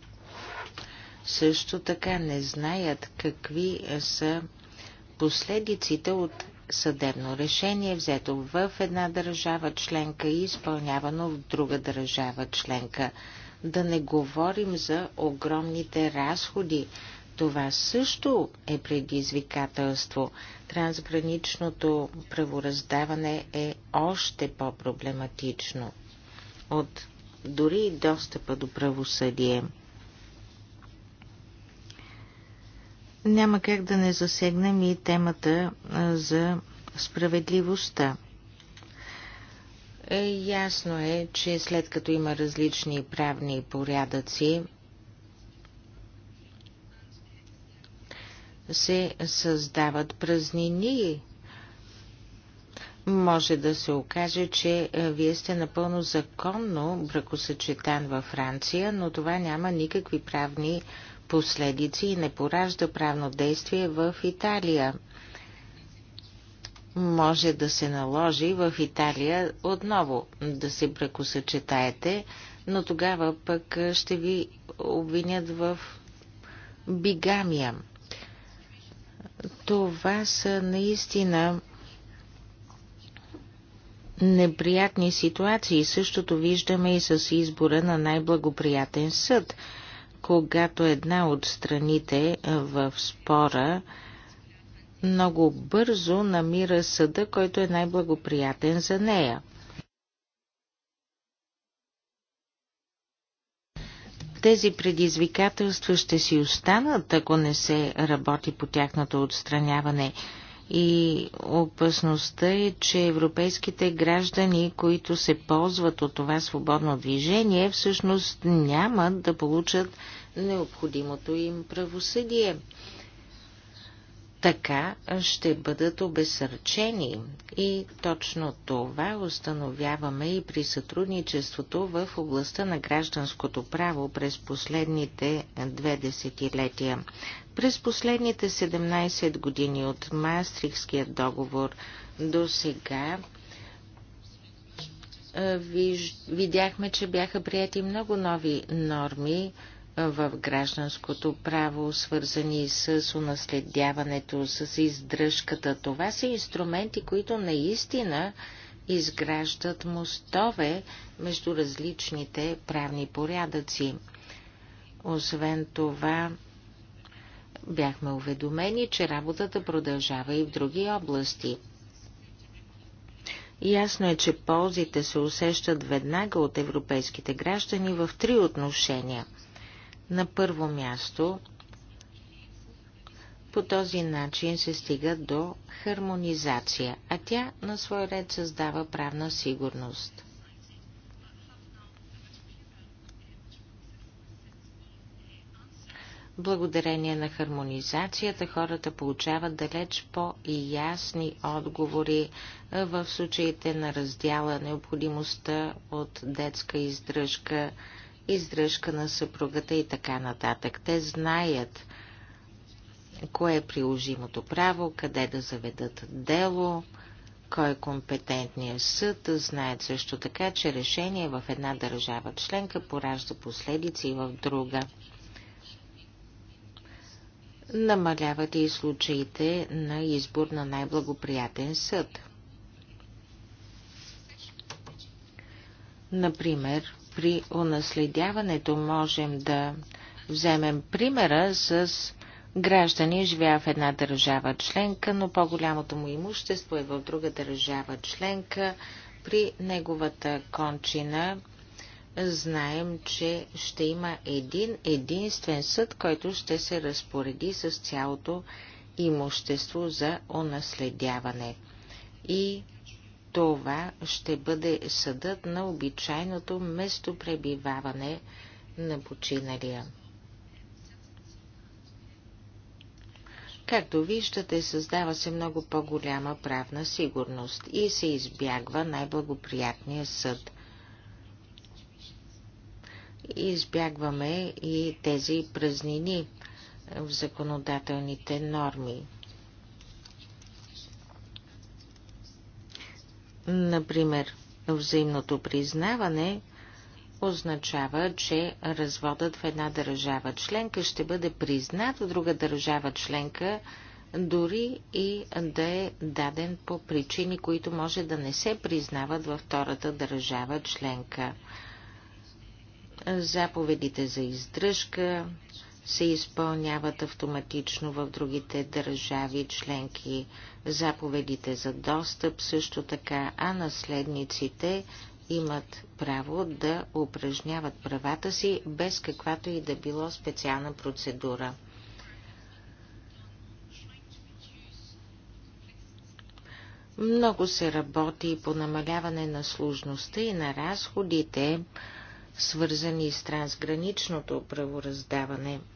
Също така не знаят какви са последиците от съдебно решение, взето в една държава членка и изпълнявано в друга държава членка. Да не говорим за огромните разходи. Това също е предизвикателство. Трансграничното правораздаване е още по-проблематично от дори и достъпа до правосъдие. Няма как да не засегнем и темата за справедливостта. Е, ясно е, че след като има различни правни порядъци, се създават празнини. Може да се окаже, че вие сте напълно законно бракосъчетан във Франция, но това няма никакви правни порядъци последици и не поражда правно действие в Италия. Може да се наложи в Италия отново да се бракосъчетаете, но тогава пък ще ви обвинят в бигамия. Това са наистина неприятни ситуации. Същото виждаме и с избора на най-благоприятен съд – когато една от страните в спора много бързо намира съда, който е най-благоприятен за нея. Тези предизвикателства ще си останат, ако не се работи по тяхното отстраняване и опасността е, че европейските граждани, които се ползват от това свободно движение, всъщност нямат да получат необходимото им правосъдие така ще бъдат обесърчени. И точно това установяваме и при сътрудничеството в областта на гражданското право през последните две десетилетия. През последните 17 години от Маастрихския договор до сега видяхме, че бяха прияти много нови норми, в гражданското право, свързани с унаследяването, с издръжката. Това са инструменти, които наистина изграждат мостове между различните правни порядъци. Освен това, бяхме уведомени, че работата продължава и в други области. Ясно е, че ползите се усещат веднага от европейските граждани в три отношения – на първо място, по този начин се стига до хармонизация, а тя на свой ред създава правна сигурност. Благодарение на хармонизацията хората получават далеч по-ясни отговори в случаите на раздяла, необходимостта от детска издръжка, издръжка на съпругата и така нататък. Те знаят кое е приложимото право, къде да заведат дело, кой е компетентният съд, знаят също така, че решение в една държава членка поражда последици и в друга. Намаляват и случаите на избор на най-благоприятен съд. Например, при унаследяването можем да вземем примера с граждани живее в една държава членка, но по-голямото му имущество е в друга държава членка. При неговата кончина знаем, че ще има един единствен съд, който ще се разпореди с цялото имущество за унаследяване. И това ще бъде съдът на обичайното местопребиваване на починалия. Както виждате, създава се много по-голяма правна сигурност и се избягва най-благоприятния съд. Избягваме и тези празнини в законодателните норми. Например, взаимното признаване означава, че разводът в една държава членка ще бъде признат в друга държава членка, дори и да е даден по причини, които може да не се признават във втората държава членка. Заповедите за издръжка, се изпълняват автоматично в другите държави членки. Заповедите за достъп също така, а наследниците имат право да упражняват правата си без каквато и да било специална процедура. Много се работи по намаляване на сложността и на разходите, свързани с трансграничното правораздаване –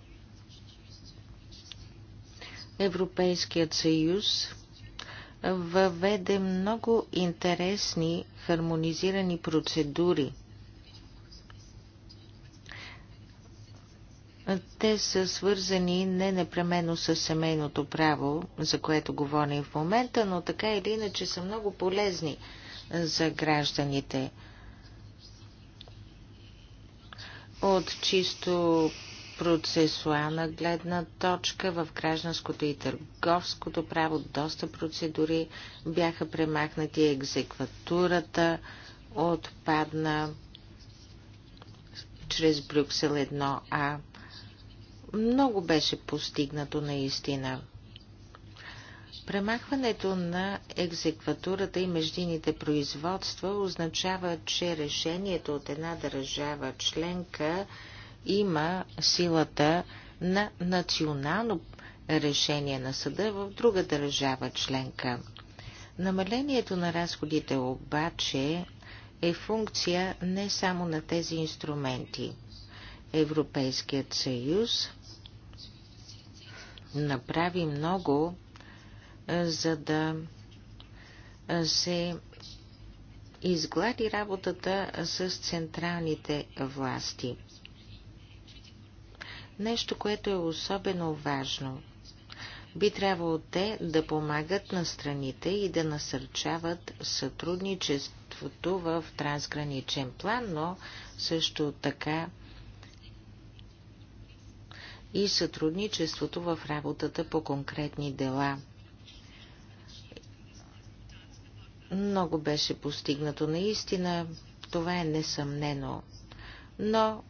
Европейският съюз въведе много интересни хармонизирани процедури. Те са свързани не непременно с семейното право, за което говорим в момента, но така или иначе са много полезни за гражданите. От чисто процесуална гледна точка в гражданското и търговското право доста процедури бяха премахнати, екзекватурата отпадна чрез Брюксел 1А. Много беше постигнато наистина. Премахването на екзекватурата и междините производства означава, че решението от една държава членка има силата на национално решение на съда в друга държава членка. Намалението на разходите обаче е функция не само на тези инструменти. Европейският съюз направи много, за да се изглади работата с централните власти – Нещо, което е особено важно. Би трябвало те да помагат на страните и да насърчават сътрудничеството в трансграничен план, но също така и сътрудничеството в работата по конкретни дела. Много беше постигнато наистина, това е несъмнено, но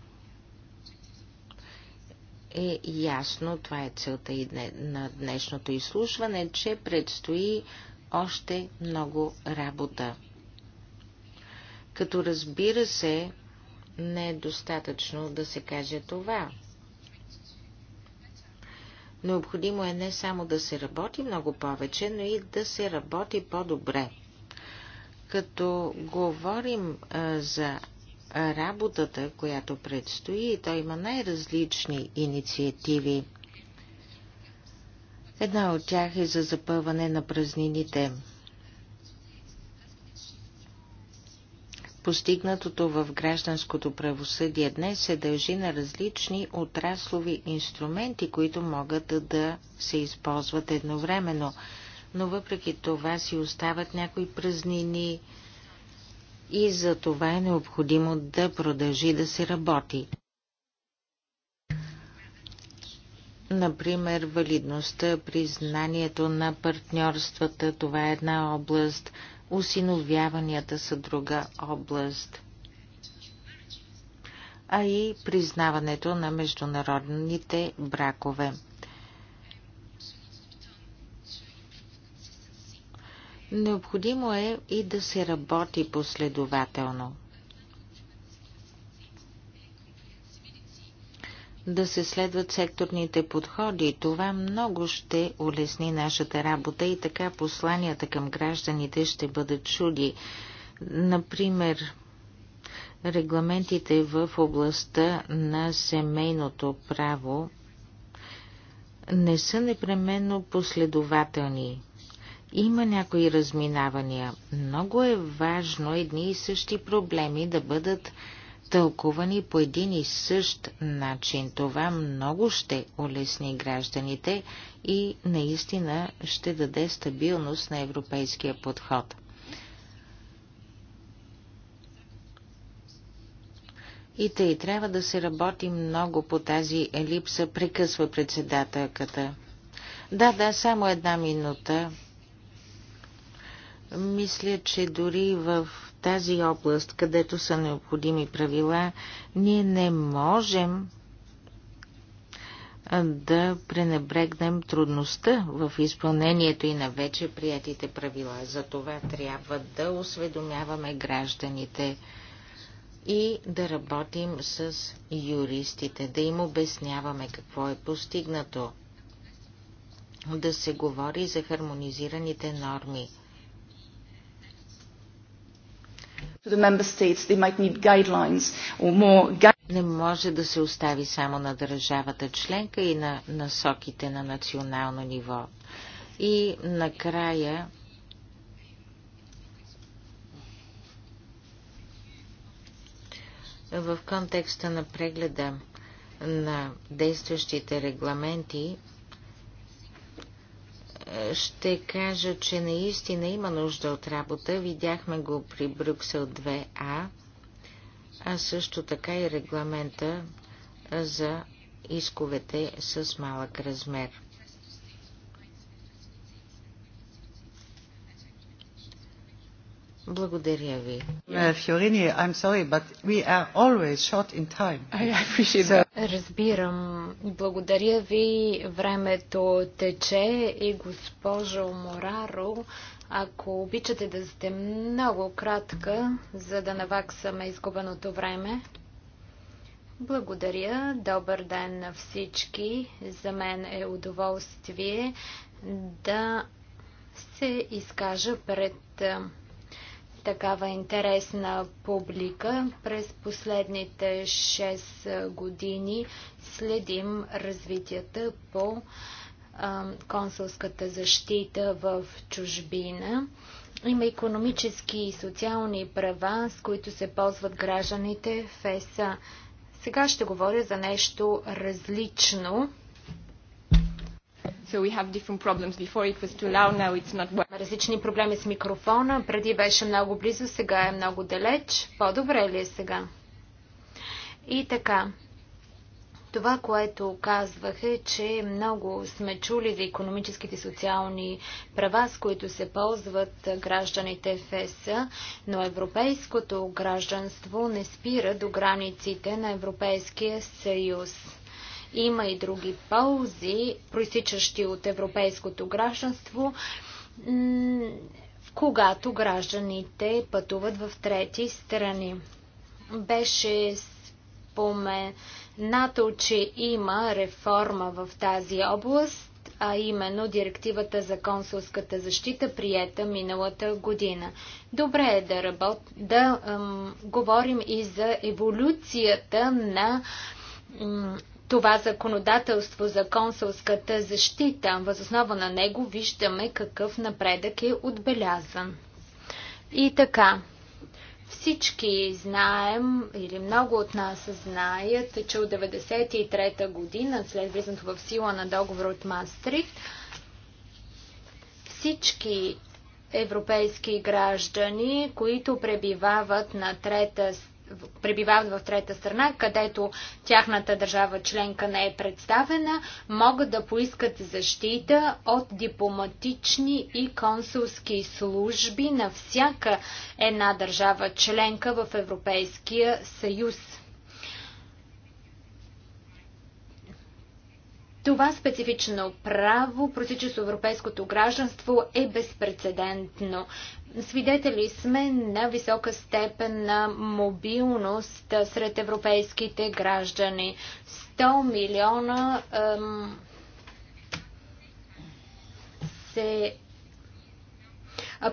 е ясно, това е целта и на днешното изслушване, че предстои още много работа. Като разбира се, не е достатъчно да се каже това. Необходимо е не само да се работи много повече, но и да се работи по-добре. Като говорим а, за работата, която предстои и той има най-различни инициативи. Една от тях е за запъване на празнините. Постигнатото в гражданското правосъдие днес се дължи на различни отраслови инструменти, които могат да се използват едновременно. Но въпреки това си остават някои празнини, и за това е необходимо да продължи да се работи. Например, валидността, признанието на партньорствата, това е една област, усиновяванията са друга област, а и признаването на международните бракове. Необходимо е и да се работи последователно. Да се следват секторните подходи, това много ще улесни нашата работа и така посланията към гражданите ще бъдат чуди. Например, регламентите в областта на семейното право не са непременно последователни има някои разминавания. Много е важно едни и същи проблеми да бъдат тълкувани по един и същ начин. Това много ще улесни гражданите и наистина ще даде стабилност на европейския подход. И тъй трябва да се работи много по тази елипса, прекъсва председателката. Да, да, само една минута. Мисля, че дори в тази област, където са необходими правила, ние не можем да пренебрегнем трудността в изпълнението и на вече приятите правила. За това трябва да осведомяваме гражданите и да работим с юристите, да им обясняваме какво е постигнато, да се говори за хармонизираните норми – Не може да се остави само на държавата членка и на насоките на национално ниво. И накрая в контекста на прегледа на действащите регламенти ще кажа, че наистина има нужда от работа. Видяхме го при Брюксел 2А, а също така и регламента за исковете с малък размер. Благодаря ви. Фиорини, uh, I'm sorry, but we are always short in time. I appreciate that. Разбирам. Благодаря ви. Времето тече и госпожо Мораро, ако обичате да сте много кратка, за да наваксаме изгубеното време. Благодаря. Добър ден на всички. За мен е удоволствие да се изкажа пред такава интересна публика. През последните 6 години следим развитията по консулската защита в чужбина. Има економически и социални права, с които се ползват гражданите в ЕСА. Сега ще говоря за нещо различно. So we have different problems. Before it was too loud, now it's not working. Различни проблеми с микрофона. Преди беше много близо, сега е много далеч. По-добре ли е сега? И така. Това, което казвах е, че много сме чули за економическите и социални права, с които се ползват гражданите в ЕС, но европейското гражданство не спира до границите на Европейския съюз. Има и други ползи, проистичащи от европейското гражданство, когато гражданите пътуват в трети страни. Беше споменато, че има реформа в тази област а именно директивата за консулската защита, приета миналата година. Добре е да, работ... да ем, говорим и за еволюцията на ем, това законодателство за консулската защита. Възоснова на него виждаме какъв напредък е отбелязан. И така, всички знаем, или много от нас знаят, че от 1993 година, след влизането в сила на договор от Мастрит, всички европейски граждани, които пребивават на трета страна, пребивават в трета страна, където тяхната държава членка не е представена, могат да поискат защита от дипломатични и консулски служби на всяка една държава членка в Европейския съюз. Това специфично право, с европейското гражданство, е безпредседентно. Свидетели сме на висока степен на мобилност сред европейските граждани. 100 милиона ем, се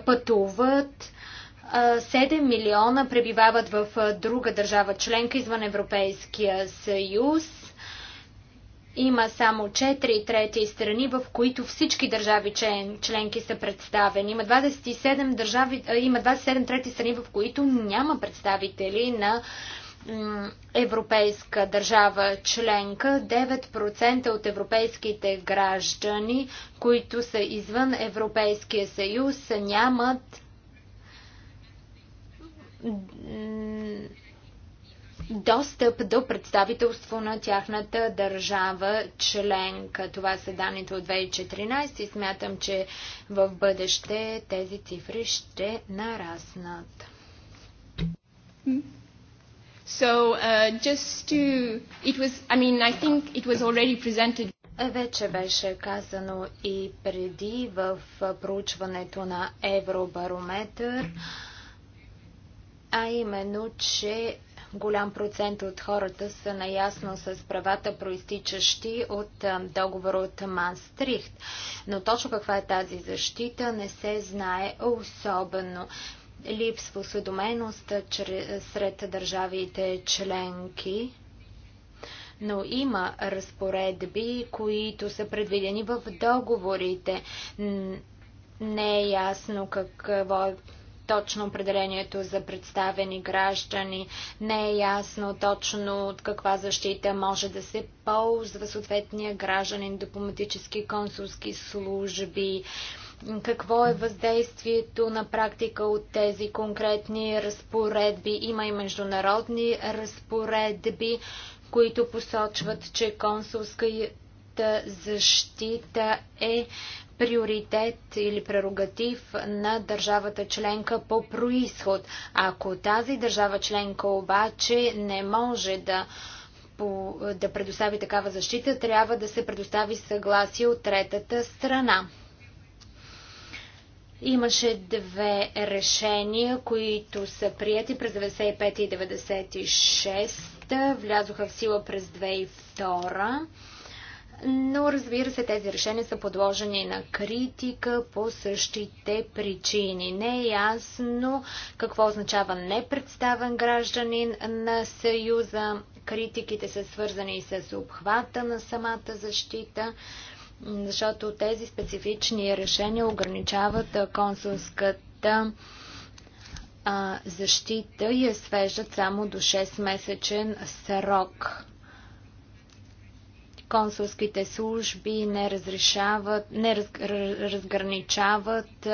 пътуват. 7 милиона пребивават в друга държава членка извън Европейския съюз има само 4 трети страни, в които всички държави член, членки са представени. Има 27, държави, има 27 трети страни, в които няма представители на европейска държава членка, 9% от европейските граждани, които са извън Европейския съюз, нямат достъп до представителство на тяхната държава членка. Това са данните от 2014 и смятам, че в бъдеще тези цифри ще нараснат. So, uh, just to, it was, I mean, I think it was already presented. Е, вече беше казано и преди в проучването на Евробарометър, а именно, че голям процент от хората са наясно с правата, проистичащи от договора от Манстрихт. Но точно каква е тази защита не се знае особено. Липсва осведоменост сред държавите членки но има разпоредби, които са предвидени в договорите. Не е ясно какво е точно определението за представени граждани, не е ясно точно от каква защита може да се ползва съответния гражданин, дипломатически консулски служби, какво е въздействието на практика от тези конкретни разпоредби. Има и международни разпоредби, които посочват, че консулска защита е приоритет или прерогатив на държавата членка по происход. Ако тази държава членка обаче не може да да предостави такава защита, трябва да се предостави съгласие от третата страна. Имаше две решения, които са прияти през 95 и 96, влязоха в сила през 2002. Но разбира се, тези решения са подложени на критика по същите причини. Не е ясно какво означава непредставен гражданин на Съюза. Критиките са свързани и с обхвата на самата защита, защото тези специфични решения ограничават консулската защита и я свеждат само до 6-месечен срок консулските служби не разрешават, не раз, разграничават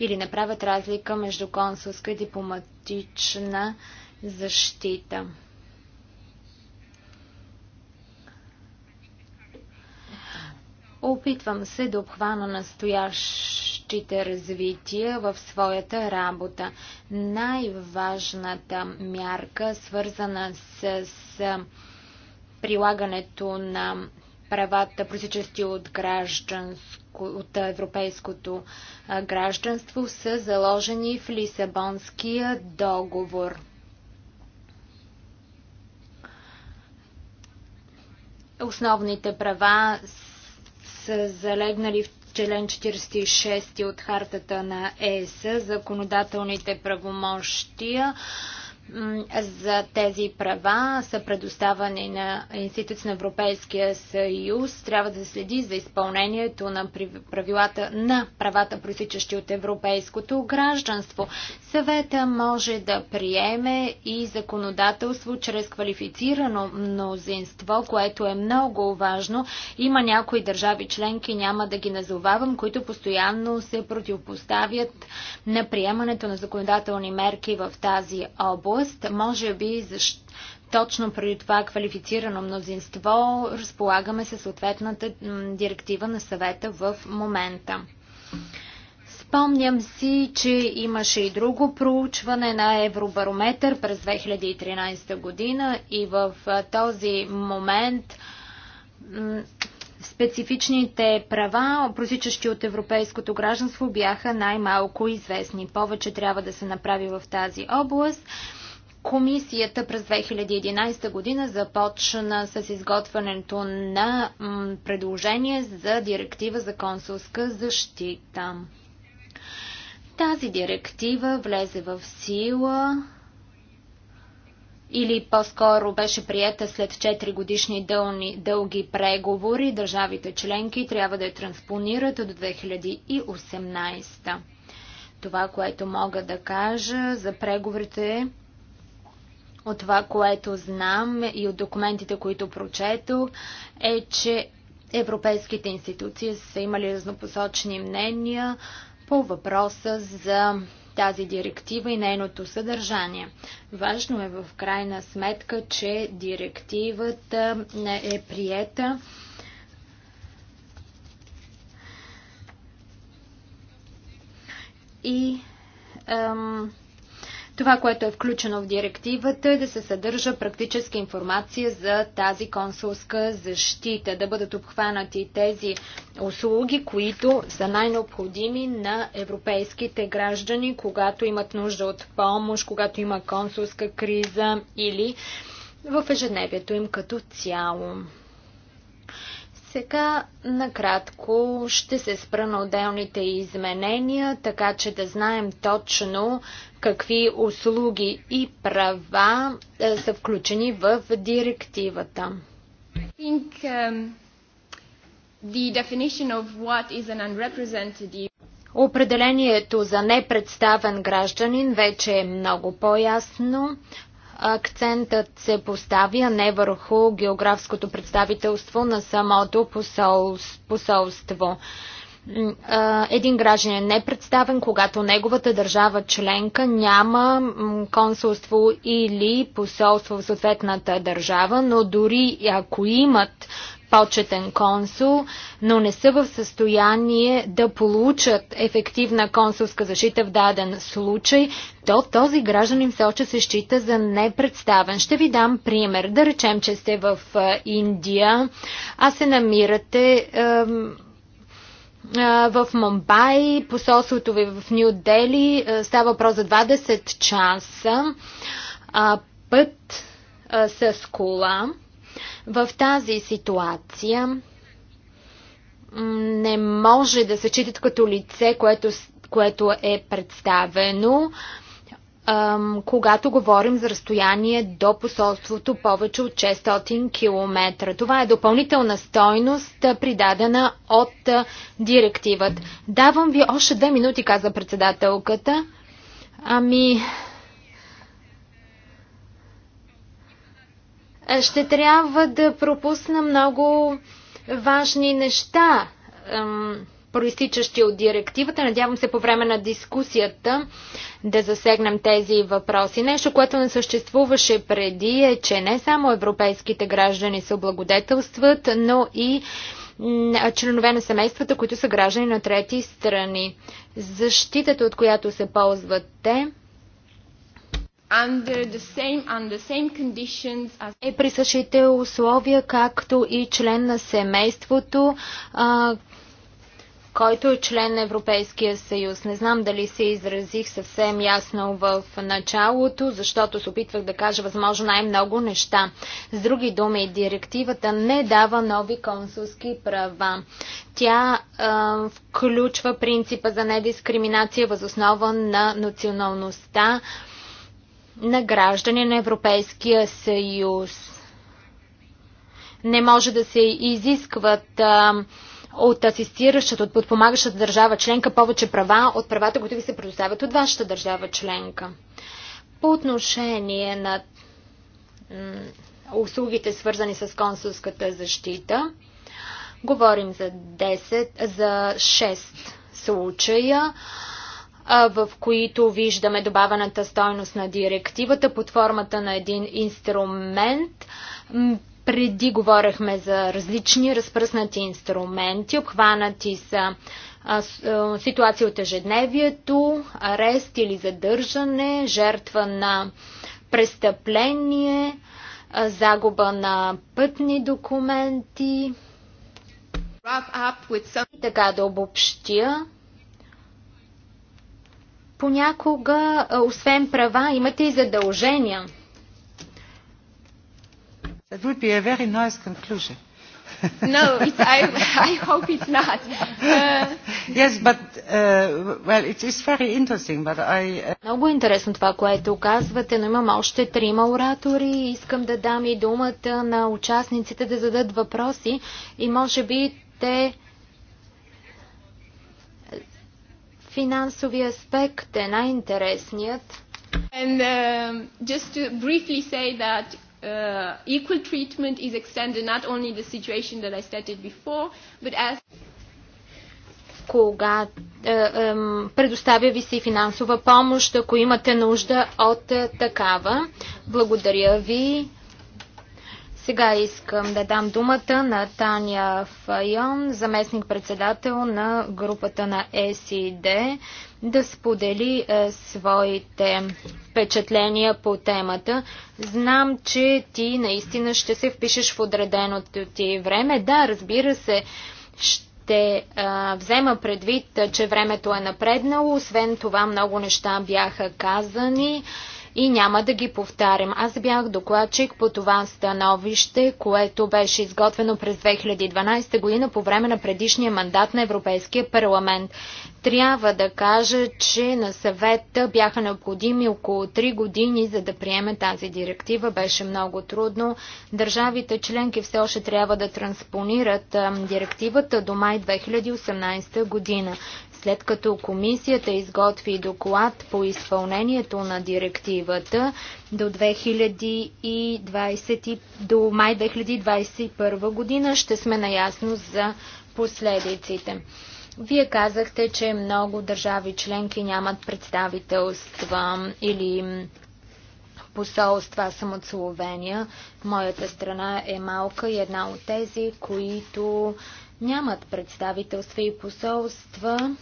или не правят разлика между консулска и дипломатична защита. Опитвам се да обхвана настоящите развития в своята работа. Най-важната мярка, свързана с, с прилагането на правата, просичащи от, от европейското гражданство, са заложени в Лисабонския договор. Основните права са залегнали в член 46 от хартата на ЕС, законодателните правомощия за тези права са предоставани на институции на Европейския съюз. Трябва да се следи за изпълнението на правилата на правата, проистичащи от европейското гражданство. Съвета може да приеме и законодателство чрез квалифицирано мнозинство, което е много важно. Има някои държави членки, няма да ги назовавам, които постоянно се противопоставят на приемането на законодателни мерки в тази област област. Може би защо точно преди това квалифицирано мнозинство разполагаме се съответната директива на съвета в момента. Спомням си, че имаше и друго проучване на Евробарометър през 2013 година и в този момент специфичните права, просичащи от европейското гражданство, бяха най-малко известни. Повече трябва да се направи в тази област. Комисията през 2011 година започна с изготвянето на предложение за директива за консулска защита. Тази директива влезе в сила или по-скоро беше приета след 4 годишни дълни, дълги преговори. Държавите членки трябва да я транспонират до 2018. Това, което мога да кажа за преговорите е от това, което знам и от документите, които прочетох, е, че европейските институции са имали разнопосочни мнения по въпроса за тази директива и нейното съдържание. Важно е в крайна сметка, че директивата е приета и това, което е включено в директивата е да се съдържа практическа информация за тази консулска защита, да бъдат обхванати тези услуги, които са най-необходими на европейските граждани, когато имат нужда от помощ, когато има консулска криза или в ежедневието им като цяло. Сега накратко ще се спра на отделните изменения, така че да знаем точно какви услуги и права е, са включени в директивата. Think, um, the definition of what is an unrepresentative Определението за непредставен гражданин вече е много по-ясно акцентът се поставя не върху географското представителство на самото посолство. Един гражданин е представен, когато неговата държава членка няма консулство или посолство в съответната държава, но дори ако имат почетен консул, но не са в състояние да получат ефективна консулска защита в даден случай, то този гражданин все още се счита за непредставен. Ще ви дам пример. Да речем, че сте в Индия, а се намирате в Мумбай, посолството ви в Нью Дели, става въпрос за 20 часа път с кола. В тази ситуация не може да се читат като лице, което, което е представено, когато говорим за разстояние до посолството повече от 600 км. Това е допълнителна стойност, придадена от директивът. Давам ви още две минути, каза председателката. Ами, Е, ще трябва да пропусна много важни неща, проистичащи от директивата. Надявам се по време на дискусията да засегнем тези въпроси. Нещо, което не съществуваше преди е, че не само европейските граждани се облагодетелстват, но и членове на семействата, които са граждани на трети страни. Защитата, от която се ползват те, е при същите условия, както и член на семейството, а, който е член на Европейския съюз. Не знам дали се изразих съвсем ясно в началото, защото се опитвах да кажа възможно най-много неща. С други думи, директивата не дава нови консулски права. Тя а, включва принципа за недискриминация възоснова на националността, а, на граждани на Европейския съюз. Не може да се изискват а, от асистиращата, от подпомагащата държава членка повече права от правата, които ви се предоставят от вашата държава членка. По отношение на услугите, свързани с консулската защита, говорим за 10, за 6 случая в които виждаме добавената стойност на директивата под формата на един инструмент. Преди говорехме за различни разпръснати инструменти, обхванати са ситуация от ежедневието, арест или задържане, жертва на престъпление, загуба на пътни документи. И така да обобщя, понякога, освен права, имате и задължения. That would be a very nice conclusion. no, it's, I, I hope it's not. Uh... Yes, but uh, well, it is very interesting, but I. Uh, Много интересно това, което казвате, но имам още трима оратори. Искам да дам и думата на участниците да зададат въпроси и може би те Финансовия аспект е най-интересният. And um, just to briefly say that uh, equal treatment is extended not only the situation that I stated before, but as кога е, предоставя ви се финансова помощ, ако имате нужда от е, такава. Благодаря ви. Сега искам да дам думата на Таня Файон, заместник-председател на групата на СИД, да сподели е, своите впечатления по темата. Знам, че ти наистина ще се впишеш в отреденото ти време. Да, разбира се, ще а, е, взема предвид, че времето е напреднало. Освен това, много неща бяха казани и няма да ги повтарям. Аз бях докладчик по това становище, което беше изготвено през 2012 година по време на предишния мандат на Европейския парламент. Трябва да кажа, че на съвета бяха необходими около 3 години, за да приеме тази директива. Беше много трудно. Държавите членки все още трябва да транспонират директивата до май 2018 година. След като комисията изготви доклад по изпълнението на директивата до, 2020, до май 2021 година, ще сме наясно за последиците. Вие казахте, че много държави членки нямат представителства или посолства. Аз съм от Словения. Моята страна е малка и една от тези, които нямат представителства и посолства.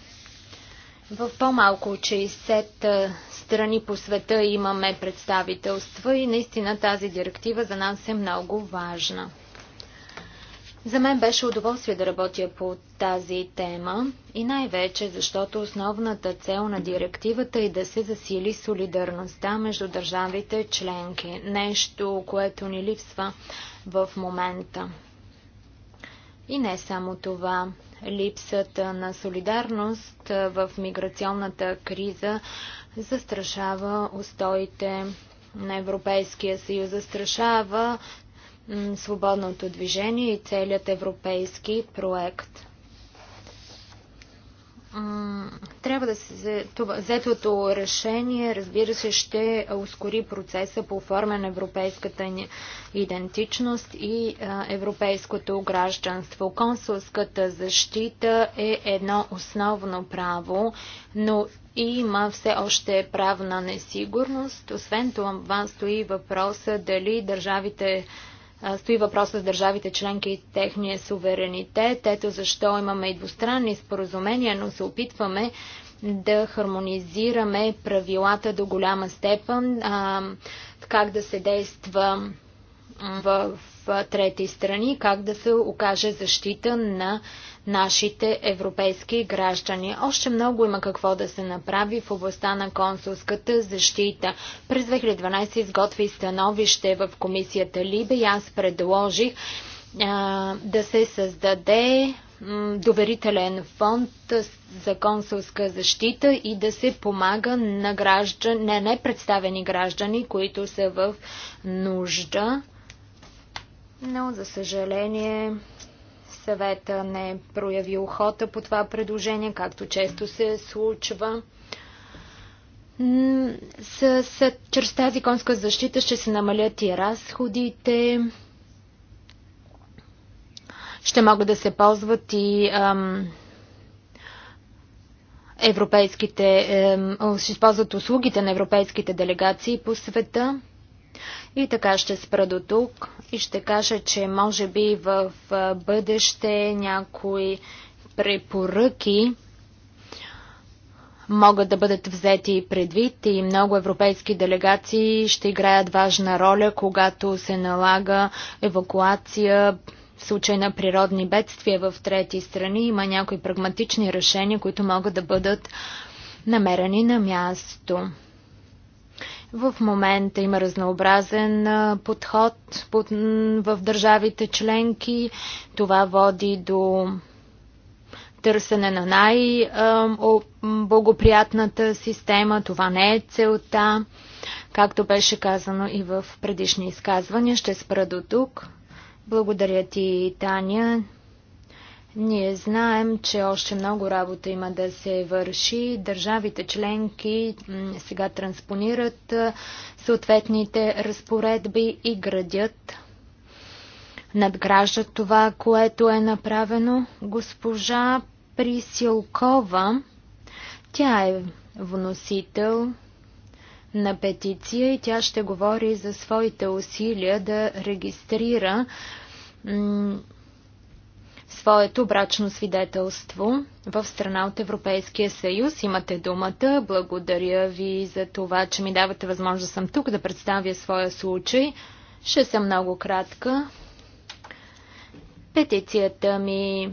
В по-малко от 60 страни по света имаме представителства и наистина тази директива за нас е много важна. За мен беше удоволствие да работя по тази тема и най-вече защото основната цел на директивата е да се засили солидарността между държавите членки. Нещо, което ни липсва в момента. И не само това. Липсата на солидарност в миграционната криза застрашава устоите на Европейския съюз, застрашава свободното движение и целият европейски проект трябва да се това, взетото решение, разбира се, ще ускори процеса по форма на европейската идентичност и а, европейското гражданство. Консулската защита е едно основно право, но има все още правна несигурност. Освен това стои въпроса дали държавите стои въпроса с държавите членки и техния суверенитет. Ето защо имаме и двустранни споразумения, но се опитваме да хармонизираме правилата до голяма степен, как да се действа в трети страни, как да се окаже защита на нашите европейски граждани. Още много има какво да се направи в областта на консулската защита. През 2012 изготви становище в комисията Либе и аз предложих а, да се създаде доверителен фонд за консулска защита и да се помага на граждани, на непредставени граждани, които са в нужда. Но, за съжаление, съвета не прояви охота по това предложение, както често се случва. С, с, чрез тази конска защита ще се намалят и разходите, ще могат да се ползват и ам, европейските, ам, ще използват услугите на европейските делегации по света. И така ще спра до тук и ще кажа, че може би в бъдеще някои препоръки могат да бъдат взети предвид и много европейски делегации ще играят важна роля, когато се налага евакуация в случай на природни бедствия в трети страни. Има някои прагматични решения, които могат да бъдат намерени на място. В момента има разнообразен подход в държавите членки. Това води до търсене на най-благоприятната система. Това не е целта. Както беше казано и в предишни изказвания, ще спра до тук. Благодаря ти, Таня. Ние знаем, че още много работа има да се върши. Държавите членки сега транспонират съответните разпоредби и градят, надграждат това, което е направено. Госпожа Присилкова, тя е вносител на петиция и тя ще говори за своите усилия да регистрира своето брачно свидетелство в страна от Европейския съюз. Имате думата. Благодаря ви за това, че ми давате възможност да съм тук да представя своя случай. Ще съм много кратка. Петицията ми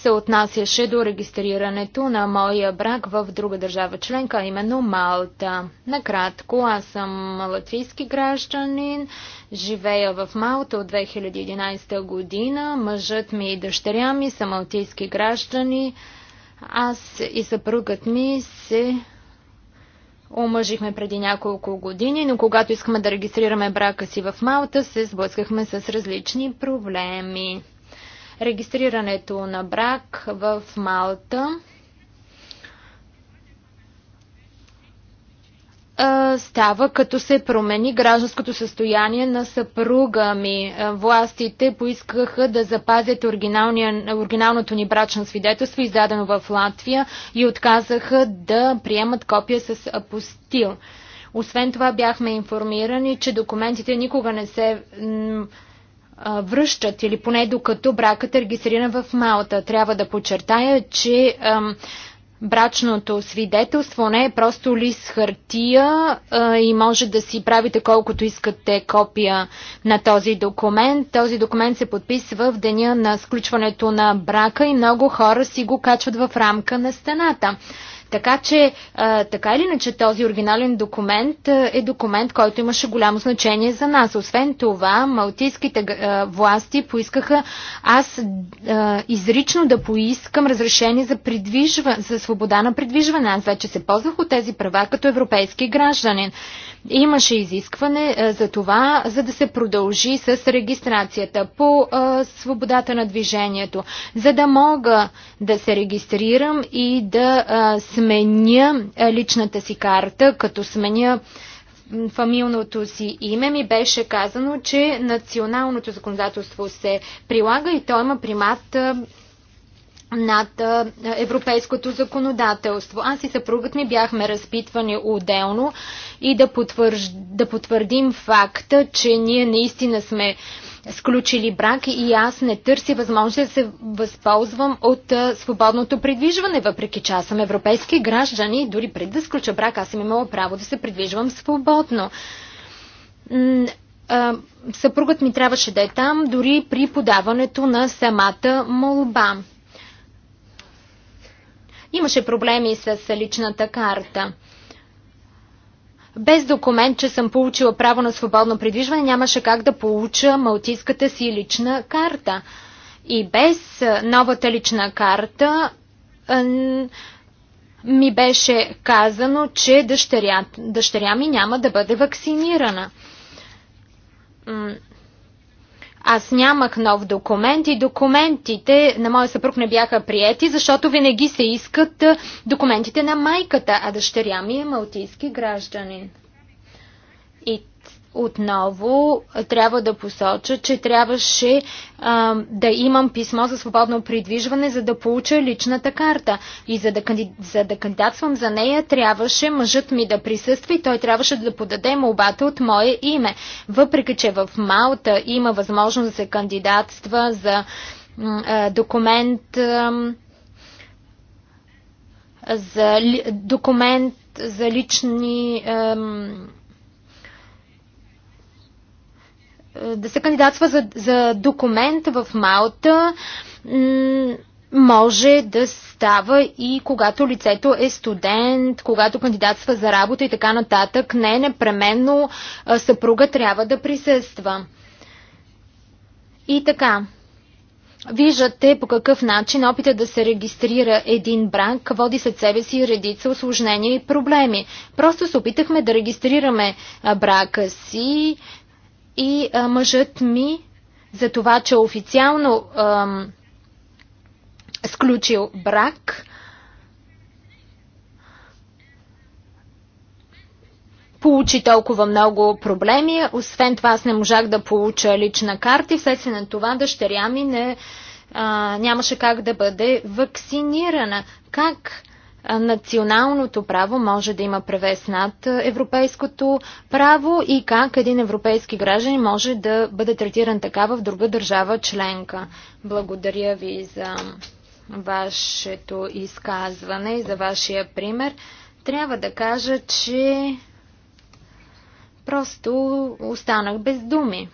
се отнасяше до регистрирането на моя брак в друга държава членка, а именно Малта. Накратко, аз съм латвийски гражданин, живея в Малта от 2011 година, мъжът ми и дъщеря ми са малтийски граждани, аз и съпругът ми се омъжихме преди няколко години, но когато искаме да регистрираме брака си в Малта, се сблъскахме с различни проблеми регистрирането на брак в Малта. става, като се промени гражданското състояние на съпруга ми. Властите поискаха да запазят оригиналното ни брачно свидетелство, издадено в Латвия, и отказаха да приемат копия с апостил. Освен това бяхме информирани, че документите никога не се връщат или поне докато бракът е регистриран в Малта. Трябва да подчертая, че брачното свидетелство не е просто лист хартия и може да си правите колкото искате копия на този документ. Този документ се подписва в деня на сключването на брака и много хора си го качват в рамка на стената. Така че, а, така или иначе, този оригинален документ а, е документ, който имаше голямо значение за нас. Освен това, малтийските а, власти поискаха аз а, изрично да поискам разрешение за, за свобода на придвижване. Аз вече се ползвах от тези права като европейски гражданин. Имаше изискване е, за това, за да се продължи с регистрацията по е, свободата на движението, за да мога да се регистрирам и да е, сменя личната си карта, като сменя фамилното си име ми беше казано, че националното законодателство се прилага и то има примат над европейското законодателство. Аз и съпругът ми бяхме разпитвани отделно и да, потвърж, да потвърдим факта, че ние наистина сме сключили брак и аз не търся възможност да се възползвам от а, свободното придвижване, въпреки че аз съм европейски граждани и дори преди да сключа брак, аз съм имала право да се придвижвам свободно. А, съпругът ми трябваше да е там дори при подаването на самата молба. Имаше проблеми с личната карта. Без документ, че съм получила право на свободно придвижване, нямаше как да получа малтийската си лична карта. И без новата лична карта ми беше казано, че дъщеря, дъщеря ми няма да бъде вакцинирана. Аз нямах нов документ и документите на моя съпруг не бяха приети, защото винаги се искат документите на майката, а дъщеря ми е малтийски гражданин. И отново трябва да посоча, че трябваше а, да имам писмо за свободно придвижване, за да получа личната карта. И за да, за да кандидатствам за нея, трябваше мъжът ми да присъства и той трябваше да подаде молбата от мое име. Въпреки, че в Малта има възможност да се кандидатства за а, документ. А, за ли, документ за лични а, Е, да се кандидатства за, за документ в Малта може да става и когато лицето е студент, когато кандидатства за работа и така нататък. Не непременно е, съпруга трябва да присъства. И така. Виждате по какъв начин опита да се регистрира един брак води след себе си редица осложнения и проблеми. Просто се опитахме да регистрираме брака си, и а, мъжът ми за това, че официално а, сключил брак, получи толкова много проблеми. Освен това, аз не можах да получа лична карта и вследствие на това дъщеря ми не, а, нямаше как да бъде вакцинирана. Как националното право може да има превес над европейското право и как един европейски граждан може да бъде третиран така в друга държава членка. Благодаря ви за вашето изказване и за вашия пример. Трябва да кажа, че просто останах без думи.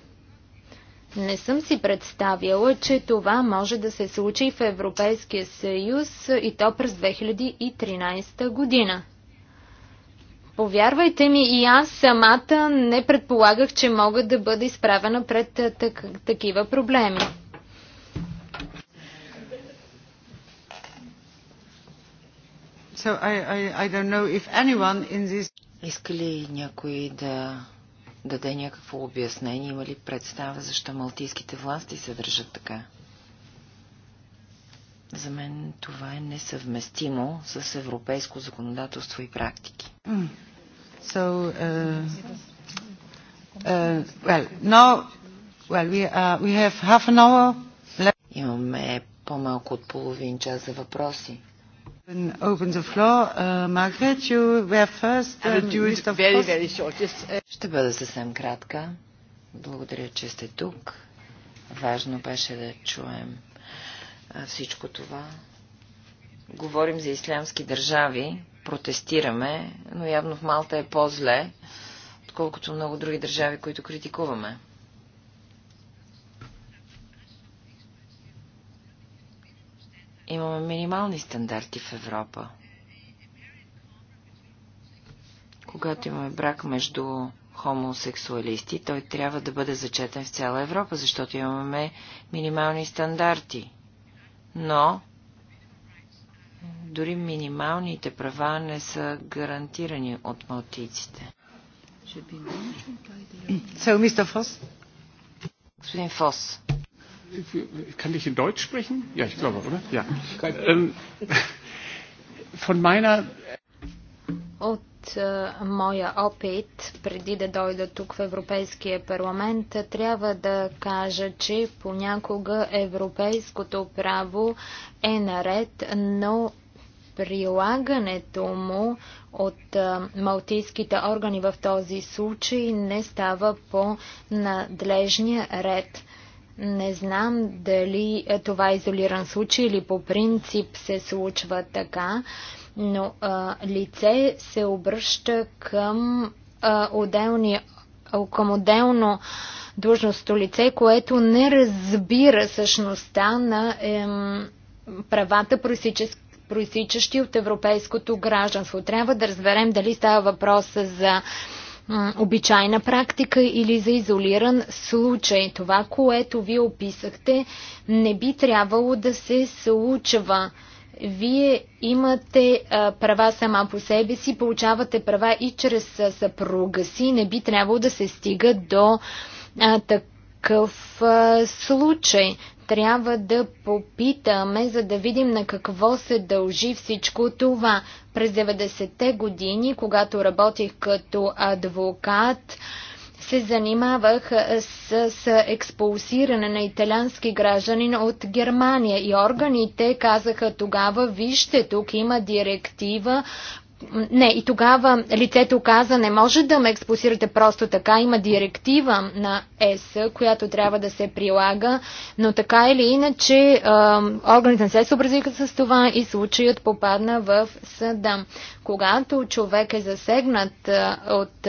Не съм си представяла, че това може да се случи в Европейския съюз и то през 2013 година. Повярвайте ми, и аз самата не предполагах, че мога да бъда изправена пред так- такива проблеми. So I, I, I don't know if anyone in this... Иска ли някой да даде някакво обяснение, има ли представа, защо малтийските власти се държат така? За мен това е несъвместимо с европейско законодателство и практики. So, uh, uh, well, no, well, we, uh, we have half an hour. Имаме по-малко от половин час за въпроси. Ще бъда съвсем кратка. Благодаря, че сте тук. Важно беше да чуем всичко това. Говорим за ислямски държави, протестираме, но явно в Малта е по-зле, отколкото много други държави, които критикуваме. Имаме минимални стандарти в Европа. Когато имаме брак между хомосексуалисти, той трябва да бъде зачетен в цяла Европа, защото имаме минимални стандарти. Но дори минималните права не са гарантирани от малтийците. So, Mr. Господин Фос kann ich in Deutsch sprechen? Ja, ich glaube, oder? Ja. Ähm, von meiner. От е, моя опит, преди да дойда тук в Европейския парламент, трябва да кажа, че понякога европейското право е наред, но прилагането му от е, малтийските органи в този случай не става по надлежния ред. Не знам дали е, това е изолиран случай или по принцип се случва така, но а, лице се обръща към, а, отделни, към отделно длъжностно лице, което не разбира същността на ем, правата, просически проистичащи от европейското гражданство. Трябва да разберем дали става въпрос за обичайна практика или за изолиран случай. Това, което вие описахте, не би трябвало да се случва. Вие имате а, права сама по себе си, получавате права и чрез а, съпруга си. Не би трябвало да се стига до а, такъв а, случай. Трябва да попитаме, за да видим на какво се дължи всичко това. През 90-те години, когато работих като адвокат, се занимавах с, с експулсиране на италиански гражданин от Германия и органите казаха тогава, вижте, тук има директива, не, и тогава лицето каза, не може да ме експулсирате просто така. Има директива на ЕС, която трябва да се прилага, но така или иначе органите не се съобразиха с това и случаят попадна в съда. Когато човек е засегнат от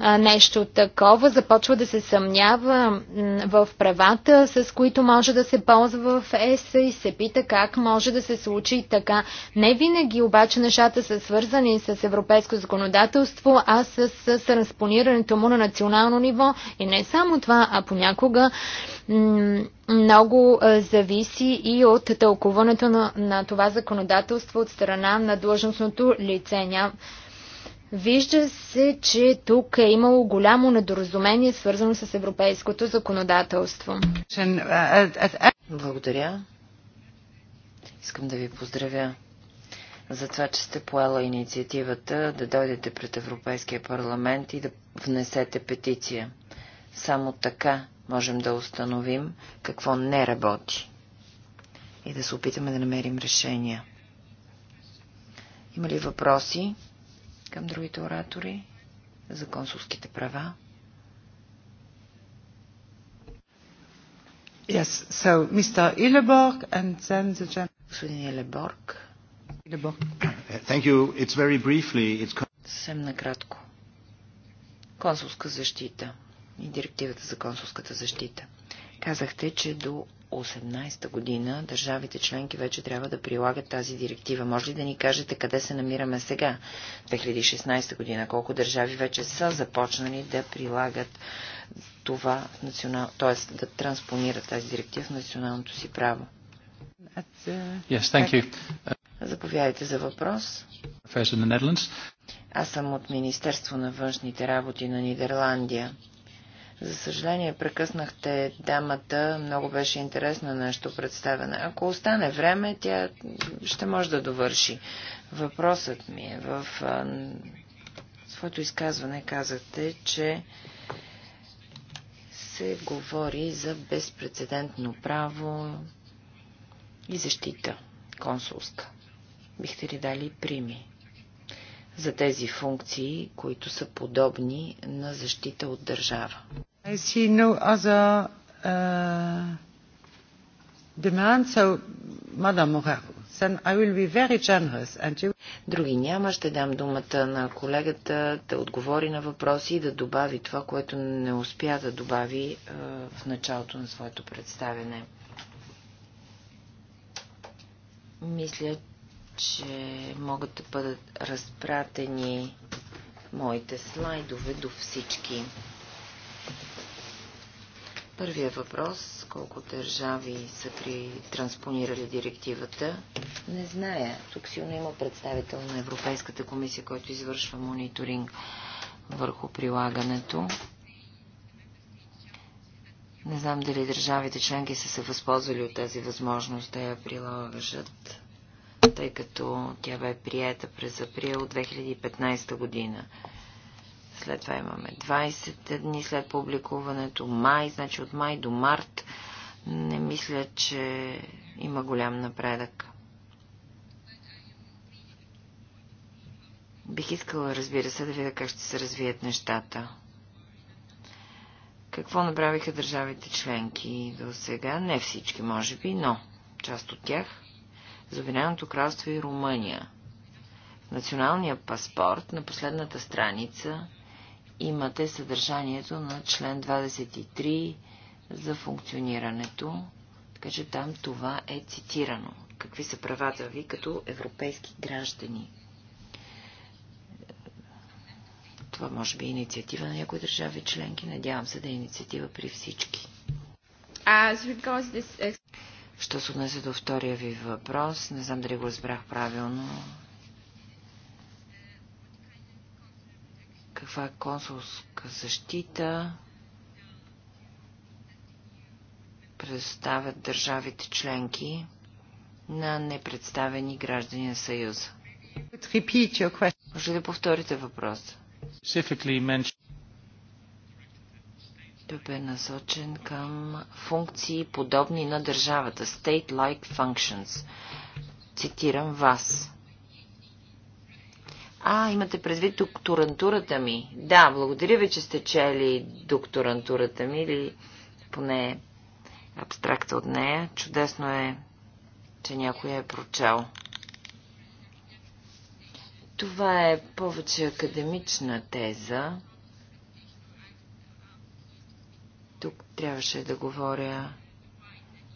нещо такова, започва да се съмнява в правата, с които може да се ползва в ЕС и се пита как може да се случи така. Не винаги обаче нещата са свързани с европейско законодателство, а с, с транспонирането му на национално ниво. И не само това, а понякога много зависи и от тълкуването на, на това законодателство от страна на длъжностното лице. Няма Вижда се, че тук е имало голямо недоразумение, свързано с европейското законодателство. Благодаря. Искам да ви поздравя за това, че сте поела инициативата да дойдете пред Европейския парламент и да внесете петиция. Само така можем да установим какво не работи и да се опитаме да намерим решения. Има ли въпроси? към другите оратори за консулските права. Yes, so Mr. Illeborg and then the general... Господин Илеборг. Thank you. It's very briefly. It's... Съвсем накратко. Консулска защита и директивата за консулската защита. Казахте, че до 2018 година държавите членки вече трябва да прилагат тази директива. Може ли да ни кажете къде се намираме сега, 2016 година? Колко държави вече са започнали да прилагат това, национал... т.е. да транспонират тази директива в националното си право? Yes, thank you. Заповядайте за въпрос. Аз съм от Министерство на външните работи на Нидерландия. За съжаление, прекъснахте дамата. Много беше интересно нещо представене. Ако остане време, тя ще може да довърши. Въпросът ми е в своето изказване казахте, че се говори за безпредседентно право и защита консулска. Бихте ли дали прими за тези функции, които са подобни на защита от държава? I see no other uh, demand, so Madame Morero. Then I will be very generous and you... Други няма. Ще дам думата на колегата да отговори на въпроси и да добави това, което не успя да добави uh, в началото на своето представене. Мисля, че могат да бъдат разпратени моите слайдове до всички. Първият въпрос, колко държави са при транспонирали директивата, не зная. Тук силно има представител на Европейската комисия, който извършва мониторинг върху прилагането. Не знам дали държавите членки са се възползвали от тази възможност да я прилагат, тъй като тя бе приета през април 2015 година. След това имаме 20 дни след публикуването, май, значи от май до март. Не мисля, че има голям напредък. Бих искала, разбира се, да видя как ще се развият нещата. Какво направиха държавите членки до сега? Не всички, може би, но част от тях. Завиненото кралство и Румъния. В националния паспорт на последната страница имате съдържанието на член 23 за функционирането, така че там това е цитирано. Какви са правата ви като европейски граждани? Това може би е инициатива на някои държави членки. Надявам се да е инициатива при всички. Uh, Що се отнесе до втория ви въпрос, не знам дали го разбрах правилно. каква е консулска защита предоставят държавите членки на непредставени граждани на Съюза. Може да повторите въпроса? Той бе насочен към функции подобни на държавата, state-like functions. Цитирам вас. А, имате предвид докторантурата ми. Да, благодаря ви, че сте чели докторантурата ми или поне абстракта от нея. Чудесно е, че някой е прочел. Това е повече академична теза. Тук трябваше да говоря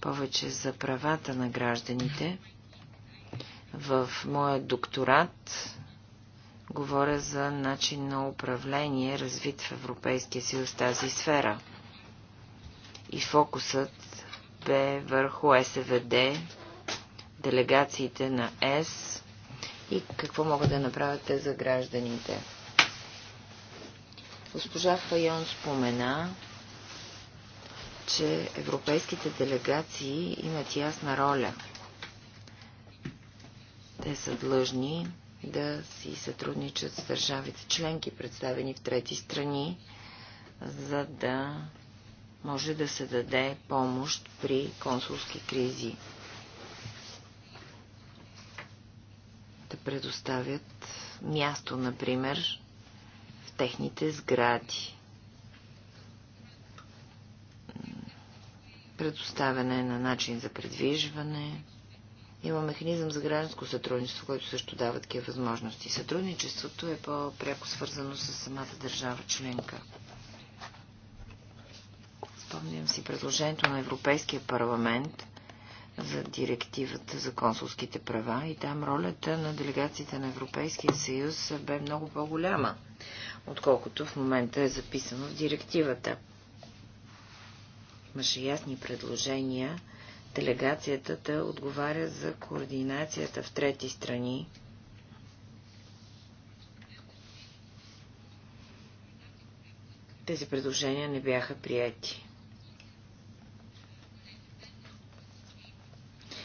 повече за правата на гражданите. В моя докторат Говоря за начин на управление, развит в Европейския съюз тази сфера. И фокусът бе върху СВД, делегациите на ЕС и какво могат да направят те за гражданите. Госпожа Файон спомена, че европейските делегации имат ясна роля. Те са длъжни да си сътрудничат с държавите членки, представени в трети страни, за да може да се даде помощ при консулски кризи. Да предоставят място, например, в техните сгради. Предоставяне на начин за предвижване, има механизъм за гражданско сътрудничество, който също дава такива възможности. Сътрудничеството е по-пряко свързано с самата държава членка. Спомням си предложението на Европейския парламент за директивата за консулските права и там ролята на делегациите на Европейския съюз бе много по-голяма, отколкото в момента е записано в директивата. Имаше ясни предложения делегацията да отговаря за координацията в трети страни. Тези предложения не бяха прияти.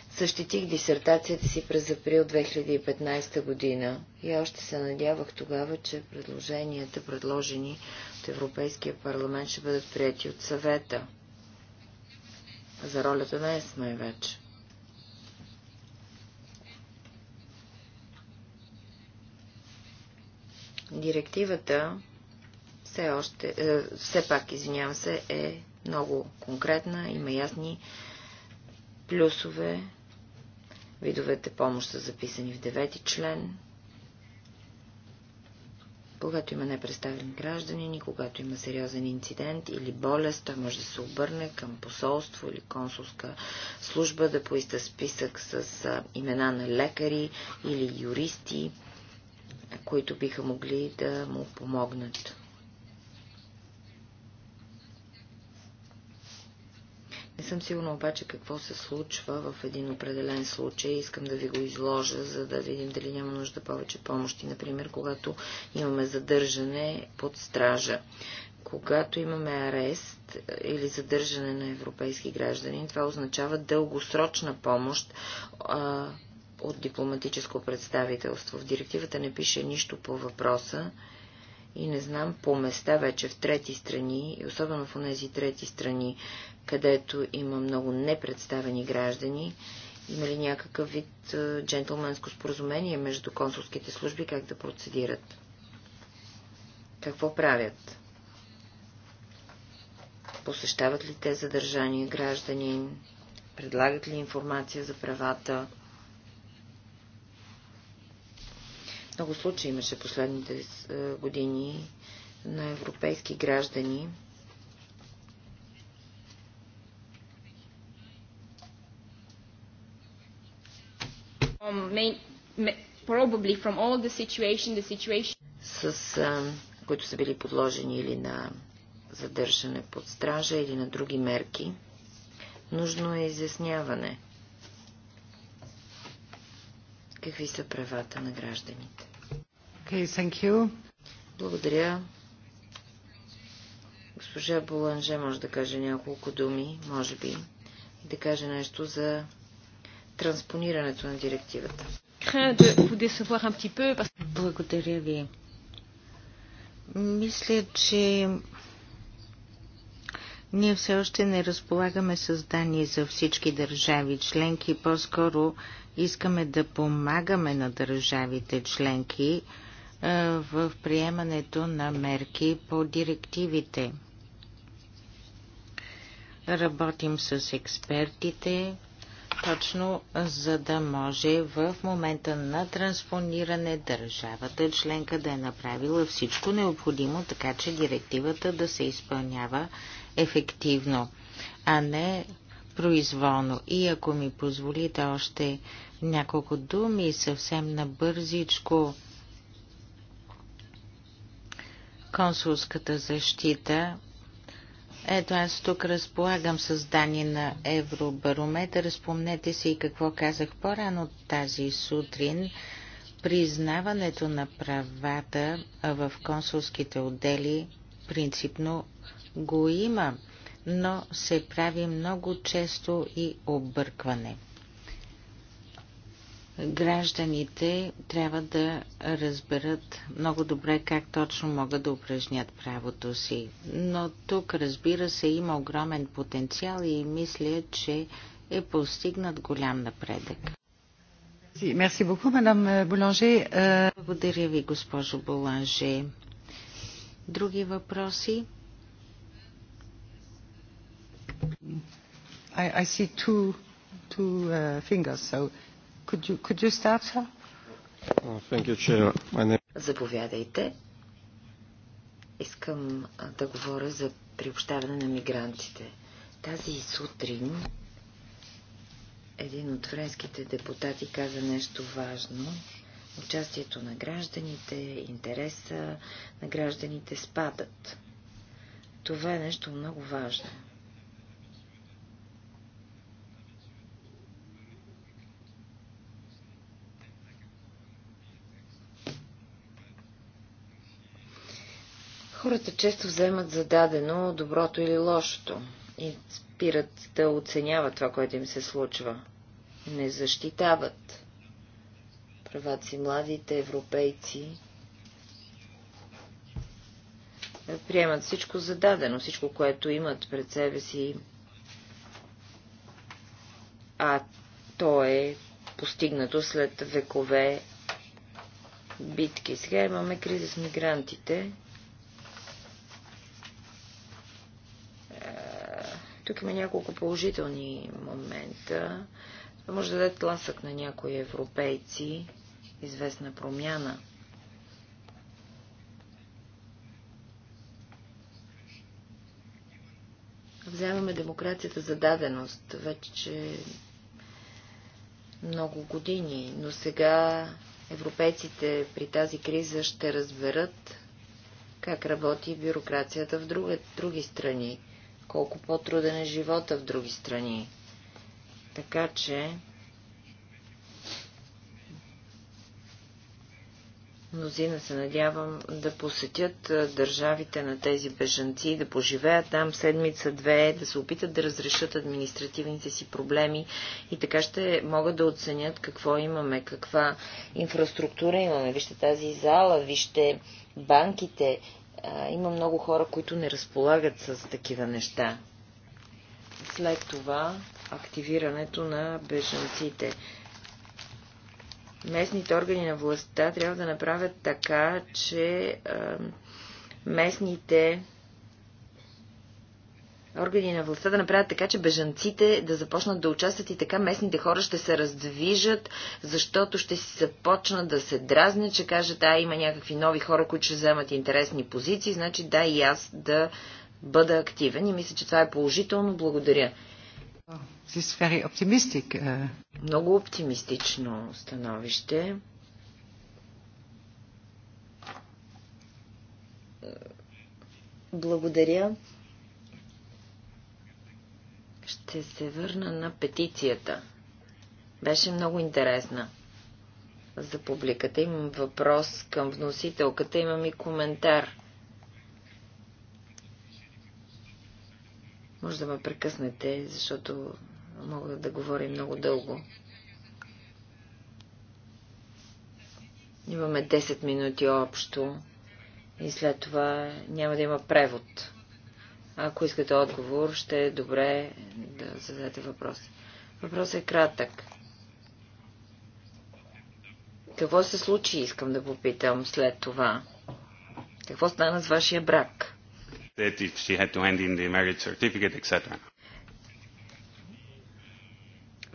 Същитих дисертацията си през април 2015 година и още се надявах тогава, че предложенията, предложени от Европейския парламент, ще бъдат прияти от съвета за ролята на ЕСМА и вече. Директивата все още, е, все пак, извинявам се, е много конкретна, има ясни плюсове. Видовете помощ са записани в девети член. Когато има непредставен гражданин и когато има сериозен инцидент или болест, той може да се обърне към посолство или консулска служба да поиска списък с имена на лекари или юристи, които биха могли да му помогнат. Не съм сигурна обаче какво се случва в един определен случай. Искам да ви го изложа, за да видим дали няма нужда повече помощи. Например, когато имаме задържане под стража. Когато имаме арест е, или задържане на европейски граждани, това означава дългосрочна помощ а, от дипломатическо представителство. В директивата не пише нищо по въпроса и не знам по места вече в трети страни, и особено в тези трети страни, където има много непредставени граждани, има ли някакъв вид джентлменско споразумение между консулските служби, как да процедират? Какво правят? Посещават ли те задържания граждани? Предлагат ли информация за правата? Много случаи имаше последните е, години на европейски граждани, с е, които са били подложени или на задържане под стража, или на други мерки. Нужно е изясняване – какви са правата на гражданите. Okay, thank you. Благодаря. Госпожа Боланже може да каже няколко думи, може би, и да каже нещо за транспонирането на директивата. Благодаря ви. Мисля, че ние все още не разполагаме с данни за всички държави членки, по-скоро искаме да помагаме на държавите членки е, в приемането на мерки по директивите. Работим с експертите, точно за да може в момента на транспониране държавата членка да е направила всичко необходимо, така че директивата да се изпълнява ефективно, а не произволно. И ако ми позволите още няколко думи, съвсем набързичко, консулската защита. Ето аз тук разполагам с данни на Евробарометър. Спомнете си и какво казах по-рано тази сутрин. Признаването на правата в консулските отдели принципно го има, но се прави много често и объркване. Гражданите трябва да разберат много добре как точно могат да упражнят правото си. Но тук, разбира се, има огромен потенциал и мисля, че е постигнат голям напредък. Благодаря ви, госпожо Боланже. Други въпроси? I, I see two, two uh, fingers, so could you, could you start, sir? Oh, thank you, Chair. My name... Заповядайте. Искам да говоря за приобщаване на мигрантите. Тази сутрин един от френските депутати каза нещо важно. Участието на гражданите, интереса на гражданите спадат. Това е нещо много важно. Хората често вземат за дадено доброто или лошото и спират да оценяват това, което им се случва. Не защитават правата си младите европейци. Приемат всичко за дадено, всичко, което имат пред себе си, а то е постигнато след векове битки. Сега имаме криза с мигрантите Тук има няколко положителни момента. Това може да даде тласък на някои европейци, известна промяна. Вземаме демокрацията за даденост вече много години, но сега европейците при тази криза ще разберат как работи бюрокрацията в други, други страни колко по-труден е живота в други страни. Така че Мнозина се надявам да посетят държавите на тези бежанци, да поживеят там седмица-две, да се опитат да разрешат административните си проблеми и така ще могат да оценят какво имаме, каква инфраструктура имаме. Вижте тази зала, вижте банките, а, има много хора, които не разполагат с такива неща. След това активирането на бежанците. Местните органи на властта трябва да направят така, че а, местните органи на властта да направят така, че бежанците да започнат да участват и така местните хора ще се раздвижат, защото ще си започнат да се дразнят, че кажат, а има някакви нови хора, които ще вземат интересни позиции, значи да и аз да бъда активен и мисля, че това е положително. Благодаря. Uh, Много оптимистично становище. Благодаря. Ще се върна на петицията. Беше много интересна за публиката. Имам въпрос към вносителката, имам и коментар. Може да ме прекъснете, защото мога да говоря много дълго. Имаме 10 минути общо и след това няма да има превод. Ако искате отговор, ще е добре да зададете въпрос. Въпросът е кратък. Какво се случи, искам да попитам след това? Какво стана с вашия брак?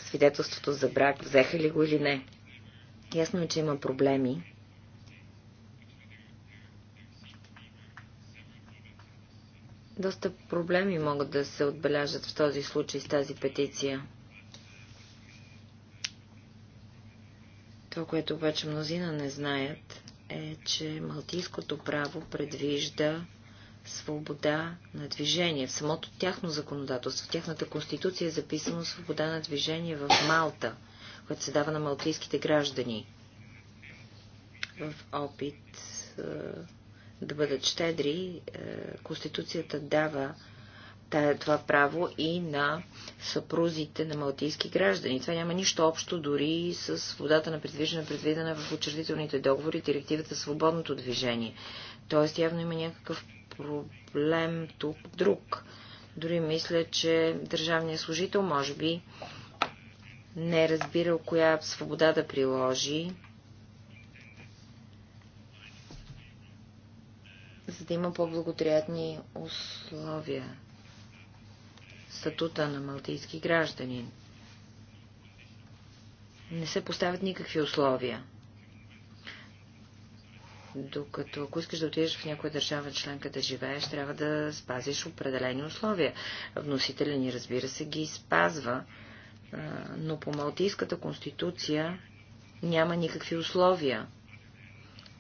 Свидетелството за брак, взеха ли го или не? Ясно е, че има проблеми. Доста проблеми могат да се отбележат в този случай с тази петиция. Това, което обаче мнозина не знаят, е, че малтийското право предвижда свобода на движение. В самото тяхно законодателство, в тяхната конституция е записано свобода на движение в Малта, което се дава на малтийските граждани. В опит е, да бъдат щедри, е, Конституцията дава това право и на съпрузите на малтийски граждани. Това няма нищо общо дори с свободата на предвижена предвидена в учредителните договори, директивата свободното движение. Тоест явно има някакъв проблем тук друг. Дори мисля, че държавният служител може би не е разбирал коя свобода да приложи за да има по-благоприятни условия. Статута на малтийски гражданин. Не се поставят никакви условия. Докато ако искаш да отидеш в някоя държава членка да живееш, трябва да спазиш определени условия. Вносителя ни, разбира се, ги спазва, но по Малтийската конституция няма никакви условия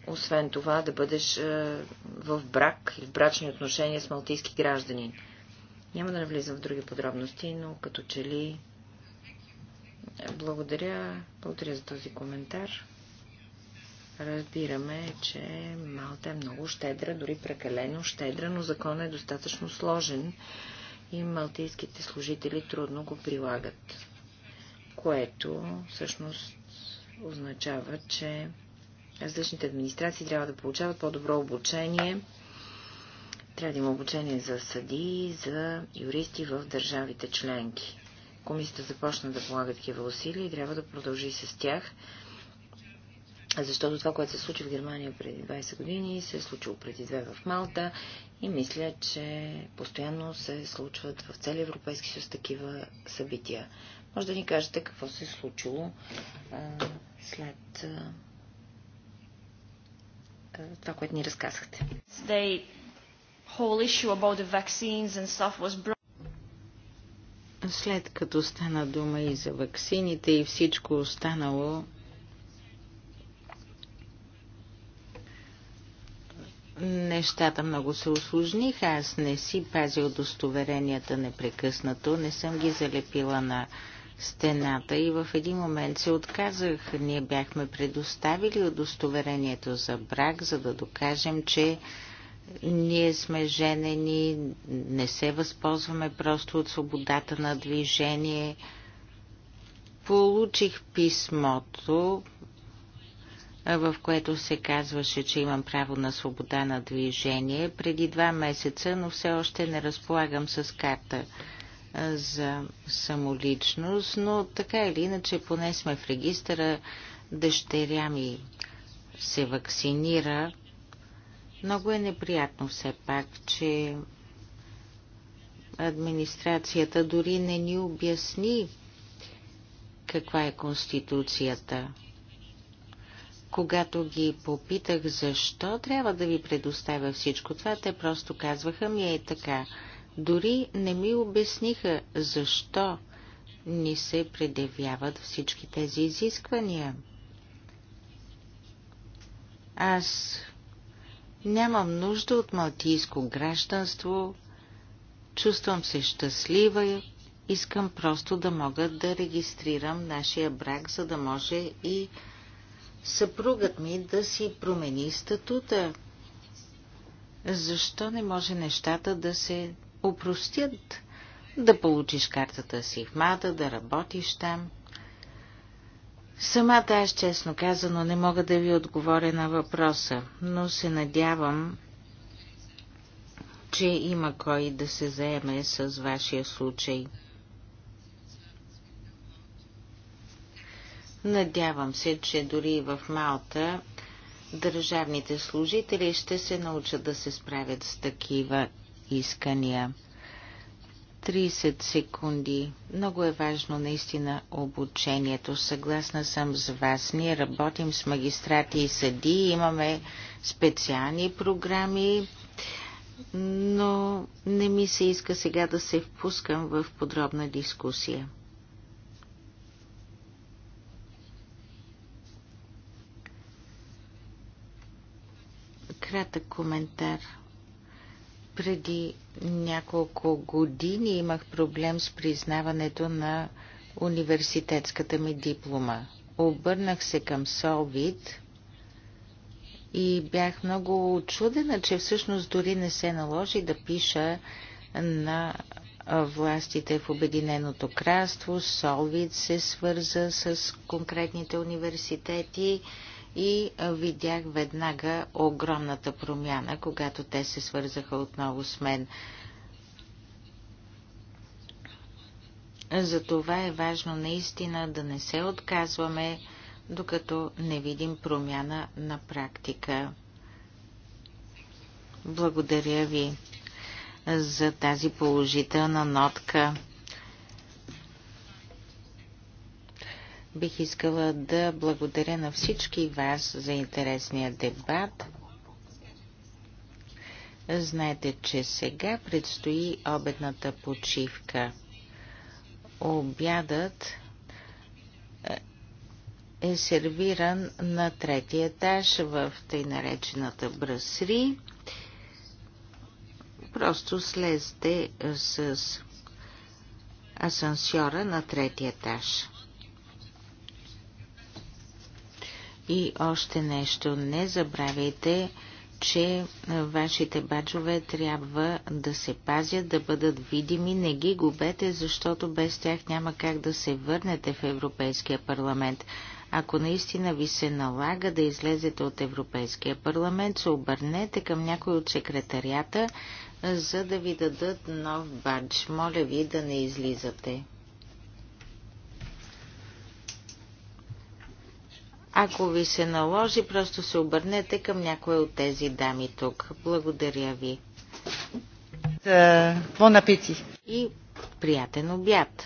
освен това да бъдеш е, в брак или в брачни отношения с малтийски гражданин. Няма да навлизам в други подробности, но като че ли... Е, благодаря, благодаря за този коментар. Разбираме, че Малта е много щедра, дори прекалено щедра, но законът е достатъчно сложен и малтийските служители трудно го прилагат. Което всъщност означава, че Различните администрации трябва да получават по-добро обучение. Трябва да има обучение за съдии, за юристи в държавите членки. Комисията започна да полага такива усилия и трябва да продължи с тях, защото това, което се случи в Германия преди 20 години, се е случило преди две в Малта и мисля, че постоянно се случват в целия Европейски съюз такива събития. Може да ни кажете какво се е случило а, след а, това, което ни разказахте. След като стана дума и за ваксините и всичко останало, нещата много се осложниха. Аз не си пазя удостоверенията непрекъснато, не съм ги залепила на стената и в един момент се отказах. Ние бяхме предоставили удостоверението за брак, за да докажем, че ние сме женени, не се възползваме просто от свободата на движение. Получих писмото, в което се казваше, че имам право на свобода на движение преди два месеца, но все още не разполагам с карта за самоличност, но така или иначе поне сме в регистъра. Дъщеря ми се вакцинира. Много е неприятно все пак, че администрацията дори не ни обясни каква е Конституцията. Когато ги попитах защо трябва да ви предоставя всичко това, те просто казваха ми е така. Дори не ми обясниха защо ни се предявяват всички тези изисквания. Аз нямам нужда от малтийско гражданство, чувствам се щастлива, искам просто да мога да регистрирам нашия брак, за да може и съпругът ми да си промени статута. Защо не може нещата да се упростят да получиш картата си в МАДА, да работиш там. Самата аз, честно казано, не мога да ви отговоря на въпроса, но се надявам, че има кой да се заеме с вашия случай. Надявам се, че дори в Малта държавните служители ще се научат да се справят с такива искания. 30 секунди. Много е важно наистина обучението. Съгласна съм с вас. Ние работим с магистрати и съди, имаме специални програми, но не ми се иска сега да се впускам в подробна дискусия. Кратък коментар – преди няколко години имах проблем с признаването на университетската ми диплома. Обърнах се към Солвид и бях много очудена, че всъщност дори не се наложи да пиша на властите в Обединеното кралство. Солвид се свърза с конкретните университети и видях веднага огромната промяна, когато те се свързаха отново с мен. Затова е важно наистина да не се отказваме, докато не видим промяна на практика. Благодаря ви за тази положителна нотка. Бих искала да благодаря на всички вас за интересния дебат. Знаете, че сега предстои обедната почивка. Обядът е, е сервиран на третия етаж в тъй наречената брасри. Просто слезте с асансьора на третия етаж. И още нещо, не забравяйте, че вашите баджове трябва да се пазят, да бъдат видими, не ги губете, защото без тях няма как да се върнете в Европейския парламент. Ако наистина ви се налага да излезете от Европейския парламент, се обърнете към някой от секретарията, за да ви дадат нов бадж. Моля ви да не излизате. Ако ви се наложи, просто се обърнете към някоя от тези дами тук. Благодаря ви. Е, бон апети! И приятен обяд!